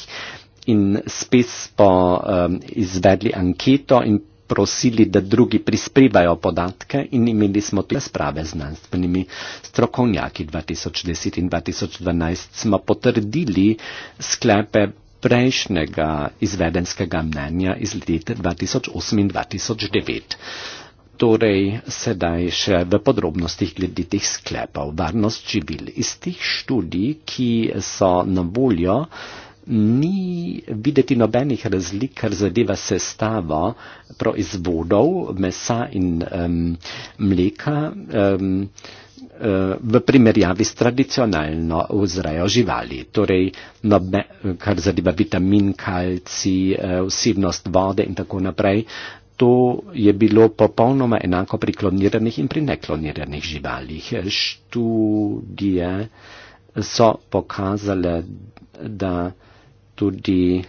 in spet smo ehm, izvedli anketo in prosili, da drugi prispevajo podatke in imeli smo tudi razprave z znanstvenimi strokovnjaki. 2010 in 2012 smo potrdili sklepe prejšnjega izvedenskega mnenja iz leta 2008 in 2009 torej sedaj še v podrobnostih glede teh sklepov. Varnost živil iz teh študij, ki so na voljo, ni videti nobenih razlik, kar zadeva sestavo proizvodov mesa in um, mleka um, v primerjavi s tradicionalno vzrajo živali. Torej, nobe, kar zadeva vitamin, kalci, eh, vsebnost vode in tako naprej to je bilo popolnoma enako pri kloniranih in pri nekloniranih živalih. Študije so pokazale, da tudi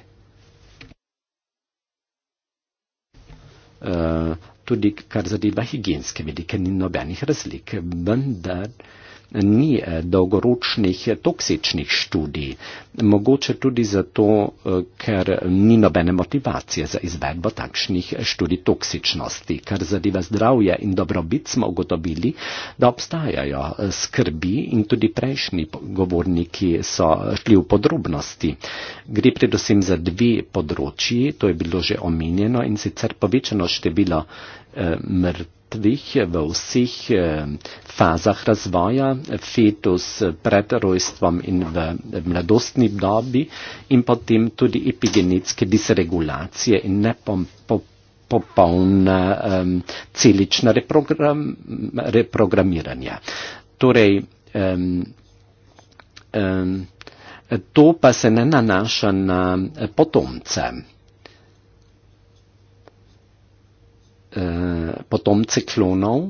uh, tudi kar zadeva higijenske vidike, ni nobenih razlik, vendar uh, ni eh, dolgoročnih eh, toksičnih študij, mogoče tudi zato, eh, ker ni nobene motivacije za izvedbo takšnih študij toksičnosti. Kar zadeva zdravje in dobrobit, smo ugotovili, da obstajajo skrbi in tudi prejšnji govorniki so šli v podrobnosti. Gre predvsem za dve področji, to je bilo že omenjeno in sicer povečano število mrtvih zeitlich, v vseh eh, fazah razvoja, fetus pred rojstvom in v mladostni dobi in potem tudi epigenetske disregulacije in nepopolna um, celična reprogram, reprogramiranja. Torej, um, um, to pa se ne nanaša na potomce. Eh, potomce klonov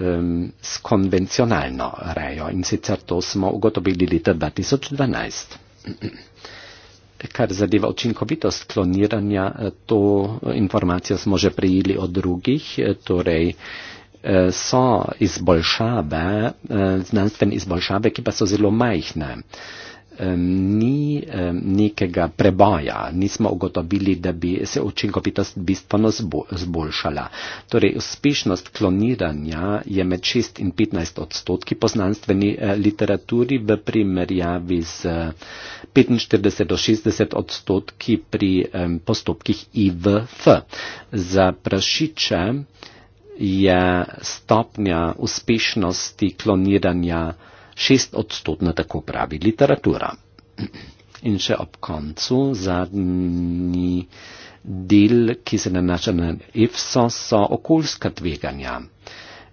um, s konvencionalno rejo in sicer to smo ugotovili leta 2012. Kar zadeva učinkovitost kloniranja, eh, to eh, informacijo smo že prijeli od drugih, torej so izboljšave, znanstvene izboljšave, ki pa so zelo majhne ni nekega preboja, nismo ugotovili, da bi se učinkovitost bistveno zboljšala. Torej, uspešnost kloniranja je med 6 in 15 odstotki po znanstveni eh, literaturi v primerjavi z 45 eh, do 60 odstotki pri postopkih IVF. Za prašiče je stopnja uspešnosti kloniranja šest odstotna, tako pravi literatura. In še ob koncu zadnji del, ki se nanaša na EFSO, so okoljska tveganja.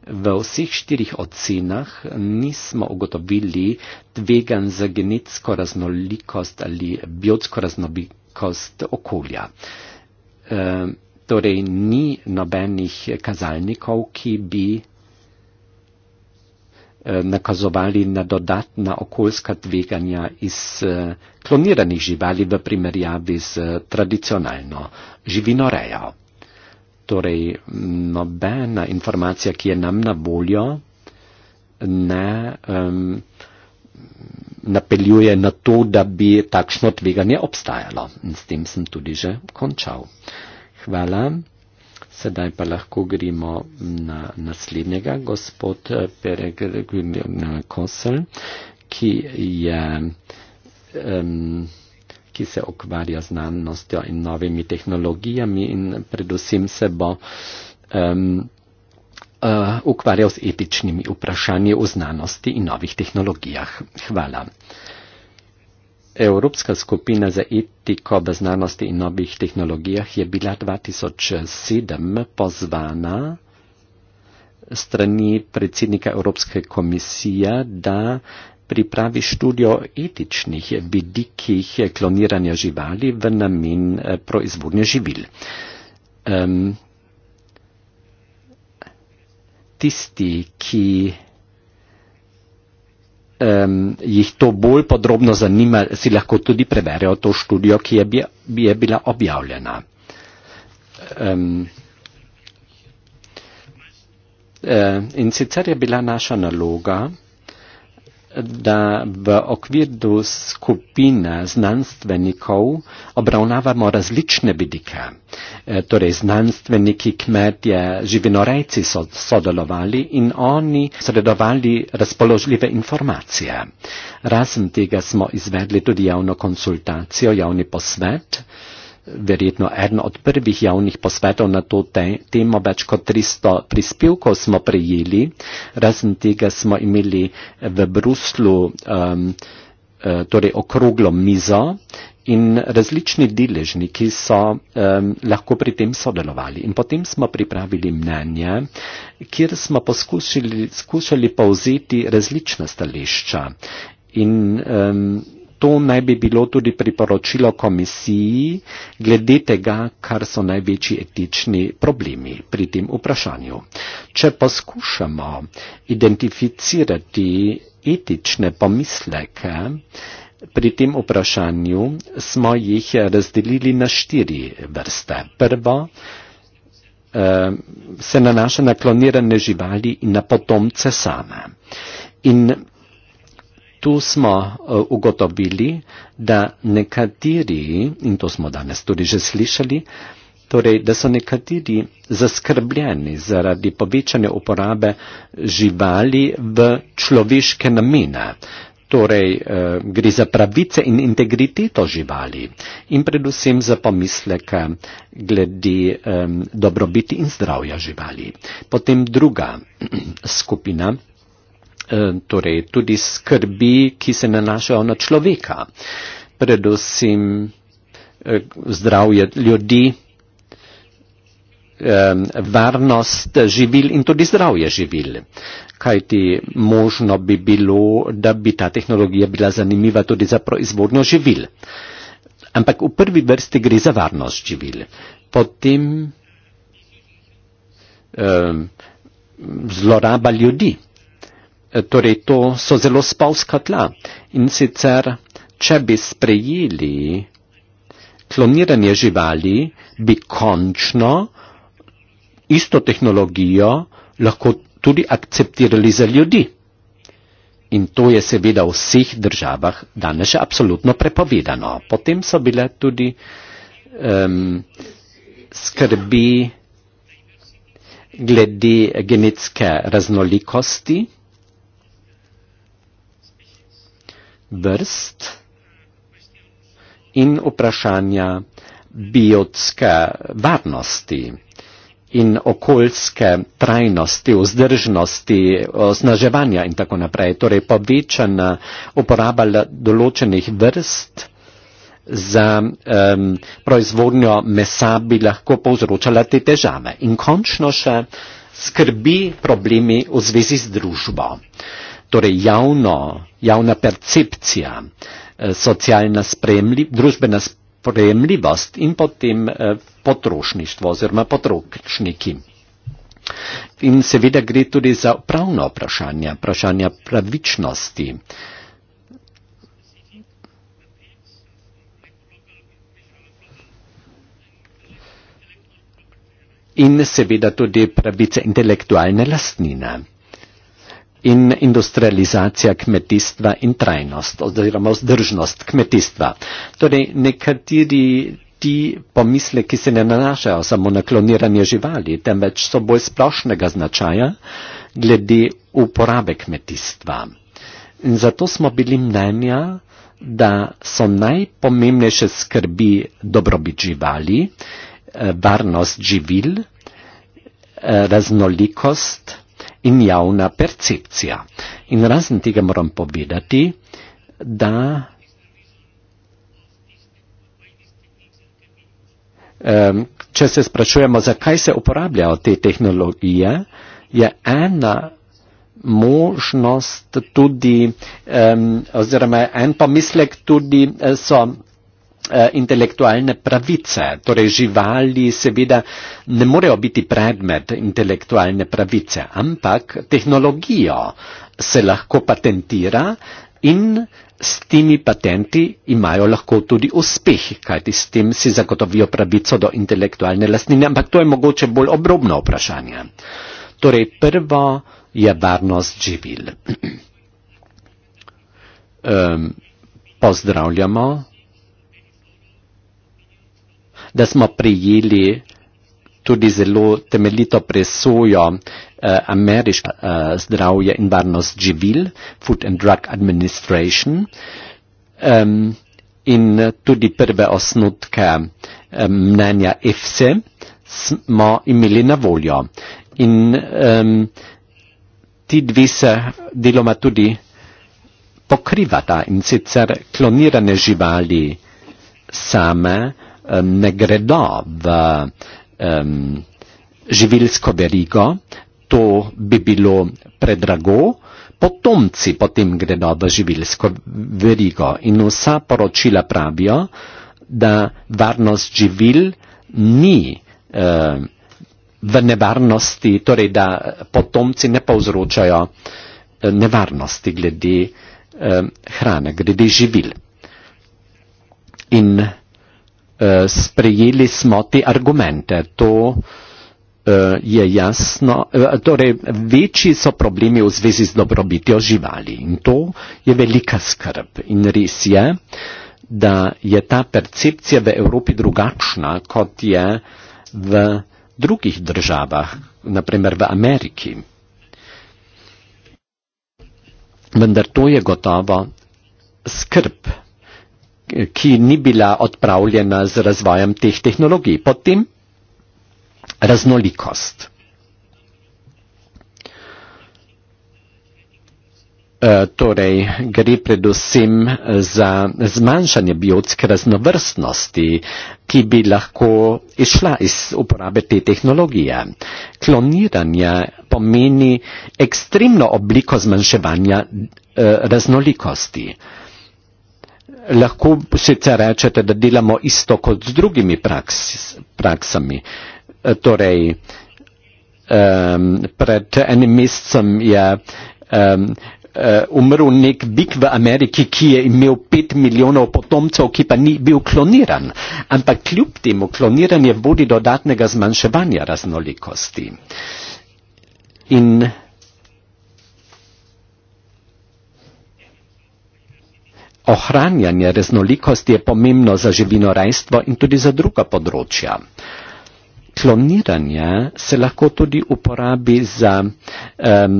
V vseh štirih ocenah nismo ugotovili tvegan za genetsko raznolikost ali biotsko raznolikost okolja. E, torej ni nobenih kazalnikov, ki bi nakazovali na dodatna okoljska tveganja iz eh, kloniranih živali v primerjavi z tradicionalno živinorejo. Torej, nobena informacija, ki je nam na voljo, ne um, napeljuje na to, da bi takšno tveganje obstajalo. In s tem sem tudi že končal. Hvala. Sedaj pa lahko gremo na naslednjega, gospod eh, Peregrin eh, eh, Kosel, ki, je, um, ki se ukvarja znanostjo in novimi tehnologijami in predvsem se bo um, uh, ukvarjal z etičnimi vprašanji o znanosti in novih tehnologijah. Hvala. Evropska skupina za etiko v znanosti in novih tehnologijah je bila 2007 pozvana strani predsednika Evropske komisije, da pripravi študijo etičnih vidikih kloniranja živali v namen eh, proizvodnje živil. Um, tisti, ki um, jih to bolj podrobno zanima, si lahko tudi preverijo to študijo, ki je, bi, je bila objavljena. Um, uh, in sicer je bila naša naloga, da v okviru skupina znanstvenikov obravnavamo različne vidike. E, torej, znanstveniki, kmetje, živinorejci so sodelovali in oni sredovali razpoložljive informacije. Razen tega smo izvedli tudi javno konsultacijo, javni posvet verjetno eden od prvih javnih posvetov na to te, temo, več kot 300 prispevkov smo prejeli, razen tega smo imeli eh, v Bruslu um, torej okroglo mizo in različni deležniki so um, lahko pri tem sodelovali. In potem smo pripravili mnenje, kjer smo poskušali skušali povzeti različna stališča. In um, To naj bi bilo tudi priporočilo komisiji glede tega, kar so največji etični problemi pri tem vprašanju. Če poskušamo identificirati etične pomisleke pri tem vprašanju, smo jih razdelili na štiri vrste. Prvo eh, se nanaša na klonirane živali in na potomce same. In tu smo eh, ugotovili, da nekateri, in to smo danes tudi že slišali, torej, da so nekateri zaskrbljeni zaradi povečanja uporabe živali v človeške namene. Torej, eh, gre za pravice in integriteto živali in predvsem za pomisleke glede eh, dobrobiti in zdravja živali. Potem druga skupina Eh, torej tudi skrbi, ki se nanašajo na človeka, predvsem eh, zdravje ljudi, varnost živil in tudi zdravje živil. Kajti možno bi bilo, da bi ta tehnologija bila zanimiva tudi za proizvodnjo živil. Ampak v prvi vrsti gre za varnost živil. Potem eh, zloraba ljudi. Eh, torej to so zelo spavska tla. In sicer, če bi sprejeli kloniranje živali, bi končno isto tehnologijo lahko tudi akceptirali za ljudi. In to je seveda v vseh državah danes še absolutno prepovedano. Potem so bile tudi um, skrbi glede genetske raznolikosti. vrst in vprašanja biotske varnosti in okoljske trajnosti, vzdržnosti, osnaževanja in tako naprej. Torej, povečana uporaba določenih vrst za um, proizvodnjo mesa bi lahko povzročala te težave. In končno še skrbi problemi v zvezi z družbo. Uh, torej javno, javna percepcija, eh, socialna spremli, družbena spremljivost in potem eh, potrošništvo oziroma potrošniki. In seveda gre tudi za pravno vprašanje, vprašanje pravičnosti. In seveda tudi pravice intelektualne lastnine in industrializacija kmetijstva in trajnost oziroma vzdržnost kmetijstva. Torej nekateri ti pomisle, ki se ne nanašajo samo na kloniranje živali, temveč so bolj splošnega značaja glede uporabe kmetijstva. In zato smo bili mnenja, da so najpomembnejše skrbi dobrobit živali, eh, varnost živil, eh, raznolikost, in javna percepcija. In razen tega moram povedati, da če se sprašujemo, zakaj se uporabljajo te tehnologije, je ena možnost tudi, oziroma en pomislek tudi eh, so Eh, intelektualne pravice. Torej živali seveda ne morejo biti predmet intelektualne pravice, ampak tehnologijo se lahko patentira in s temi patenti imajo lahko tudi uspeh, kajti s tem si zagotovijo pravico do intelektualne lastnine, ampak to je mogoče bolj obrobno vprašanje. Torej prvo je varnost živil. um, pozdravljamo da smo prijeli tudi zelo temeljito presojo eh, ameriške eh, zdravje in varnost živil, Food and Drug Administration, um, in tudi prve osnutke um, mnenja EFSE smo imeli na voljo. In um, ti dve se deloma tudi pokrivata in sicer klonirane živali same ne gredo v um, živilsko verigo, to bi bilo predrago, potomci potem gredo v živilsko verigo in vsa poročila pravijo, da varnost živil ni uh, v nevarnosti, torej da potomci ne povzročajo eh, nevarnosti glede uh, hrane, glede živil. In Eh, sprejeli smo te argumente. To eh, je jasno, eh, torej večji so problemi v zvezi z dobrobitjo živali in to je velika skrb. In res je, da je ta percepcija v Evropi drugačna, kot je v drugih državah, naprimer v Ameriki. Vendar to je gotovo skrb ki ni bila odpravljena z razvojem teh tehnologij. Potem raznolikost. E, torej, gre predvsem za zmanjšanje biotske raznovrstnosti, ki bi lahko išla iz uporabe te tehnologije. Kloniranje pomeni ekstremno obliko zmanjševanja e, raznolikosti. E, lahko sicer rečete, da delamo isto kot z drugimi praks, praksami. E, torej, um, pred enim mesecem je um, umrl nek bik v Ameriki, ki je imel pet milijonov potomcev, ki pa ni bil kloniran. Ampak kljub temu kloniranje vodi dodatnega zmanjševanja raznolikosti. In Ohranjanje raznolikosti je pomembno za živino rajstvo in tudi za druga področja. Kloniranje se lahko tudi uporabi za um,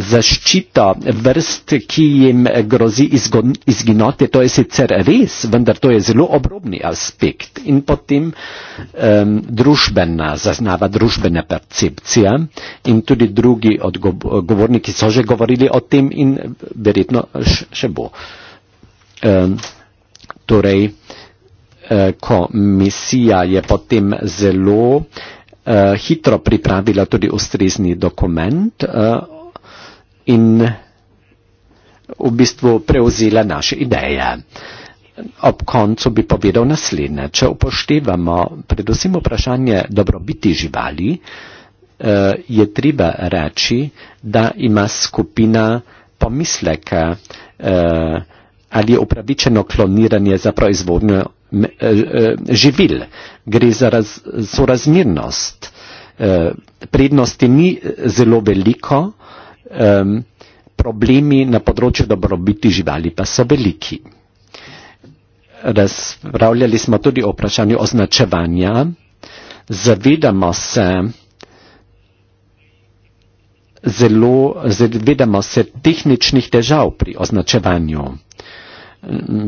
zaščito vrst, ki jim grozi izgon, izginote. To je sicer res, vendar to je zelo obrobni aspekt. In potem um, družbena zaznava, družbena percepcija in tudi drugi odgovorniki so že govorili o tem in verjetno še bo. Ehm, torej, eh, ko misija je potem zelo eh, hitro pripravila tudi ustrezni dokument eh, in v bistvu prevzela naše ideje. Ob koncu bi povedal naslednje. Če upoštevamo predvsem vprašanje dobrobiti živali, je treba reči, da ima skupina pomisleke ali je upravičeno kloniranje za proizvodnjo eh, eh, živil. Gre za raz, sorazmirnost. Eh, prednosti ni zelo veliko, problemi na področju dobrobiti živali pa so veliki. Razpravljali smo tudi o vprašanju označevanja. Zavedamo se, zelo, zavedamo se tehničnih težav pri označevanju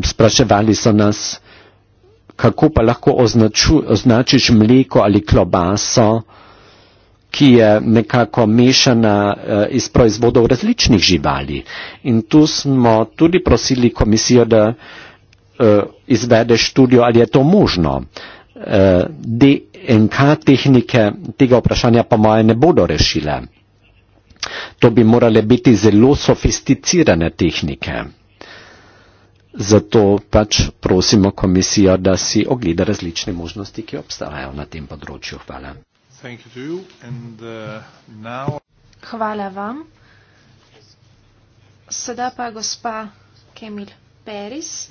spraševali so nas, kako pa lahko označu, označiš mleko ali klobaso, ki je nekako mešana eh, iz proizvodov različnih živali. In tu smo tudi prosili komisijo, da eh, izvede študijo, ali je to možno. Eh, DNK tehnike tega vprašanja pa moje ne bodo rešile. To bi morale biti zelo sofisticirane tehnike. Zato pač prosimo komisijo, da si ogleda različne možnosti, ki obstajajo na tem področju. Hvala. And, uh, now... Hvala vam. Sedaj pa gospa Kemil Peris.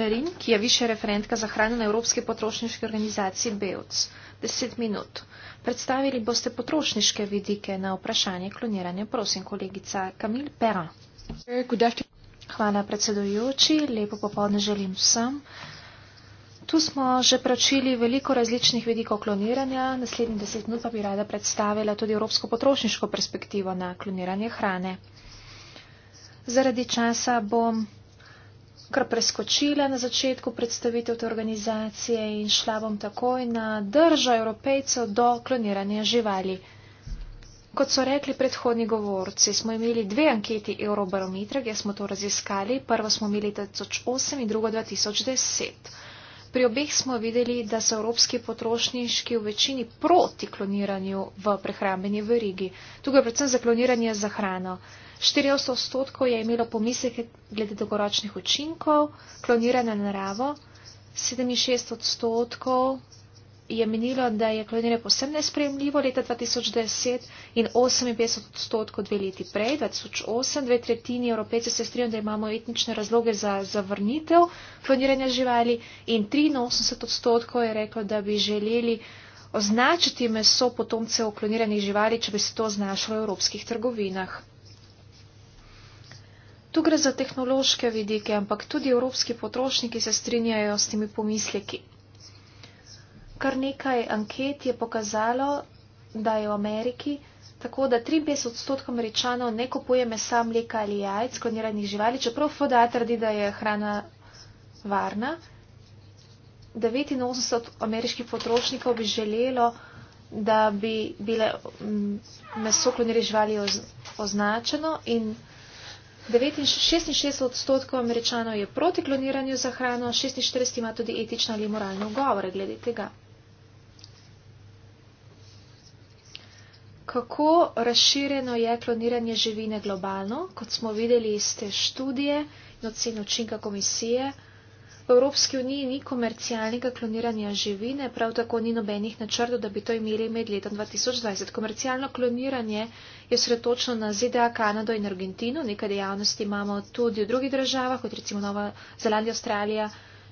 Perin, ki je više referentka za hrano na Evropske potrošniške organizacije BEUC. Deset minut. Predstavili boste potrošniške vidike na vprašanje kloniranja. Prosim, kolegica Kamil Pera. Good afternoon. Hvala, predsedujoči. Lepo popoldne želim vsem. Tu smo že pročili veliko različnih vidikov kloniranja. Naslednji deset minut pa bi rada predstavila tudi evropsko potrošniško perspektivo na kloniranje hrane. Zaradi časa bom kar preskočila na začetku predstavitev te organizacije in šla bom takoj na držo evropejcev do kloniranja živali. Kot so rekli predhodni govorci, smo imeli dve anketi Eurobarometra, kjer smo to raziskali. Prvo smo imeli 2008 in drugo 2010. Pri obeh smo videli, da so evropski potrošniški v večini proti kloniranju v prehrambeni verigi. Tukaj predvsem za kloniranje za hrano. 400 odstotkov je imelo pomisleke glede dolgoročnih učinkov, kloniranje naravo, 67 odstotkov je menilo, da je kloniranje posebno nespremljivo leta 2010 in 58 odstotkov dve leti prej, 2008, dve tretjini evropejcev se strinjajo, da imamo etnične razloge za zavrnitev kloniranja živali in 83 odstotkov je reklo, da bi želeli označiti meso potomcev kloniranih živali, če bi se to znašlo v evropskih trgovinah. Tu gre za tehnološke vidike, ampak tudi evropski potrošniki se strinjajo s temi pomisleki kar nekaj anket je pokazalo, da je v Ameriki tako, da 53 odstotkov američanov ne kupuje mesa, mleka ali jajc, kloniranih živali, čeprav FDA trdi, da je hrana varna. 89 ameriških potrošnikov bi želelo, da bi bile meso klonirane živali označeno in 66 odstotkov američanov je proti kloniranju za hrano, 46 ima tudi etične ali moralne ugovore glede tega. kako razširjeno je kloniranje živine globalno, kot smo videli iz te študije in ocen učinka komisije. V Evropski uniji ni komercialnega kloniranja živine, prav tako ni nobenih načrtov, da bi to imeli med letom 2020. Komercialno kloniranje je sredotočno na ZDA, Kanado in Argentino. Nekaj dejavnosti imamo tudi v drugih državah, kot recimo Nova Zelandija, Avstralija,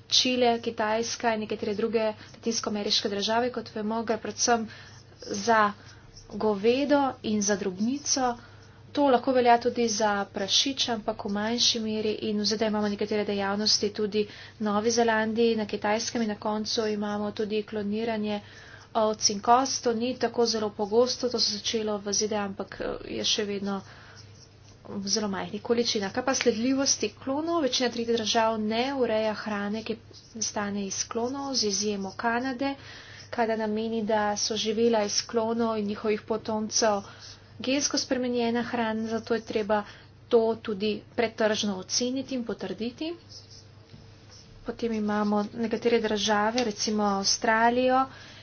Čile, Kitajska in nekatere druge latinsko-ameriške države, kot vemo, gre predvsem za govedo in za drobnico. To lahko velja tudi za prašiče, ampak v manjši meri in zdaj imamo nekatere dejavnosti tudi v Novi Zelandiji, na kitajskem in na koncu imamo tudi kloniranje ovc in kost. To ni tako zelo pogosto, to se začelo v ZDA, ampak eh, je še vedno v zelo majhnih količinah. Kaj pa sledljivosti klonov? Večina tretjih držav ne ureja hrane, ki stane iz klonov, z izjemo Kanade kada nameni, da so živela iz klonov in njihovih potomcev gensko spremenjena hrana, zato je treba to tudi pretržno oceniti in potrditi. Potem imamo nekatere države, recimo Avstralijo,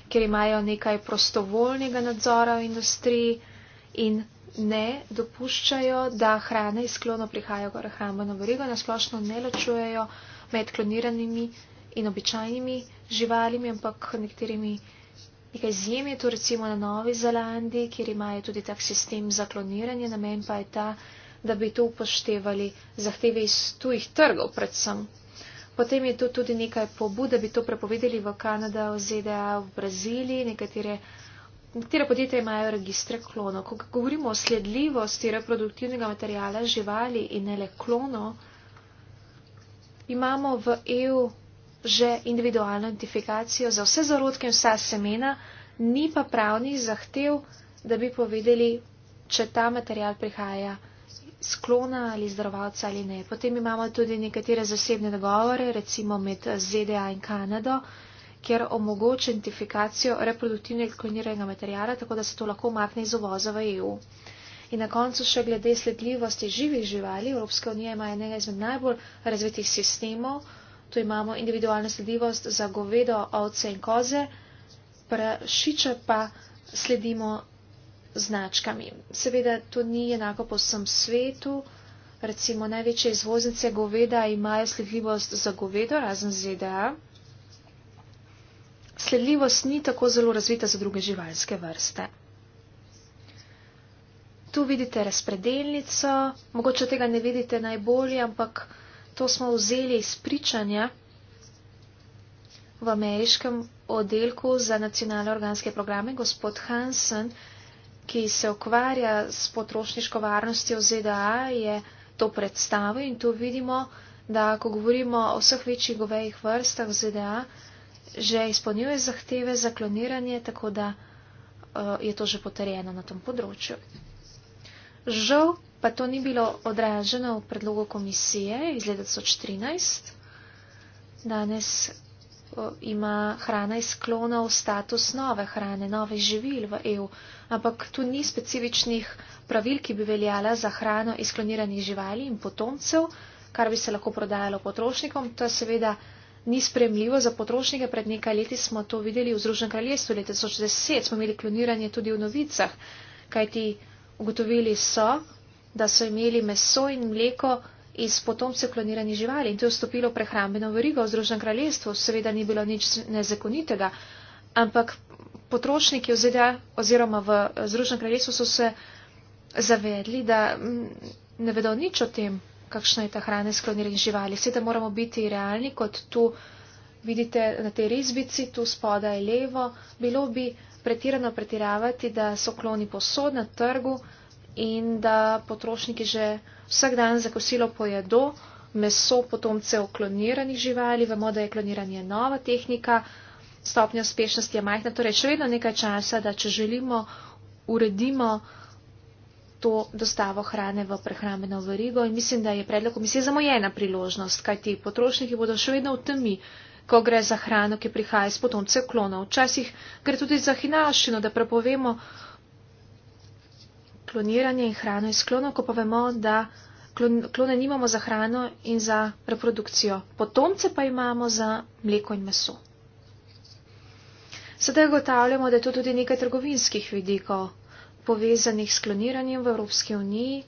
kjer imajo nekaj prostovoljnega nadzora v industriji in ne dopuščajo, da hrana iz klonov prihaja v prehrambeno verigo, nasplošno ne ločujejo med kloniranimi in običajnimi živalimi, ampak nekaterimi nekaj izjemi, to recimo na Novi Zelandiji, kjer imajo tudi tak sistem za kloniranje, namen pa je ta, da bi to upoštevali zahteve iz tujih trgov predvsem. Potem je to tudi nekaj pobud, da bi to prepovedali v Kanada, v ZDA, v Braziliji, nekatere. Nekatera podjetja imajo registre klonov. Ko govorimo o sledljivosti reproduktivnega materijala živali in ne le klonov, imamo v EU že individualno identifikacijo za vse zarodke in vsa semena, ni pa pravnih zahtev, da bi povedali, če ta material prihaja sklona ali zdravalca ali ne. Potem imamo tudi nekatere zasebne dogovore, recimo med ZDA in Kanado, kjer omogoča identifikacijo reproduktivnega kloniranega materijala, tako da se to lahko makne iz uvoza v EU. In na koncu še glede sledljivosti živih živali. Evropska unija ima enega izmed najbolj razvitih sistemov, Tu imamo individualno sledljivost za govedo, ovce in koze, prašiče pa sledimo značkami. Seveda to ni enako po vsem svetu. Recimo največje izvoznice goveda imajo sledljivost za govedo, razen ZDA. Sledljivost ni tako zelo razvita za druge živalske vrste. Tu vidite razpredelnico, mogoče tega ne vidite najbolje, ampak to smo vzeli iz pričanja v ameriškem oddelku za nacionalne organske programe. Gospod Hansen, ki se ukvarja s potrošniško varnostjo v ZDA, je to predstavil in tu vidimo, da ko govorimo o vseh večjih govejih vrstah v ZDA, že izpolnjuje zahteve za kloniranje, tako da uh, je to že potrjeno na tom področju. Žal pa to ni bilo odraženo v predlogu komisije iz leta 2014. Danes ima hrana iz klonov status nove hrane, nove živil v EU, ampak tu ni specifičnih pravil, ki bi veljala za hrano iz kloniranih živali in potomcev, kar bi se lahko prodajalo potrošnikom. To je seveda ni spremljivo za potrošnike. Pred nekaj leti smo to videli v Združenem kraljestvu, leta 2010 smo imeli kloniranje tudi v novicah, kajti ugotovili so, da so imeli meso in mleko iz potomcev kloniranih živali in to je vstopilo prehrambeno verigo v Združenem kraljestvu. Seveda ni bilo nič nezakonitega, ampak potrošniki v ZDA oziroma v eh, Združenem kraljestvu so se zavedli, da mm, ne vedo nič o tem, kakšna je ta hrana iz kloniranih živali. Seveda moramo biti realni, kot tu vidite na tej rezbici, tu spodaj levo. Bilo bi pretirano pretiravati, da so kloni posod na trgu in da potrošniki že vsak dan za kosilo pojedo meso potomcev kloniranih živali. Vemo, da je kloniranje nova tehnika, stopnja uspešnosti je majhna, torej še vedno nekaj časa, da če želimo, uredimo to dostavo hrane v prehrambeno verigo in mislim, da je predlog komisije za mojena priložnost, kajti potrošniki bodo še vedno v temi, ko gre za hrano, ki prihaja iz potomcev klonov. Včasih gre tudi za hinaščino, da prepovemo kloniranje in hrano iz klonov, ko pa vemo, da klone nimamo za hrano in za reprodukcijo. Potomce pa imamo za mleko in meso. Sedaj ugotavljamo, da je to tudi nekaj trgovinskih vidikov povezanih s kloniranjem v Evropski uniji,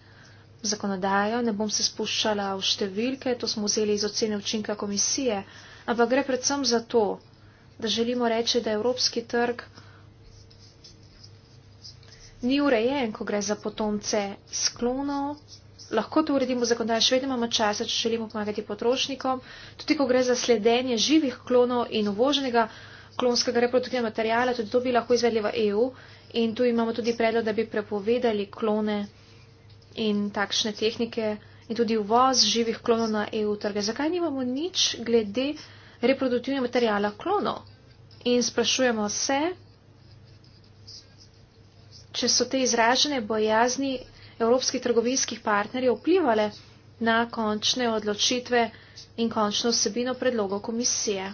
zakonodajo, ne bom se spuščala v številke, to smo vzeli iz ocene učinka komisije, ampak gre predvsem za to, da želimo reči, da je Evropski trg ni urejen, ko gre za potomce sklonov. Lahko to uredimo zakonodajno, še vedno imamo časa, če želimo pomagati potrošnikom. Tudi ko gre za sledenje živih klonov in uvoženega klonskega reproduktivnega materijala, tudi to bi lahko izvedli v EU. In tu imamo tudi predlog, da bi prepovedali klone in takšne tehnike in tudi uvoz živih klonov na EU trge. Zakaj nimamo nič glede reproduktivnega materijala klonov? In sprašujemo se, če so te izražene bojazni evropskih trgovinskih partnerjev vplivale na končne odločitve in končno vsebino predlogov komisije.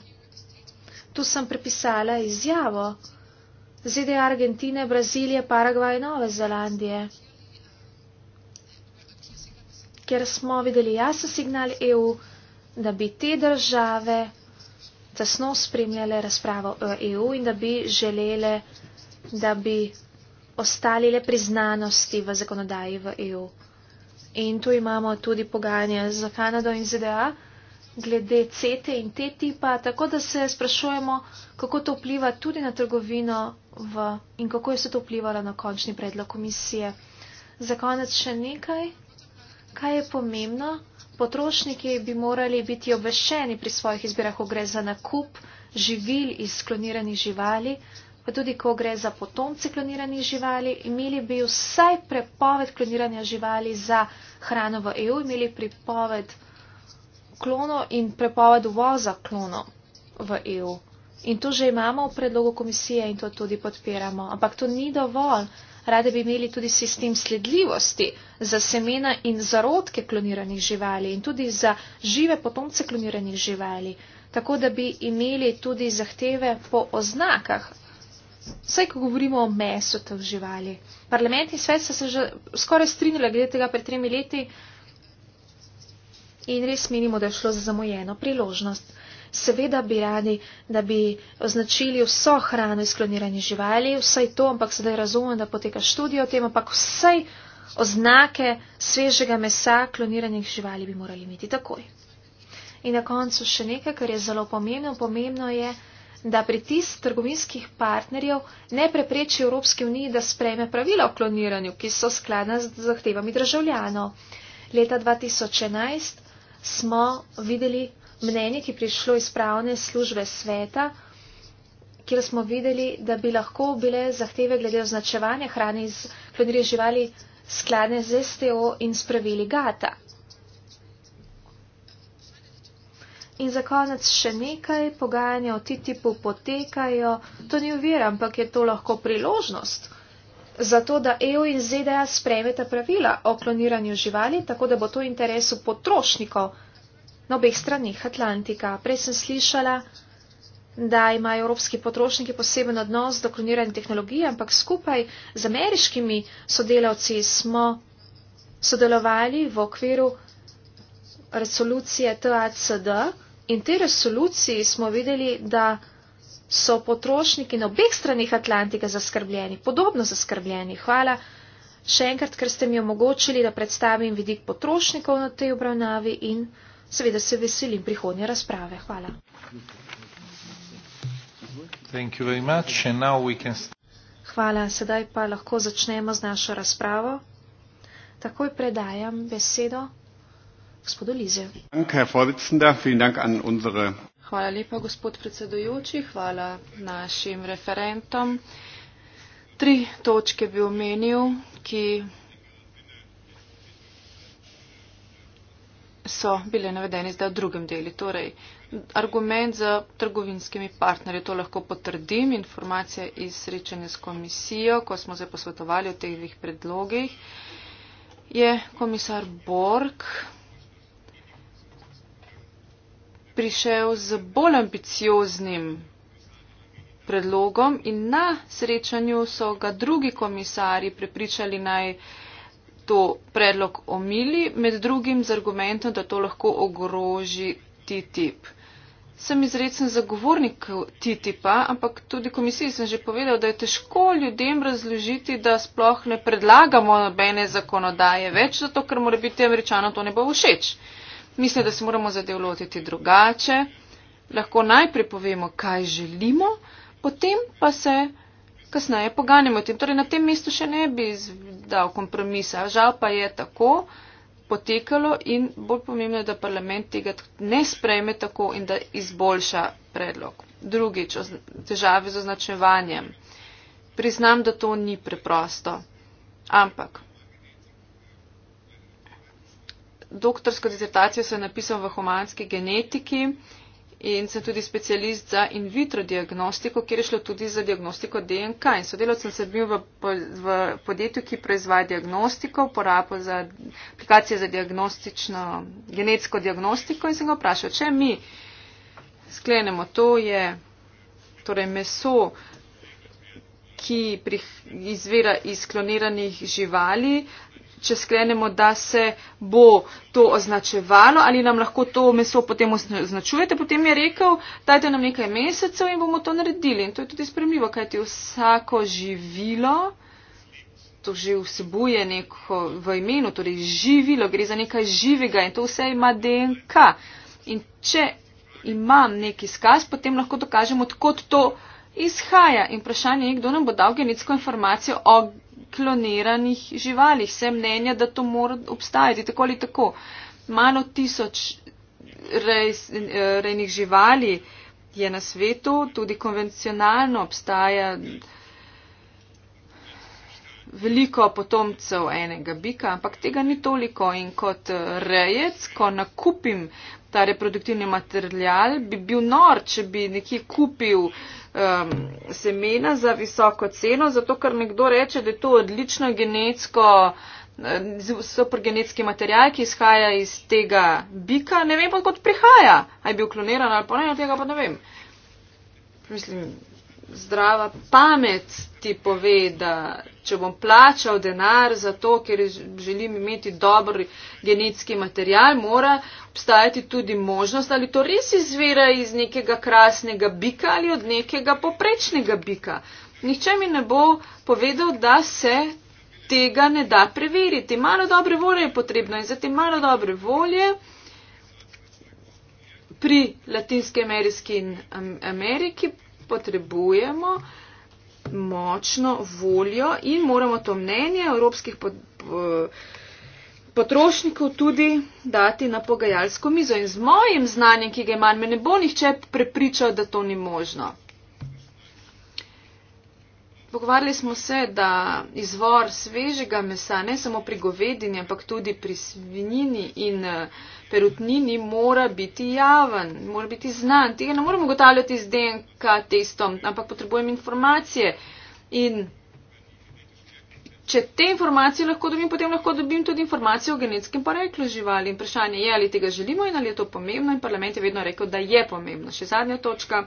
Tu sem prepisala izjavo ZDA Argentine, Brazilije, Paragvaja in Nove Zelandije, ker smo videli jasen signal EU, da bi te države tesno spremljale razpravo EU in da bi želele, da bi ostali le pri znanosti v zakonodaji v EU. In tu imamo tudi pogajanja za Kanado in ZDA glede CETE in te tipa, tako da se sprašujemo, kako to vpliva tudi na trgovino v, in kako je se to vplivalo na končni predlog komisije. Za konec še nekaj, kaj je pomembno. Potrošniki bi morali biti obveščeni pri svojih izbirah, ko gre za nakup živil iz skloniranih živali pa tudi ko gre za potomce kloniranih živali, imeli bi vsaj prepoved kloniranja živali za hrano v EU, imeli prepoved klono in prepoved uvoza klono v EU. In to že imamo v predlogu komisije in to tudi podpiramo. Ampak to ni dovolj. Rade bi imeli tudi sistem sledljivosti za semena in zarodke kloniranih živali in tudi za žive potomce kloniranih živali. Tako da bi imeli tudi zahteve po oznakah Vsaj, ko govorimo o mesu teh živali. Parlament in svet so se že skoraj strinjali glede tega pred tremi leti in res menimo, da je šlo za zamujeno priložnost. Seveda bi radi, da bi označili vso hrano iz kloniranih živali, vsaj to, ampak sedaj razumem, da poteka študija o tem, ampak vsaj oznake svežega mesa kloniranih živali bi morali imeti takoj. In na koncu še nekaj, kar je zelo pomembno. Pomembno je, da pritisk trgovinskih partnerjev ne prepreči Evropski uniji, da sprejme pravila o kloniranju, ki so skladna z zahtevami državljanov. Leta 2011 smo videli mnenje, ki je prišlo iz pravne službe sveta, kjer smo videli, da bi lahko bile zahteve glede označevanja hrane iz kloniranja živali skladne z STO in spravili gata. In za konec še nekaj, pogajanja o TTIP-u potekajo, to ni uvira, ampak je to lahko priložnost za to, da EU in ZDA sprejmeta pravila o kloniranju živali, tako da bo to interesu potrošnikov na obeh stranih Atlantika. Prej sem slišala, da imajo evropski potrošniki poseben odnos do kloniranja tehnologije, ampak skupaj z ameriškimi sodelavci smo sodelovali v okviru resolucije TACD, In te resoluciji smo videli, da so potrošniki na obeh stranih Atlantika zaskrbljeni, podobno zaskrbljeni. Hvala še enkrat, ker ste mi omogočili, da predstavim vidik potrošnikov na tej obravnavi in seveda se veselim prihodnje razprave. Hvala. Hvala. Sedaj pa lahko začnemo z našo razpravo. Takoj predajam besedo. Gospodu Lize. Danke, Herr Vorsitzender. Vielen Dank an unsere. Hvala lepa, gospod predsedujoči, hvala našim referentom. Tri točke bi omenil, ki so bile navedene zdaj v drugem delu. Torej, argument za trgovinskimi partnerji, to lahko potrdim, informacija iz srečanja s komisijo, ko smo se posvetovali o teh dveh predlogih, je komisar Bork prišel z bolj ambicioznim predlogom in na srečanju so ga drugi komisari prepričali naj to predlog omili, med drugim z argumentom, da to lahko ogroži TTIP. Sem izrecen zagovornik TTIP-a, ampak tudi komisiji sem že povedal, da je težko ljudem razložiti, da sploh ne predlagamo nobene zakonodaje več, zato ker mora biti američano to ne bo všeč. Mislim, da se moramo zadev lotiti drugače. Lahko najprej povemo, kaj želimo, potem pa se kasneje poganjamo. Torej, na tem mestu še ne bi dal kompromisa. Žal pa je tako potekalo in bolj pomembno je, da parlament tega ne sprejme tako in da izboljša predlog. Drugič, težave z označevanjem. Priznam, da to ni preprosto, ampak doktorsko dizertacijo sem napisal v humanski genetiki in sem tudi specialist za in vitro diagnostiko, kjer je šlo tudi za diagnostiko DNK. In sodelovec sem se bil v, v podjetju, ki proizvaja diagnostiko, porabo za aplikacije za diagnostično, genetsko diagnostiko in sem ga vprašal, če mi sklenemo, to je torej meso, ki prih, izvira iz kloniranih živali, če sklenemo, da se bo to označevalo, ali nam lahko to meso potem označujete. Potem je rekel, dajte nam nekaj mesecev in bomo to naredili. In to je tudi spremljivo, kajti vsako živilo, to že vsebuje neko v imenu, torej živilo, gre za nekaj živega in to vse ima DNK. In če imam neki skaz, potem lahko dokažemo, odkot to izhaja. In vprašanje je, kdo nam bo dal genetsko informacijo o kloniranih živalih. Vse mnenja, da to mora obstajati, tako ali tako. Malo tisoč rej, rejnih živali je na svetu, tudi konvencionalno obstaja veliko potomcev enega bika, ampak tega ni toliko. In kot rejec, ko nakupim ta reproduktivni material, bi bil nor, če bi nekje kupil um, semena za visoko ceno, zato ker nekdo reče, da je to odlično genetsko, eh, super genetski material, ki izhaja iz tega bika, ne vem pa, kot prihaja, a je bil kloniran ali pa ne, tega pa ne vem. Mislim, zdrava pamet ti pove, da če bom plačal denar za to, ker želim imeti dober genetski material, mora obstajati tudi možnost, ali to res izvira iz nekega krasnega bika ali od nekega poprečnega bika. Nihče mi ne bo povedal, da se tega ne da preveriti. Malo dobre volje je potrebno in za te malo dobre volje pri Latinske Ameriki in Ameriki potrebujemo močno voljo in moramo to mnenje evropskih pod, potrošnikov tudi dati na pogajalsko mizo. In z mojim znanjem, ki ga imam, me ne bo nihče prepričal, da to ni možno. Pogovarjali smo se, da izvor svežega mesa, ne samo pri govedini, ampak tudi pri svinjini in eh, perutnini, mora biti javen, mora biti znan. Tega ne moremo ugotavljati z DNK testom, ampak potrebujem informacije. In če te informacije lahko dobim, potem lahko dobim tudi informacije o genetskem poreklu živali. In vprašanje je, ali tega želimo in ali je to pomembno. In parlament je vedno rekel, da je pomembno. Še zadnja točka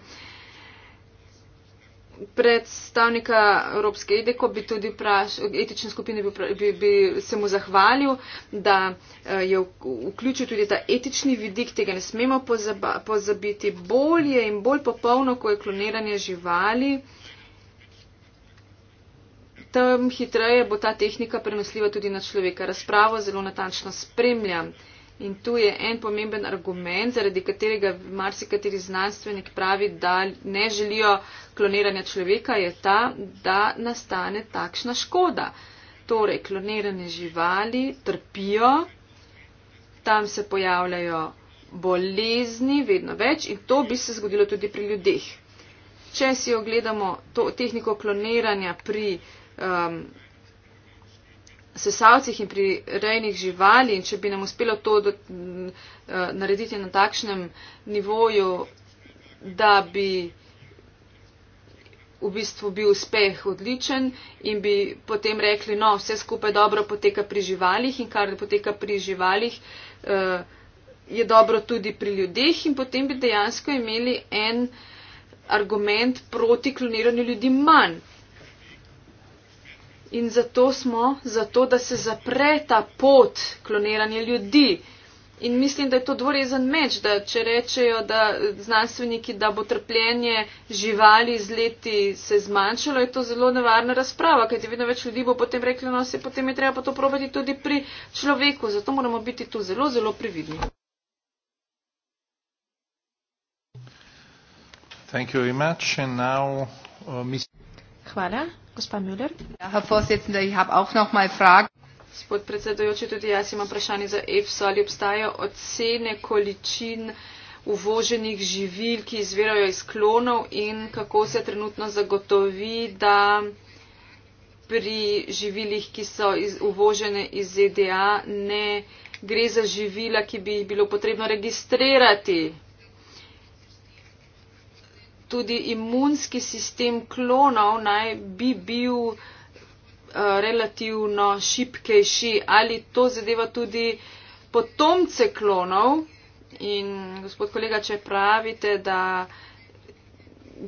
predstavnika Evropske edeko bi tudi vprašal, etične skupine bi, bi, bi se mu zahvalil, da eh, je vključil tudi ta etični vidik, tega ne smemo pozaba, pozabiti, bolje in bolj popolno, ko je kloniranje živali. Tam hitreje bo ta tehnika prenosljiva tudi na človeka. Razpravo zelo natančno spremljam. In tu je en pomemben argument, zaradi katerega marsikateri znanstvenik pravi, da ne želijo kloniranja človeka, je ta, da nastane takšna škoda. Torej, klonirane živali trpijo, tam se pojavljajo bolezni, vedno več in to bi se zgodilo tudi pri ljudeh. Če si ogledamo to tehniko kloniranja pri. Um, sesalcih in pri rejnih živali in če bi nam uspelo to do, eh, narediti na takšnem nivoju, da bi v bistvu bil uspeh odličen in bi potem rekli, no, vse skupaj dobro poteka pri živalih in kar poteka pri živalih, eh, je dobro tudi pri ljudeh in potem bi dejansko imeli en argument proti kloniranju ljudi manj. In zato smo, zato da se zapre ta pot kloniranja ljudi. In mislim, da je to dvorezen meč, da če rečejo, da znanstveniki, da bo trpljenje živali z leti se zmanjšalo, je to zelo nevarna razprava, kajti vedno več ljudi bo potem reklo, no se potem je treba pa to probati tudi pri človeku. Zato moramo biti tu zelo, zelo prividni. Uh, Hvala. Gospa Müller. Ja, Gospod predsedujoči, tudi jaz imam vprašanje za EFSO. Ali obstajajo ocene količin uvoženih živil, ki izvirajo iz klonov in kako se trenutno zagotovi, da pri živilih, ki so iz, uvožene iz ZDA, ne gre za živila, ki bi jih bilo potrebno registrirati? tudi imunski sistem klonov naj bi bil eh, relativno šipkejši. Ali to zadeva tudi potomce klonov? In gospod kolega, če pravite, da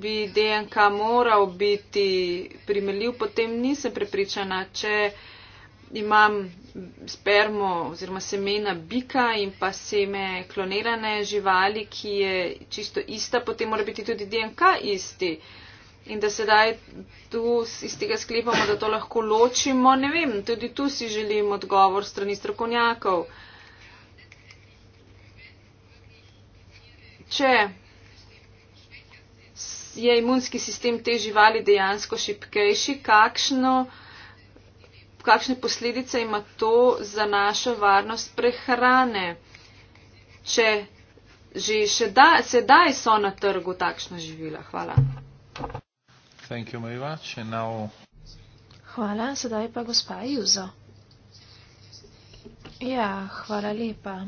bi DNK moral biti primeljiv, potem nisem prepričana, če imam spermo oziroma semena bika in pa seme klonirane živali, ki je čisto ista, potem mora biti tudi DNK isti. In da sedaj tu iz tega sklepamo, da to lahko ločimo, ne vem, tudi tu si želim odgovor strani strokovnjakov. Če je imunski sistem te živali dejansko šipkejši, kakšno kakšne posledice ima to za našo varnost prehrane, če že da, sedaj so na trgu takšna živila. Hvala. Thank you, Maiva. Now... Hvala, sedaj pa gospa Juzo. Ja, hvala lepa.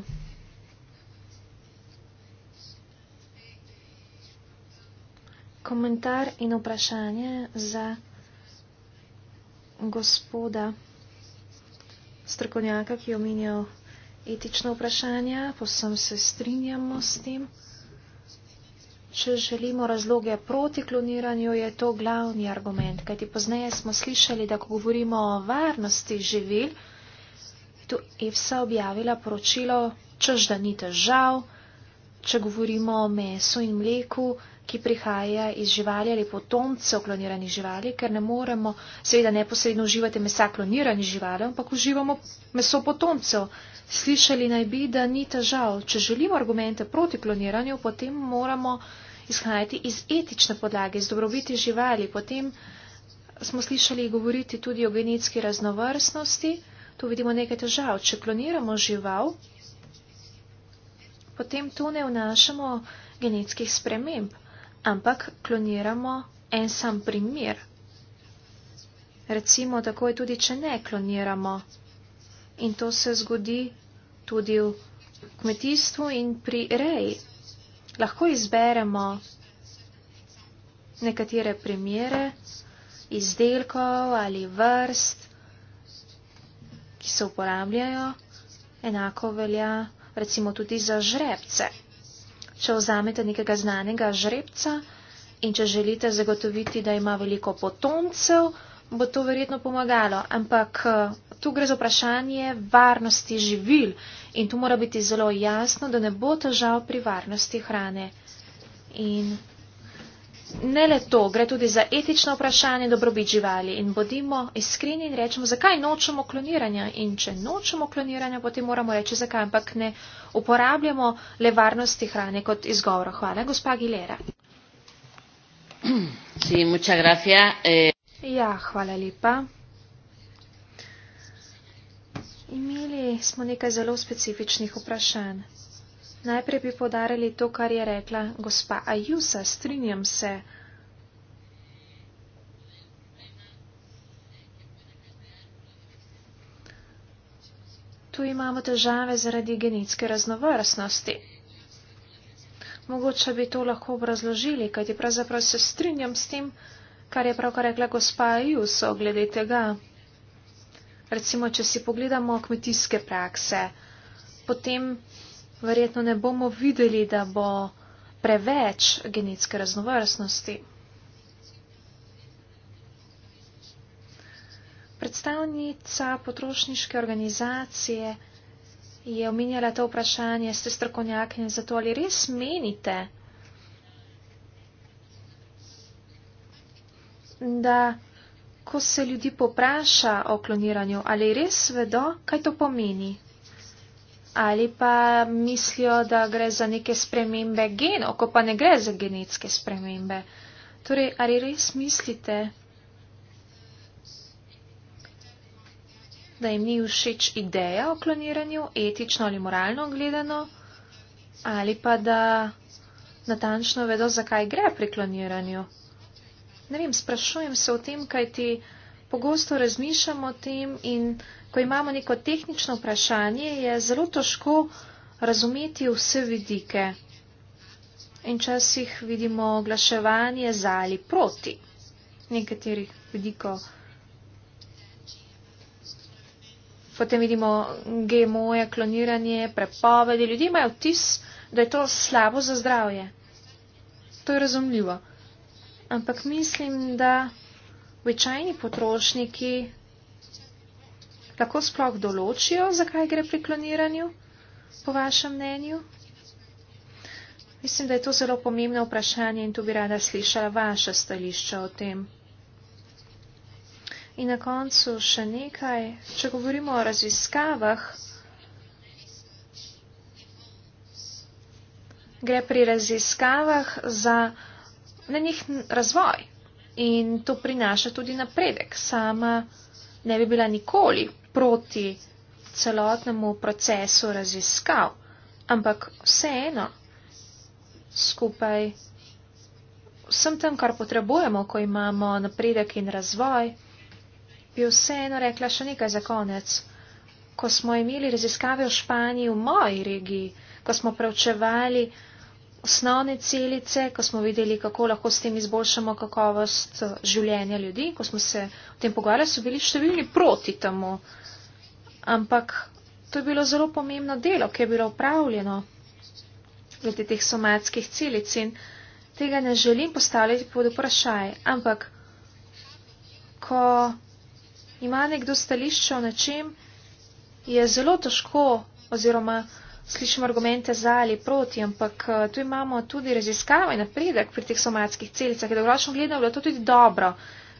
Komentar in vprašanje za gospoda strokovnjaka, ki je omenjal etično vprašanje, posem se strinjamo s tem. Če želimo razloge proti kloniranju, je to glavni argument, kajti pozneje smo slišali, da ko govorimo o varnosti živil, je tu EFSA objavila poročilo, čež da ni težav, če govorimo o mesu in mleku, ki prihaja iz živali ali potomcev kloniranih živali, ker ne moremo seveda neposredno uživati mesa kloniranih živali, ampak uživamo meso potomcev. Slišali naj bi, da ni težav. Če želimo argumente proti kloniranju, potem moramo izhajati iz etične podlage, iz dobrobiti živali. Potem smo slišali govoriti tudi o genetski raznovrstnosti. Tu vidimo nekaj težav. Če kloniramo žival, potem tu ne vnašamo genetskih sprememb ampak kloniramo en sam primer. Recimo tako je tudi, če ne kloniramo. In to se zgodi tudi v kmetijstvu in pri reji. Lahko izberemo nekatere primere izdelkov ali vrst, ki se uporabljajo. Enako velja recimo tudi za žrebce. Če vzamete nekega znanega žrebca in če želite zagotoviti, da ima veliko potomcev, bo to verjetno pomagalo. Ampak eh, tu gre za vprašanje varnosti živil in tu mora biti zelo jasno, da ne bo težav pri varnosti hrane. In ne le to, gre tudi za etično vprašanje dobrobit živali in bodimo iskreni in rečemo, zakaj nočemo kloniranja in če nočemo kloniranja, potem moramo reči, zakaj, ampak ne uporabljamo le varnosti hrane kot izgovora. Hvala, gospa Gilera. Sí, muchas gracias. Eh. Ja, hvala lepa. Imeli smo nekaj zelo specifičnih vprašanj. Najprej bi podarili to, kar je rekla gospa Ajusa, strinjam se. Tu imamo težave zaradi genetske raznovrstnosti. Mogoče bi to lahko obrazložili, kajti pravzaprav se strinjam s tem, kar je pravkar rekla gospa Ajusa glede tega. Recimo, če si pogledamo kmetijske prakse, potem verjetno ne bomo videli, da bo preveč genetske raznovrstnosti. Predstavnica potrošniške organizacije je omenjala to vprašanje, ste strokovnjakinje za to, ali res menite, da ko se ljudi popraša o kloniranju, ali res vedo, kaj to pomeni ali pa mislijo, da gre za neke spremembe genov, ko pa ne gre za genetske spremembe. Torej, ali res mislite, da jim ni všeč ideja o kloniranju, etično ali moralno gledano, ali pa da natančno vedo, zakaj gre pri kloniranju? Ne vem, sprašujem se o tem, kaj ti. Te pogosto razmišljamo o tem in ko imamo neko tehnično vprašanje, je zelo težko razumeti vse vidike. In časih vidimo oglaševanje za ali proti nekaterih vidikov. Potem vidimo GMO-je, kloniranje, prepovedi. Ljudje imajo vtis, da je to slabo za zdravje. To je razumljivo. Ampak mislim, da. Običajni potrošniki lahko sploh določijo, zakaj gre pri kloniranju, po vašem mnenju? Mislim, da je to zelo pomembno vprašanje in tu bi rada slišala vaše stališče o tem. In na koncu še nekaj, če govorimo o raziskavah, gre pri raziskavah za na njih razvoj in to prinaša tudi napredek. Sama ne bi bila nikoli proti celotnemu procesu raziskav, ampak vseeno skupaj vsem tem, kar potrebujemo, ko imamo napredek in razvoj, bi vseeno rekla še nekaj za konec. Ko smo imeli raziskave v Španiji, v moji regiji, ko smo preučevali osnovne celice, ko smo videli, kako lahko s tem izboljšamo kakovost eh, življenja ljudi, ko smo se o tem pogovarjali, so bili številni proti temu. Ampak to je bilo zelo pomembno delo, ki je bilo upravljeno glede teh somatskih celic in tega ne želim postavljati pod vprašaj. Ampak, ko ima nekdo stališče o nečem, je zelo težko oziroma slišimo argumente za ali proti, ampak eh, tu imamo tudi raziskave in napredek pri teh somatskih celicah. Dolgoročno gledano je bilo to tudi dobro.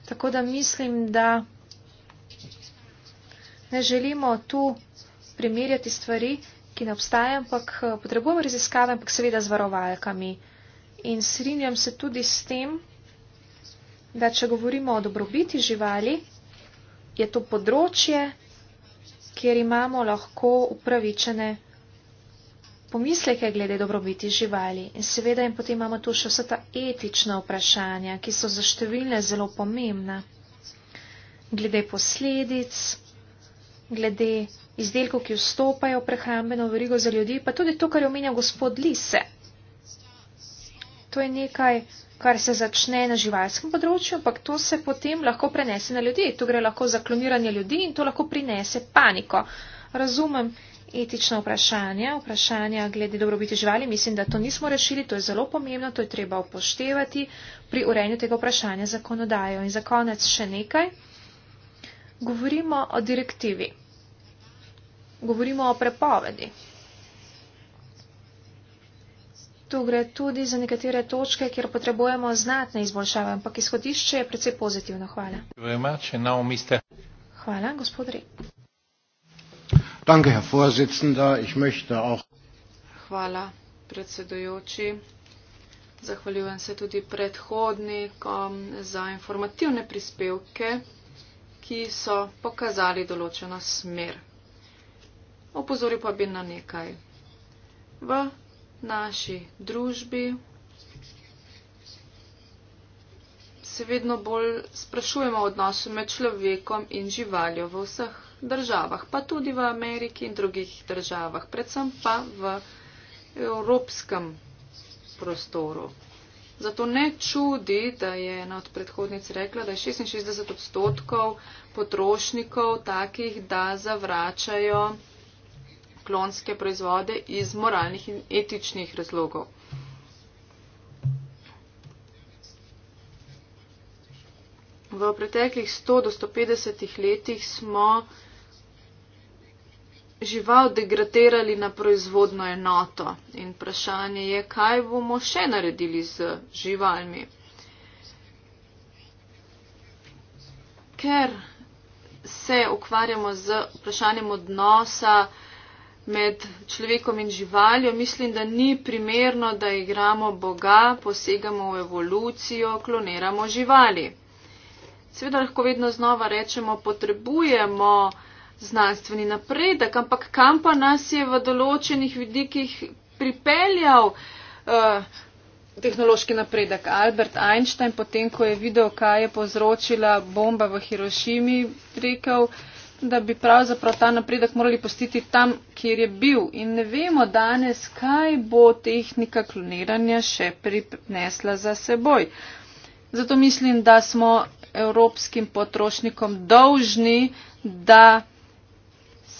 Tako da mislim, da ne želimo tu primerjati stvari, ki ne obstajajo, ampak eh, potrebujemo raziskave, ampak seveda z varovalkami. In srinjam se tudi s tem, da če govorimo o dobrobiti živali, je to področje, kjer imamo lahko upravičene pomisleke glede dobrobiti živali in seveda in potem imamo tu še vsa ta etična vprašanja, ki so za številne zelo pomembna. Glede posledic, glede izdelkov, ki vstopajo v prehrambeno verigo za ljudi, pa tudi to, kar je omenjal gospod Lise. To je nekaj, kar se začne na živalskem področju, ampak to se potem lahko prenese na ljudi. Tu gre lahko za kloniranje ljudi in to lahko prinese paniko. Razumem, etična vprašanja, vprašanja glede dobrobiti živali, mislim, da to nismo rešili, to je zelo pomembno, to je treba upoštevati pri urejanju tega vprašanja zakonodajo. In za konec še nekaj. Govorimo o direktivi. Govorimo o prepovedi. Tu gre tudi za nekatere točke, kjer potrebujemo znatne izboljšave, ampak izhodišče je precej pozitivno. Hvala. Hvala, gospod Rej. Danke, Herr Vorsitzender. Ich möchte auch Hvala, predsedujoči. Zahvaljujem se tudi predhodnikom za informativne prispevke, ki so pokazali določeno smer. Opozori pa bi na nekaj. V naši družbi se vedno bolj sprašujemo o odnosu med človekom in živaljo v vseh državah, pa tudi v Ameriki in drugih državah, predvsem pa v evropskem prostoru. Zato ne čudi, da je ena od predhodnic rekla, da je 66 odstotkov potrošnikov takih, da zavračajo klonske proizvode iz moralnih in etičnih razlogov. V preteklih 100 do 150 letih smo žival degradirali na proizvodno enoto in vprašanje je, kaj bomo še naredili z živalmi. Ker se ukvarjamo z vprašanjem odnosa med človekom in živaljo, mislim, da ni primerno, da igramo Boga, posegamo v evolucijo, kloniramo živali. Seveda lahko vedno znova rečemo, potrebujemo znanstveni napredek, ampak kam pa nas je v določenih vidikih pripeljal uh, tehnološki napredek. Albert Einstein, potem ko je videl, kaj je povzročila bomba v Hirošimi, rekel, da bi pravzaprav ta napredek morali postiti tam, kjer je bil. In ne vemo danes, kaj bo tehnika kloniranja še prinesla za seboj. Zato mislim, da smo evropskim potrošnikom dolžni, da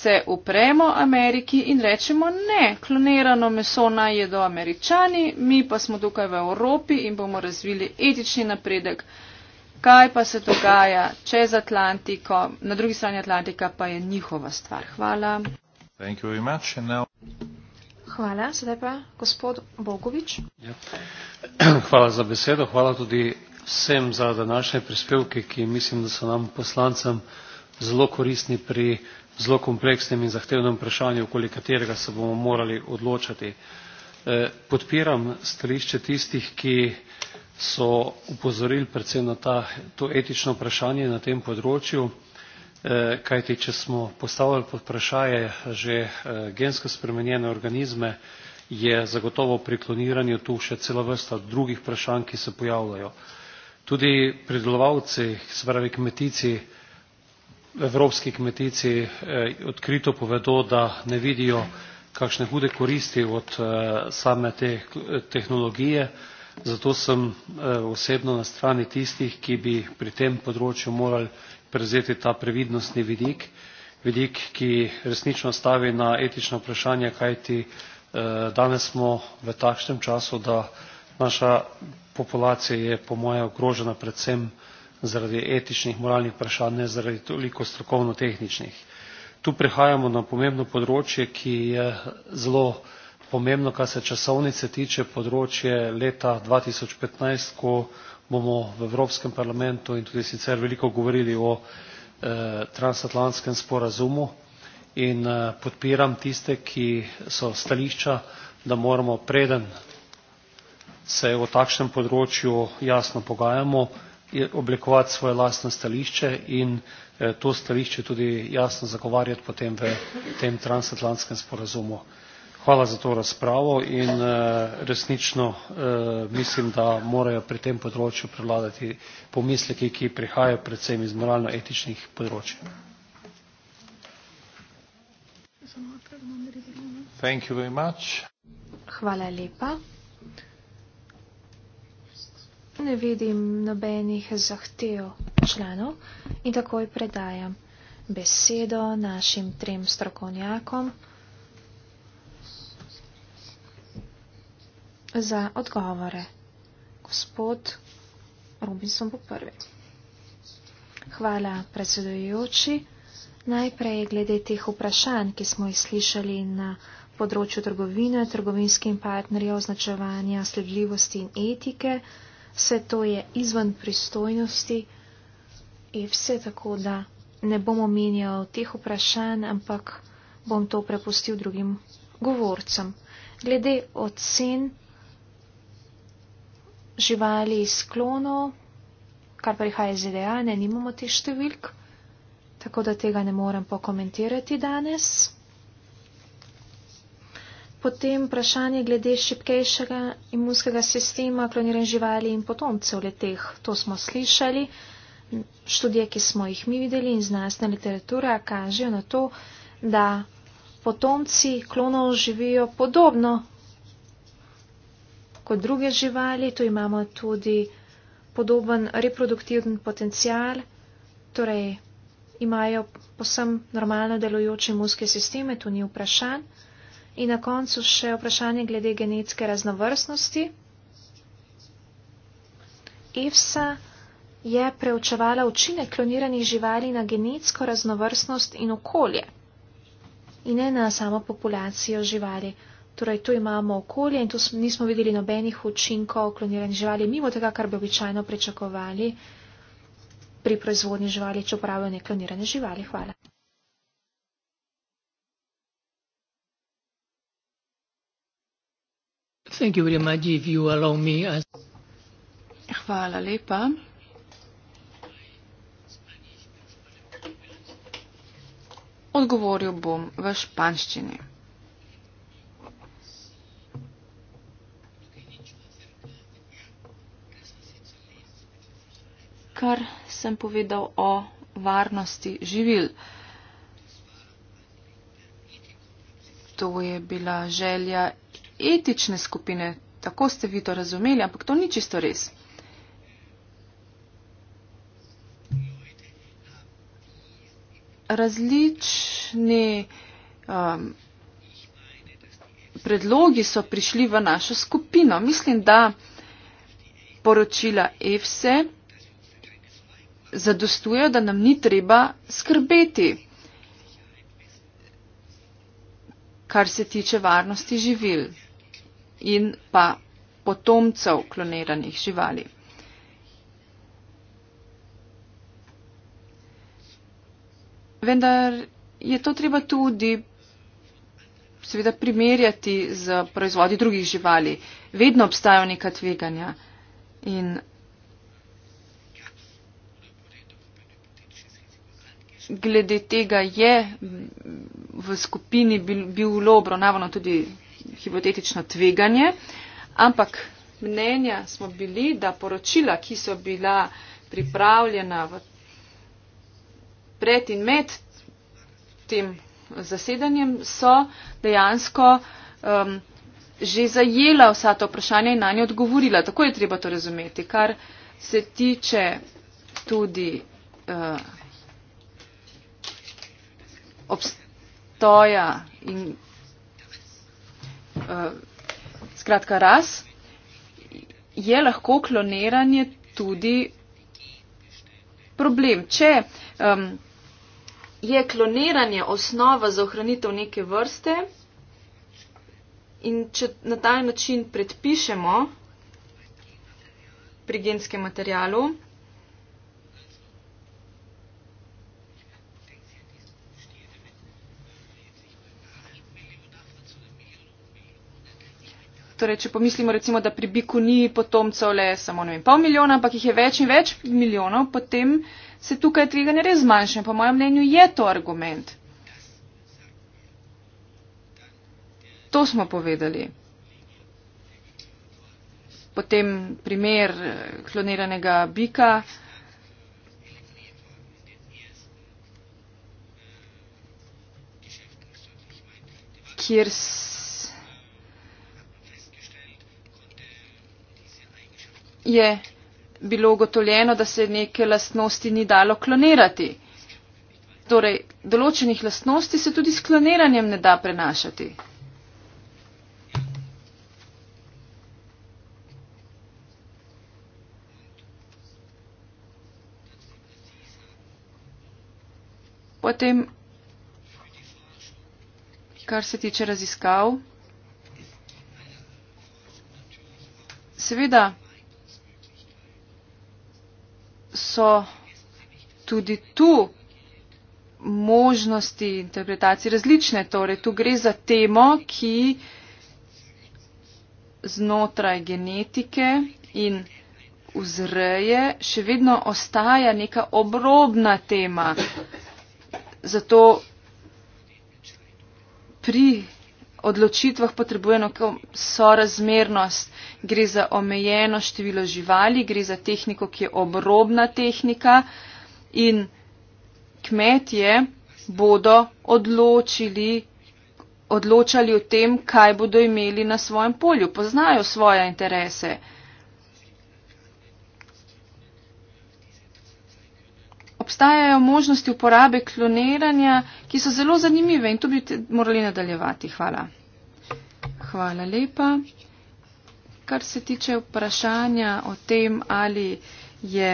se upremo Ameriki in rečemo ne, klonirano meso naj jedo američani, mi pa smo tukaj v Evropi in bomo razvili etični napredek. Kaj pa se dogaja čez Atlantiko, na drugi strani Atlantika pa je njihova stvar. Hvala. Hvala, sedaj pa gospod Bogovič. Ja. Hvala za besedo, hvala tudi vsem za današnje prispevke, ki mislim, da so nam poslancem zelo koristni pri zelo kompleksnem in zahtevnem vprašanju, okoli katerega se bomo morali odločati. Eh, podpiram stališče tistih, ki so upozorili predvsem na ta, to etično vprašanje na tem področju, eh, kajti če smo postavili pod vprašanje že eh, gensko spremenjene organizme, je zagotovo pri kloniranju tu še cela vrsta drugih vprašanj, ki se pojavljajo. Tudi pridelovalci, se pravi kmetici, evropski kmetici eh, odkrito povedo, da ne vidijo kakšne hude koristi od eh, same te eh, tehnologije. Zato sem osebno na strani tistih, ki bi pri tem področju morali prevzeti ta previdnostni vidik, vidik, ki resnično stavi na etično vprašanje, kajti danes smo v takšnem času, da naša populacija je po moje ogrožena predvsem zaradi etičnih, moralnih vprašanj, ne zaradi toliko strokovno-tehničnih. Tu prihajamo na pomembno področje, ki je zelo pomembno, kar se časovnice tiče, področje leta 2015, ko bomo v Evropskem parlamentu in tudi sicer veliko govorili o eh, transatlantskem sporazumu in eh, podpiram tiste, ki so stališča, da moramo preden se o takšnem področju jasno pogajamo, oblikovati svoje lastno stališče in eh, to stališče tudi jasno zagovarjati potem v tem transatlantskem sporazumu. Hvala za to razpravo in eh, resnično eh, mislim, da morajo pri tem področju prevladati pomisleki, ki prihajajo predvsem iz moralno-etičnih področji. Hvala lepa ne vidim nobenih zahtev članov in takoj predajam besedo našim trem strokovnjakom za odgovore. Gospod Robinson bo prvi. Hvala, predsedujoči. Najprej glede teh vprašanj, ki smo jih slišali na področju trgovine, trgovinskim partnerjev, označevanja, sledljivosti in etike vse to je izven pristojnosti in vse tako, da ne bom omenjal teh vprašanj, ampak bom to prepustil drugim govorcem. Glede ocen živali iz klonov, kar prihaja iz ZDA, ne nimamo teh številk, tako da tega ne morem pokomentirati danes. Potem vprašanje glede šipkejšega imunskega sistema, kloniranih živali in potomcev leteh. To smo slišali. Študije, ki smo jih mi videli in znanstvena literatura, kažejo na to, da potomci klonov živijo podobno kot druge živali. Tu imamo tudi podoben reproduktivni potencial, torej imajo posem normalno delujoče imunske sisteme, tu ni vprašanje. In na koncu še vprašanje glede genetske raznovrstnosti. EFSA je preučevala učinek kloniranih živali na genetsko raznovrstnost in okolje in ne na samo populacijo živali. Torej, tu imamo okolje in tu nismo videli nobenih učinkov kloniranih živali, mimo tega, kar bi običajno pričakovali pri proizvodnji živali, čeprav je neklonirane živali. Hvala. Thank you very much if you allow me as Hvala lepa. Odgovoril bom v španščini. Kar sem povedal o varnosti živil. To je bila želja etične skupine, tako ste vi to razumeli, ampak to ni čisto res. Različni um, predlogi so prišli v našo skupino. Mislim, da poročila EFSE zadostujejo, da nam ni treba skrbeti, kar se tiče varnosti živil in pa potomcev kloniranih živali. Vendar je to treba tudi seveda primerjati z proizvodi drugih živali. Vedno obstajajo neka tveganja in glede tega je v skupini bilo obravnavano tudi hipotetično tveganje, ampak mnenja smo bili, da poročila, ki so bila pripravljena pred in med tem zasedanjem, so dejansko um, že zajela vsa ta vprašanja in na nje odgovorila. Tako je treba to razumeti, kar se tiče tudi uh, obstoja in uh, skratka ras, je lahko kloniranje tudi problem. Če um, je kloniranje osnova za ohranitev neke vrste in če na ta način predpišemo pri genskem materialu, torej če pomislimo recimo, da pri biku ni potomcev le samo ne vem, pol milijona, ampak jih je več in več milijonov, potem se tukaj tveganje res zmanjša. Po mojem mnenju je to argument. To smo povedali. Potem primer eh, kloniranega bika. kjer je bilo ugotovljeno, da se neke lastnosti ni dalo klonirati. Torej, določenih lastnosti se tudi s kloniranjem ne da prenašati. Potem, kar se tiče raziskav, seveda so tudi tu možnosti interpretacij različne. Torej, tu gre za temo, ki znotraj genetike in vzreje še vedno ostaja neka obrobna tema. Zato pri odločitvah potrebuje neko sorazmernost. Gre za omejeno število živali, gre za tehniko, ki je obrobna tehnika in kmetje bodo odločili, odločali o tem, kaj bodo imeli na svojem polju. Poznajo svoje interese. obstajajo možnosti uporabe kloniranja, ki so zelo zanimive in to bi morali nadaljevati. Hvala. Hvala lepa. Kar se tiče vprašanja o tem, ali je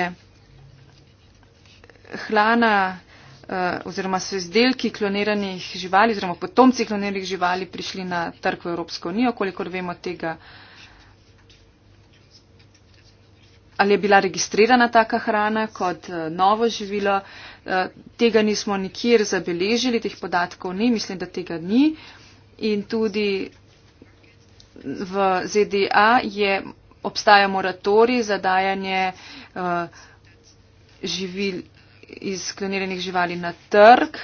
hlana eh, oziroma so izdelki kloniranih živali oziroma potomci kloniranih živali prišli na trg v Evropsko unijo, kolikor vemo tega. ali je bila registrirana taka hrana kot eh, novo živilo. Eh, tega nismo nikjer zabeležili, teh podatkov ni, mislim, da tega ni. In tudi v ZDA je, obstaja moratori za dajanje eh, živil iz kloniranih živali na trg.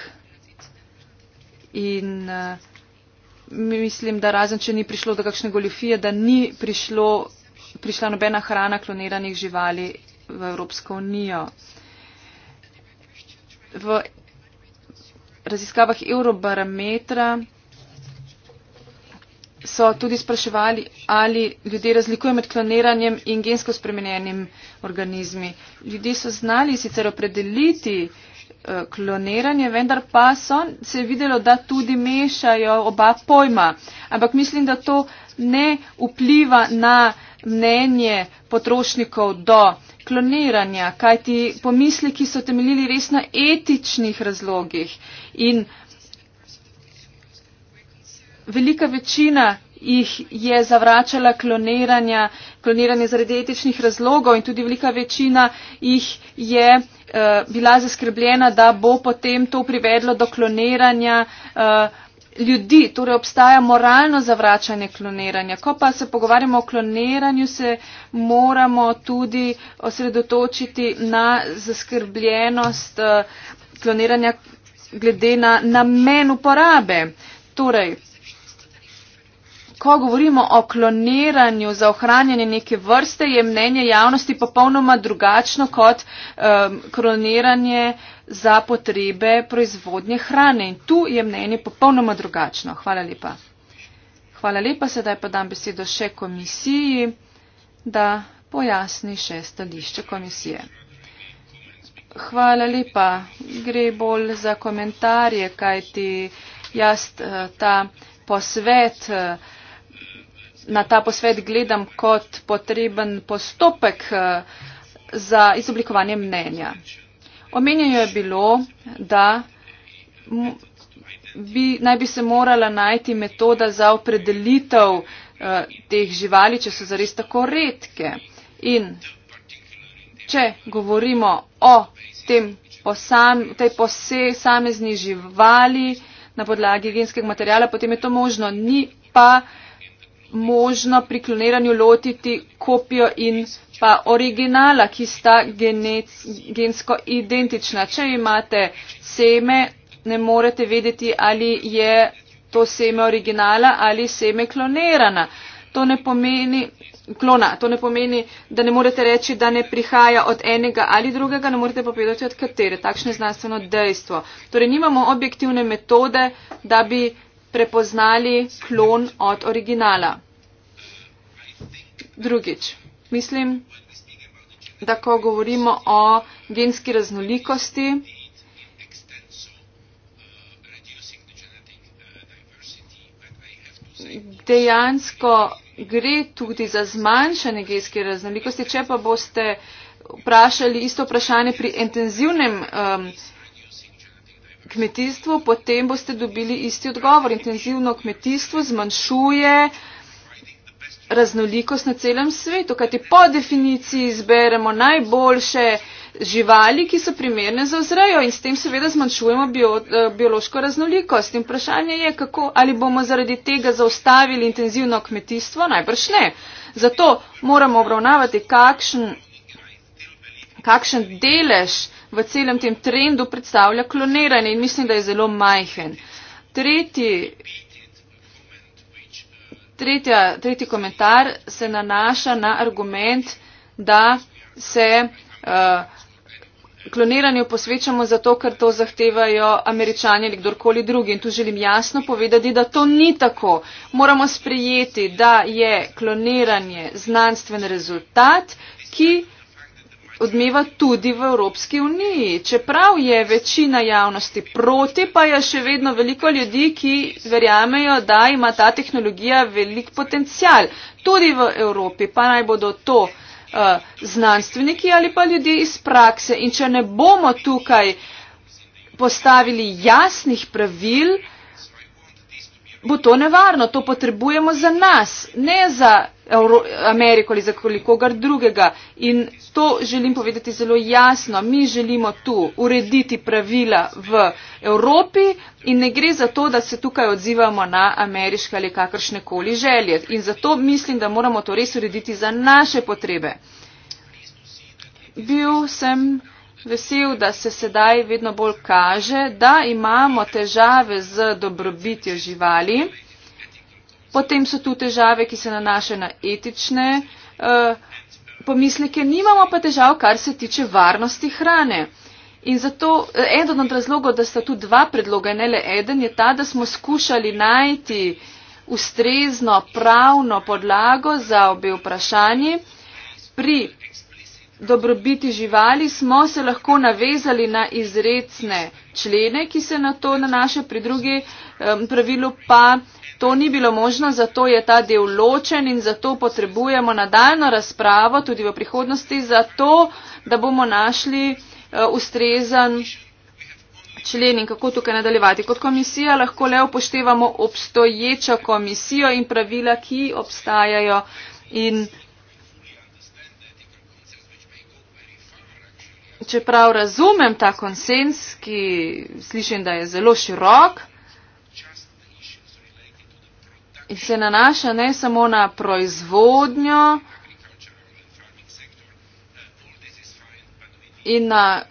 In uh, mislim, da razen, če ni prišlo do kakšne goljofije, da ni prišlo prišla nobena hrana kloniranih živali v Evropsko unijo. V raziskavah Eurobarometra so tudi spraševali, ali ljudje razlikujejo med kloniranjem in gensko spremenjenim organizmi. Ljudje so znali sicer opredeliti eh, kloniranje, vendar pa so se videlo, da tudi mešajo oba pojma. Ampak mislim, da to ne vpliva na mnenje potrošnikov do kloniranja, kajti pomisleki so temeljili res na etičnih razlogih in velika večina jih je zavračala kloniranja, kloniranje zaradi etičnih razlogov in tudi velika večina jih je uh, bila zaskrbljena, da bo potem to privedlo do kloniranja uh, ljudi, torej obstaja moralno zavračanje kloniranja. Ko pa se pogovarjamo o kloniranju, se moramo tudi osredotočiti na zaskrbljenost eh, kloniranja glede na namen uporabe. Torej, ko govorimo o kloniranju za ohranjanje neke vrste, je mnenje javnosti popolnoma drugačno kot um, kloniranje za potrebe proizvodnje hrane. In tu je mnenje popolnoma drugačno. Hvala lepa. Hvala lepa, sedaj pa dam besedo še komisiji, da pojasni še stališče komisije. Hvala lepa. Gre bolj za komentarje, kaj ti jaz eh, ta posvet. Uh, na ta posvet gledam kot potreben postopek eh, za izoblikovanje mnenja. Omenjeno je bilo, da bi, naj bi se morala najti metoda za opredelitev eh, teh živali, če so zares tako redke. In če govorimo o tem posam, tej posamezni živali na podlagi genskega materijala, potem je to možno. Ni pa uh, možno pri kloniranju lotiti kopijo in pa originala, ki sta gensko identična. Če imate seme, ne morete vedeti, ali je to seme originala ali seme klonirana. To ne pomeni. Klona. To ne pomeni, da ne morete reči, da ne prihaja od enega ali drugega, ne morete pa povedati, od katere. Takšno je znanstveno dejstvo. Torej, nimamo objektivne metode, da bi prepoznali klon od originala. Drugič, mislim, da ko govorimo o genski raznolikosti, dejansko gre tudi za zmanjšanje genske raznolikosti, če pa boste vprašali isto vprašanje pri intenzivnem um, kmetijstvu, potem boste dobili isti odgovor. Intenzivno kmetijstvo zmanjšuje raznolikost na celem svetu, kajti po definiciji izberemo najboljše živali, ki so primerne za vzrejo in s tem seveda zmanjšujemo bio, eh, biološko raznolikost. In vprašanje je, kako, ali bomo zaradi tega zaustavili intenzivno kmetijstvo, najbrž ne. Zato moramo obravnavati, kakšen, kakšen delež v celem tem trendu predstavlja kloniranje in mislim, da je zelo majhen. Tretji, tretja, tretji komentar se nanaša na argument, da se uh, kloniranju posvečamo zato, ker to zahtevajo američani ali kdorkoli drugi. In tu želim jasno povedati, da to ni tako. Moramo sprejeti, da je kloniranje znanstven rezultat, ki odmeva tudi v Evropski uniji. Čeprav je večina javnosti proti, pa je še vedno veliko ljudi, ki verjamejo, da ima ta tehnologija velik potencial. Tudi v Evropi, pa naj bodo to uh, znanstveniki ali pa ljudje iz prakse. In če ne bomo tukaj postavili jasnih pravil, bo to nevarno. To potrebujemo za nas, ne za Euro Ameriko ali za kolikogar drugega. In to želim povedati zelo jasno. Mi želimo tu urediti pravila v Evropi in ne gre za to, da se tukaj odzivamo na ameriške ali kakršne koli želje. In zato mislim, da moramo to res urediti za naše potrebe. Bil sem vesel, da se sedaj vedno bolj kaže, da imamo težave z dobrobitjo živali. Potem so tu težave, ki se nanašajo na etične uh, pomisleke, nimamo pa težav, kar se tiče varnosti hrane. In zato eh, eden od razlogov, da sta tu dva predloga, ne le eden, je ta, da smo skušali najti ustrezno pravno podlago za obe vprašanji pri dobrobiti živali, smo se lahko navezali na izredne člene, ki se na to nanaša, pri drugi um, pravilu pa to ni bilo možno, zato je ta del ločen in zato potrebujemo nadaljno razpravo tudi v prihodnosti, zato da bomo našli uh, e, ustrezan člen in kako tukaj nadaljevati. Kot komisija lahko le upoštevamo obstoječo komisijo in pravila, ki obstajajo in čeprav razumem ta konsens, ki slišim, da je zelo širok in se nanaša ne samo na proizvodnjo in na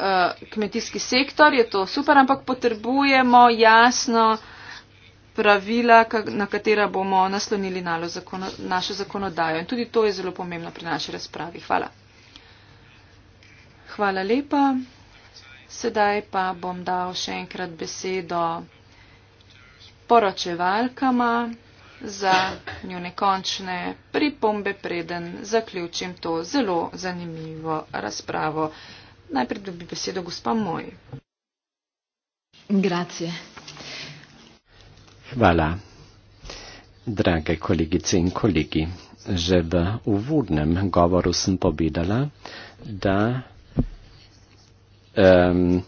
uh, kmetijski sektor, je to super, ampak potrebujemo jasno pravila, na katera bomo naslonili zakono, našo zakonodajo. In tudi to je zelo pomembno pri naši razpravi. Hvala. Hvala lepa. Sedaj pa bom dal še enkrat besedo poročevalkama za njune končne pripombe, preden zaključim to zelo zanimivo razpravo. Najprej dobi besedo gospa Moj. Grazie. Hvala. Drage kolegice in kolegi, že v uvodnem govoru sem povedala, da um,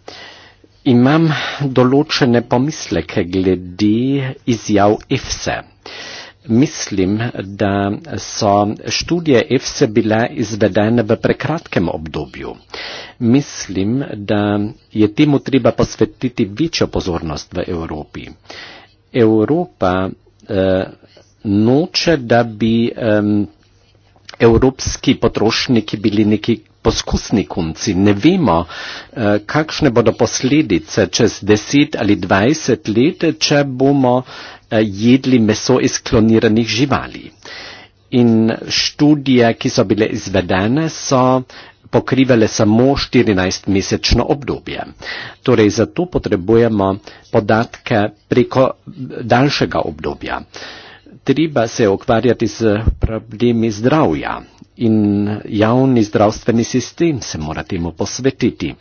imam določene pomisleke glede izjav EFSE. Mislim, da so študije EFSE bile izvedene v prekratkem obdobju. Mislim, da je temu treba posvetiti večjo pozornost v Evropi. Evropa eh, noče, da bi eh, evropski potrošniki bili neki poskusni konci, ne vemo, eh, kakšne bodo posledice čez 10 ali 20 let, če bomo eh, jedli meso iz kloniranih živali. In študije, ki so bile izvedene, so pokrivale samo 14-mesečno obdobje. Torej, zato potrebujemo podatke preko daljšega obdobja. Treba se ukvarjati z problemi zdravja in javni zdravstveni sistem se mora temu posvetiti.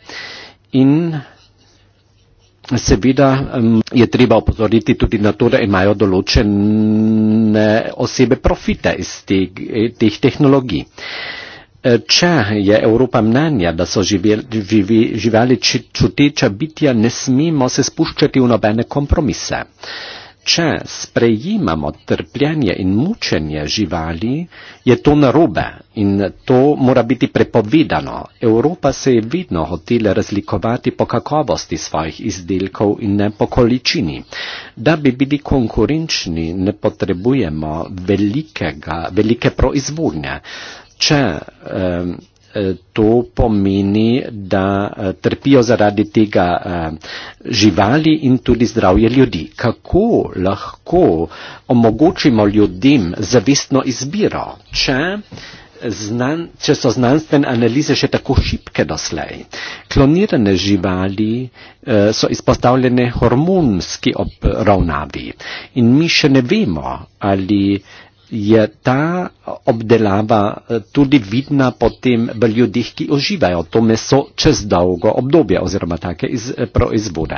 In seveda je treba opozoriti tudi na to, da imajo določene osebe profite iz te, teh tehnologij. E, če je Evropa mnenja, da so živeli čuteča bitja, ne smemo se spuščati v nobene kompromise če sprejemamo trpljenje in mučenje živali, je to narobe in to mora biti prepovedano. Evropa se je vedno hotela razlikovati po kakovosti svojih izdelkov in ne po količini. Da bi bili konkurenčni, ne potrebujemo velikega, velike proizvodnje. Če eh, Eh, to pomeni, da eh, trpijo zaradi tega eh, živali in tudi zdravje ljudi. Kako lahko omogočimo ljudem zavestno izbiro, če, znan, če so znanstvene analize še tako šipke doslej? Klonirane živali so izpostavljene hormonski obravnavi in mi še ne vemo, ali je ta obdelava eh, tudi vidna potem v ljudih, ki oživajo to meso čez dolgo obdobje oziroma take iz, eh, proizvode.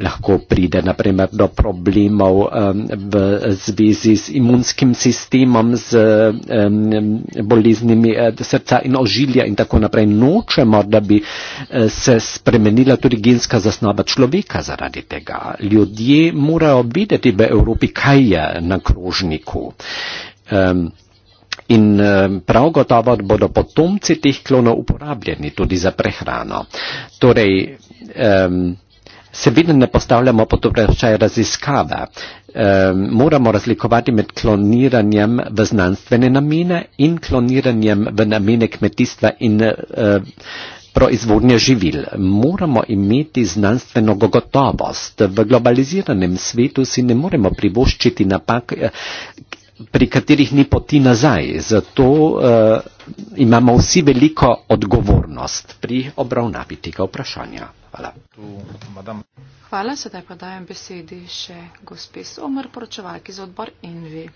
Lahko pride naprimer do problemov um, v zvezi z imunskim sistemom, z um, boliznimi eh, srca in ožilja in tako naprej. Nočemo, da bi se spremenila tudi genska zasnova človeka zaradi tega. Ljudje morajo videti v Evropi, kaj je na krožniku. Um, In ehm, prav gotovo bodo potomci teh klonov uporabljeni tudi za prehrano. Torej, um, ehm, seveda ne postavljamo pod vprašaj raziskave. Um, moramo razlikovati med kloniranjem v znanstvene namene in kloniranjem v namene kmetijstva in uh, proizvodnje živil. Moramo imeti znanstveno gotovost. V globaliziranem svetu si ne moremo privoščiti napak, pri katerih ni poti nazaj. Zato uh, imamo vsi veliko odgovornost pri obravnavi tega vprašanja. Hvala. Hvala, sedaj pa dajem besedi še gospe Somer, poročevalki za odbor Envi.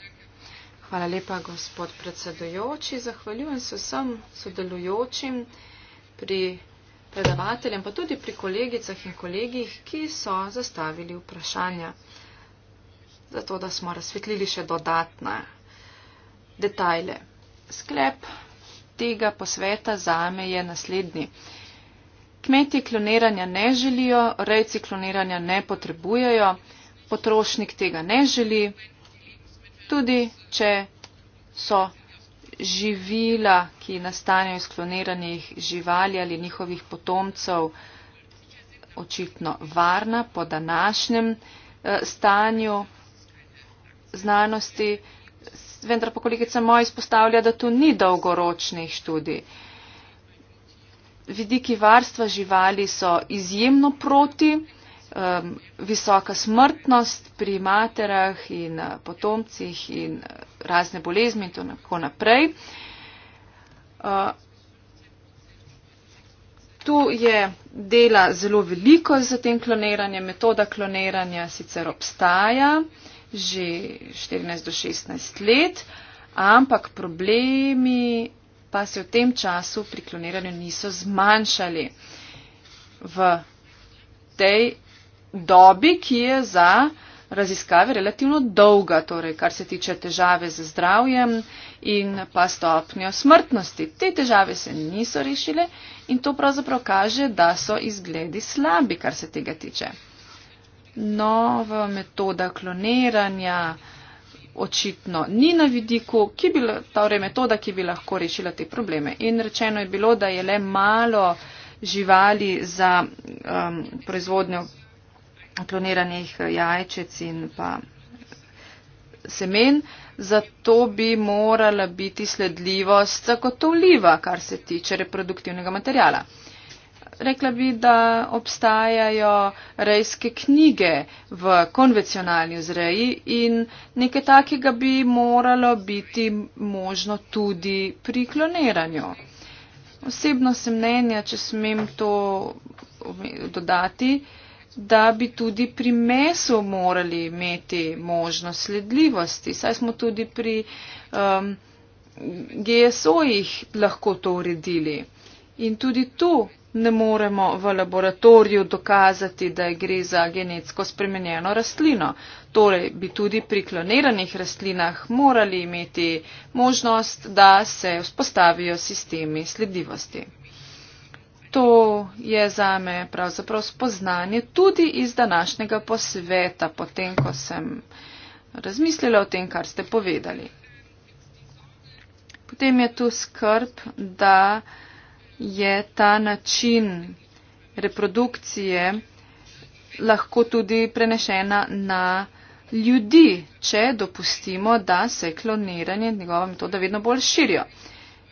Hvala lepa, gospod predsedujoči. Zahvaljujem se vsem sodelujočim pri predavateljem, pa tudi pri kolegicah in kolegih, ki so zastavili vprašanja zato da smo razsvetlili še dodatne detajle. Sklep tega posveta zame je naslednji. Kmetje kloniranja ne želijo, rejci kloniranja ne potrebujejo, potrošnik tega ne želi, tudi če so živila, ki nastanejo iz kloniranih živali ali njihovih potomcev, očitno varna po današnjem eh, stanju znanosti, vendar pa kolegica moja izpostavlja, da to ni dolgoročnih študij. Vidiki varstva živali so izjemno proti, um, visoka smrtnost pri materah in uh, potomcih in uh, razne bolezni in tako naprej. Uh, tu je dela zelo veliko za tem kloniranjem, metoda kloniranja sicer obstaja. Uh, že 14 do 16 let, ampak problemi pa se v tem času pri kloniranju niso zmanjšali. V tej dobi, ki je za raziskave relativno dolga, torej kar se tiče težave z zdravjem in pa stopnjo smrtnosti. Te težave se niso rešile in to pravzaprav kaže, da so izgledi slabi, kar se tega tiče nova metoda kloniranja očitno ni na vidiku, ki bi bila torej metoda, ki bi lahko rešila te probleme. In rečeno je bilo, da je le malo živali za um, proizvodnjo kloniranih jajčec in pa semen, zato bi morala biti sledljivost zagotovljiva, kar se tiče reproduktivnega materijala rekla bi, da obstajajo rejske knjige v konvencionalni vzreji in nekaj takega bi moralo biti možno tudi pri kloniranju. Osebno sem mnenja, če smem to dodati, da bi tudi pri mesu morali imeti možnost sledljivosti. Saj smo tudi pri um, GSO-jih lahko to uredili. In tudi tu ne moremo v laboratoriju dokazati, da je gre za genetsko spremenjeno rastlino. Torej bi tudi pri kloniranih rastlinah morali imeti možnost, da se vzpostavijo sistemi sledljivosti. To je za me pravzaprav spoznanje tudi iz današnjega posveta, potem ko sem razmislila o tem, kar ste povedali. Potem je tu skrb, da je ta način reprodukcije lahko tudi prenešena na ljudi, če dopustimo, da se kloniranje in njegova metoda vedno bolj širijo.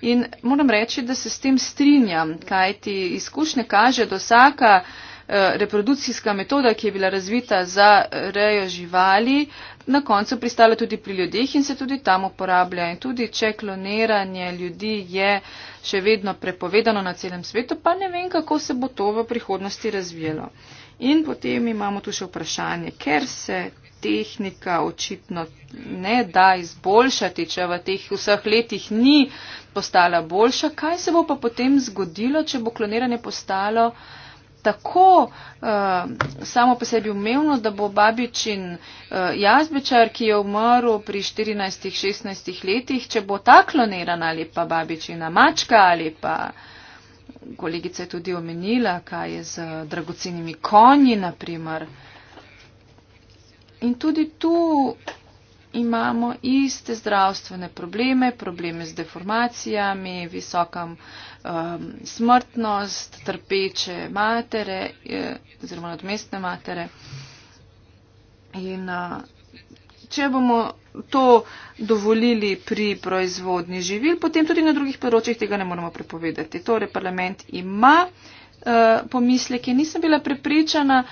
In moram reči, da se s tem strinjam, kaj ti izkušnje kaže, da vsaka eh, reprodukcijska metoda, ki je bila razvita za eh, rejo živali, na koncu pristala tudi pri ljudeh in se tudi tam uporablja. In tudi če kloniranje ljudi je še vedno prepovedano na celem svetu, pa ne vem, kako se bo to v prihodnosti razvijalo. In potem imamo tu še vprašanje, ker se tehnika očitno ne da izboljšati, če v teh vseh letih ni postala boljša, kaj se bo pa potem zgodilo, če bo kloniranje postalo tako uh, samo po sebi umevno, da bo babičin uh, jazbečar, ki je umrl pri 14-16 letih, če bo ta klonirana ali pa babičina mačka ali pa kolegica je tudi omenila, kaj je z dragocenimi konji, naprimer. In tudi tu imamo iste zdravstvene probleme, probleme z deformacijami, visokam uh, um, smrtnost trpeče matere eh, oziroma odmestne matere. In uh, če bomo to dovolili pri proizvodni živil, potem tudi na drugih področjih tega ne moramo prepovedati. Torej, parlament ima uh, pomisleke. Nisem bila prepričana,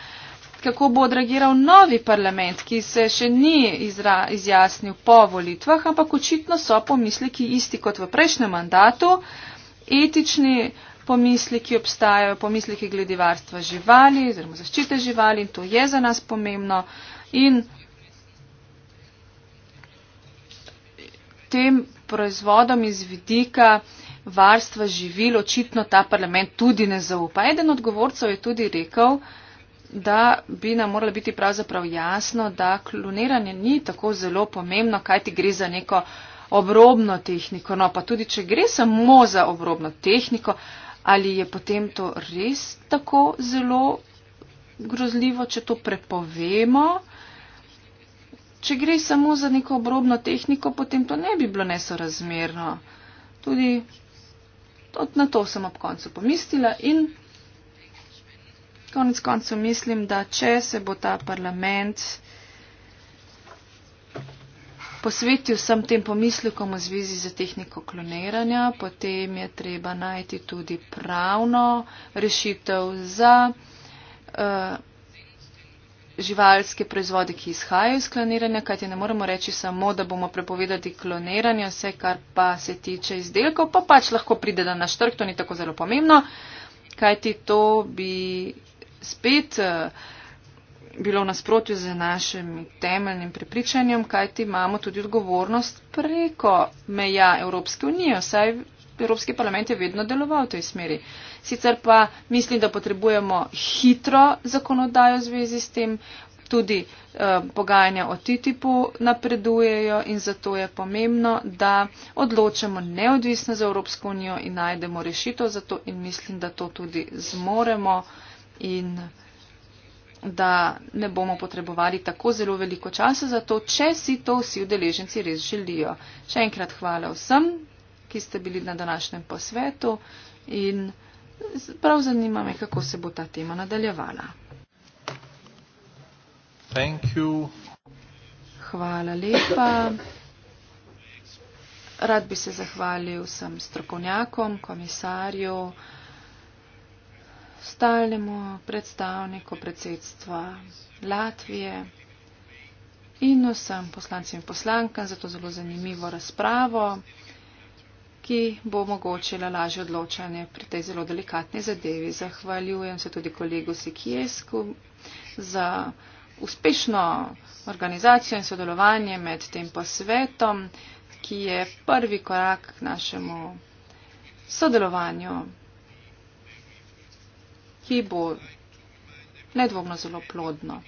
kako bo odreagiral novi parlament, ki se še ni izra, izjasnil po volitvah, ampak očitno so pomisleki isti kot v prejšnjem mandatu. Uh, etični pomisliki obstajajo, pomisliki glede varstva živali oziroma zaščite živali in to je za nas pomembno. In tem proizvodom iz vidika varstva živil očitno ta parlament tudi ne zaupa. Eden od govorcev je tudi rekel, da bi nam moralo biti pravzaprav jasno, da kloniranje ni tako zelo pomembno, kaj ti gre za neko obrobno tehniko. No, pa tudi, če gre samo za obrobno tehniko, ali je potem to res tako zelo grozljivo, če to prepovemo? Če gre samo za neko obrobno tehniko, potem to ne bi bilo nesorazmerno. Tudi na to sem ob koncu pomislila in konec koncu mislim, da če se bo ta parlament posvetil sem tem pomislekom v zvezi z tehniko kloniranja, potem je treba najti tudi pravno rešitev za uh, živalske proizvode, ki izhajajo iz kloniranja, kajti ne moremo reči samo, da bomo prepovedali kloniranje, vse kar pa se tiče izdelkov, pa pač lahko pride na naš trg, to ni tako zelo pomembno, kajti to bi spet. Uh, bilo v nasprotju z našim temeljnim prepričanjem, kajti imamo tudi odgovornost preko meja Evropske unije. Vsaj Evropski parlament je vedno deloval v tej smeri. Sicer pa mislim, da potrebujemo hitro zakonodajo v zvezi s tem. Tudi eh, pogajanja o TTIP-u napredujejo in zato je pomembno, da odločamo neodvisno za Evropsko unijo in najdemo rešitev za to in mislim, da to tudi zmoremo. In, da ne bomo potrebovali tako zelo veliko časa za to, če si to vsi udeleženci res želijo. Še enkrat hvala vsem, ki ste bili na današnjem posvetu in prav zanima me, kako se bo ta tema nadaljevala. Thank you. Hvala lepa. Rad bi se zahvalil vsem strokovnjakom, komisarju stalnemu predstavniku predsedstva Latvije in vsem poslancem in poslankam za to zelo zanimivo razpravo, ki bo omogočila lažje odločanje pri tej zelo delikatni zadevi. Zahvaljujem se tudi kolegu Sikijesku za uspešno organizacijo in sodelovanje med tem posvetom, ki je prvi korak k našemu sodelovanju ki bo nedvomno zelo plodno.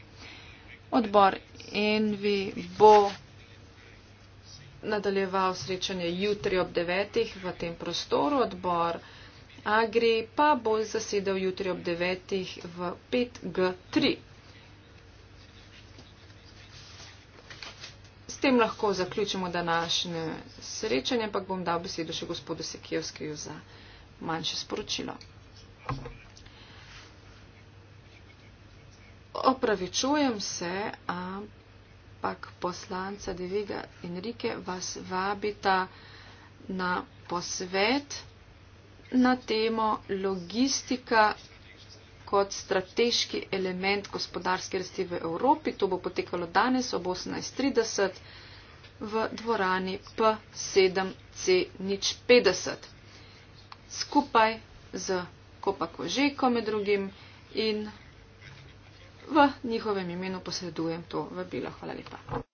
Odbor Envi bo nadaljeval srečanje jutri ob 9. v tem prostoru, odbor Agri pa bo zasedel jutri ob 9. v 5G3. S tem lahko zaključimo današnje srečanje, ampak bom dal besedo še gospodu Sekijevskiju za manjše sporočilo. opravičujem se, ampak poslanca Deviga Enrike vas vabita na posvet na temo logistika kot strateški element gospodarske rasti v Evropi. To bo potekalo danes ob 18.30 v dvorani P7C050. Skupaj z Kopa Kožeko med drugim in v njihovem imenu posredujem to vabilo. Hvala lepa.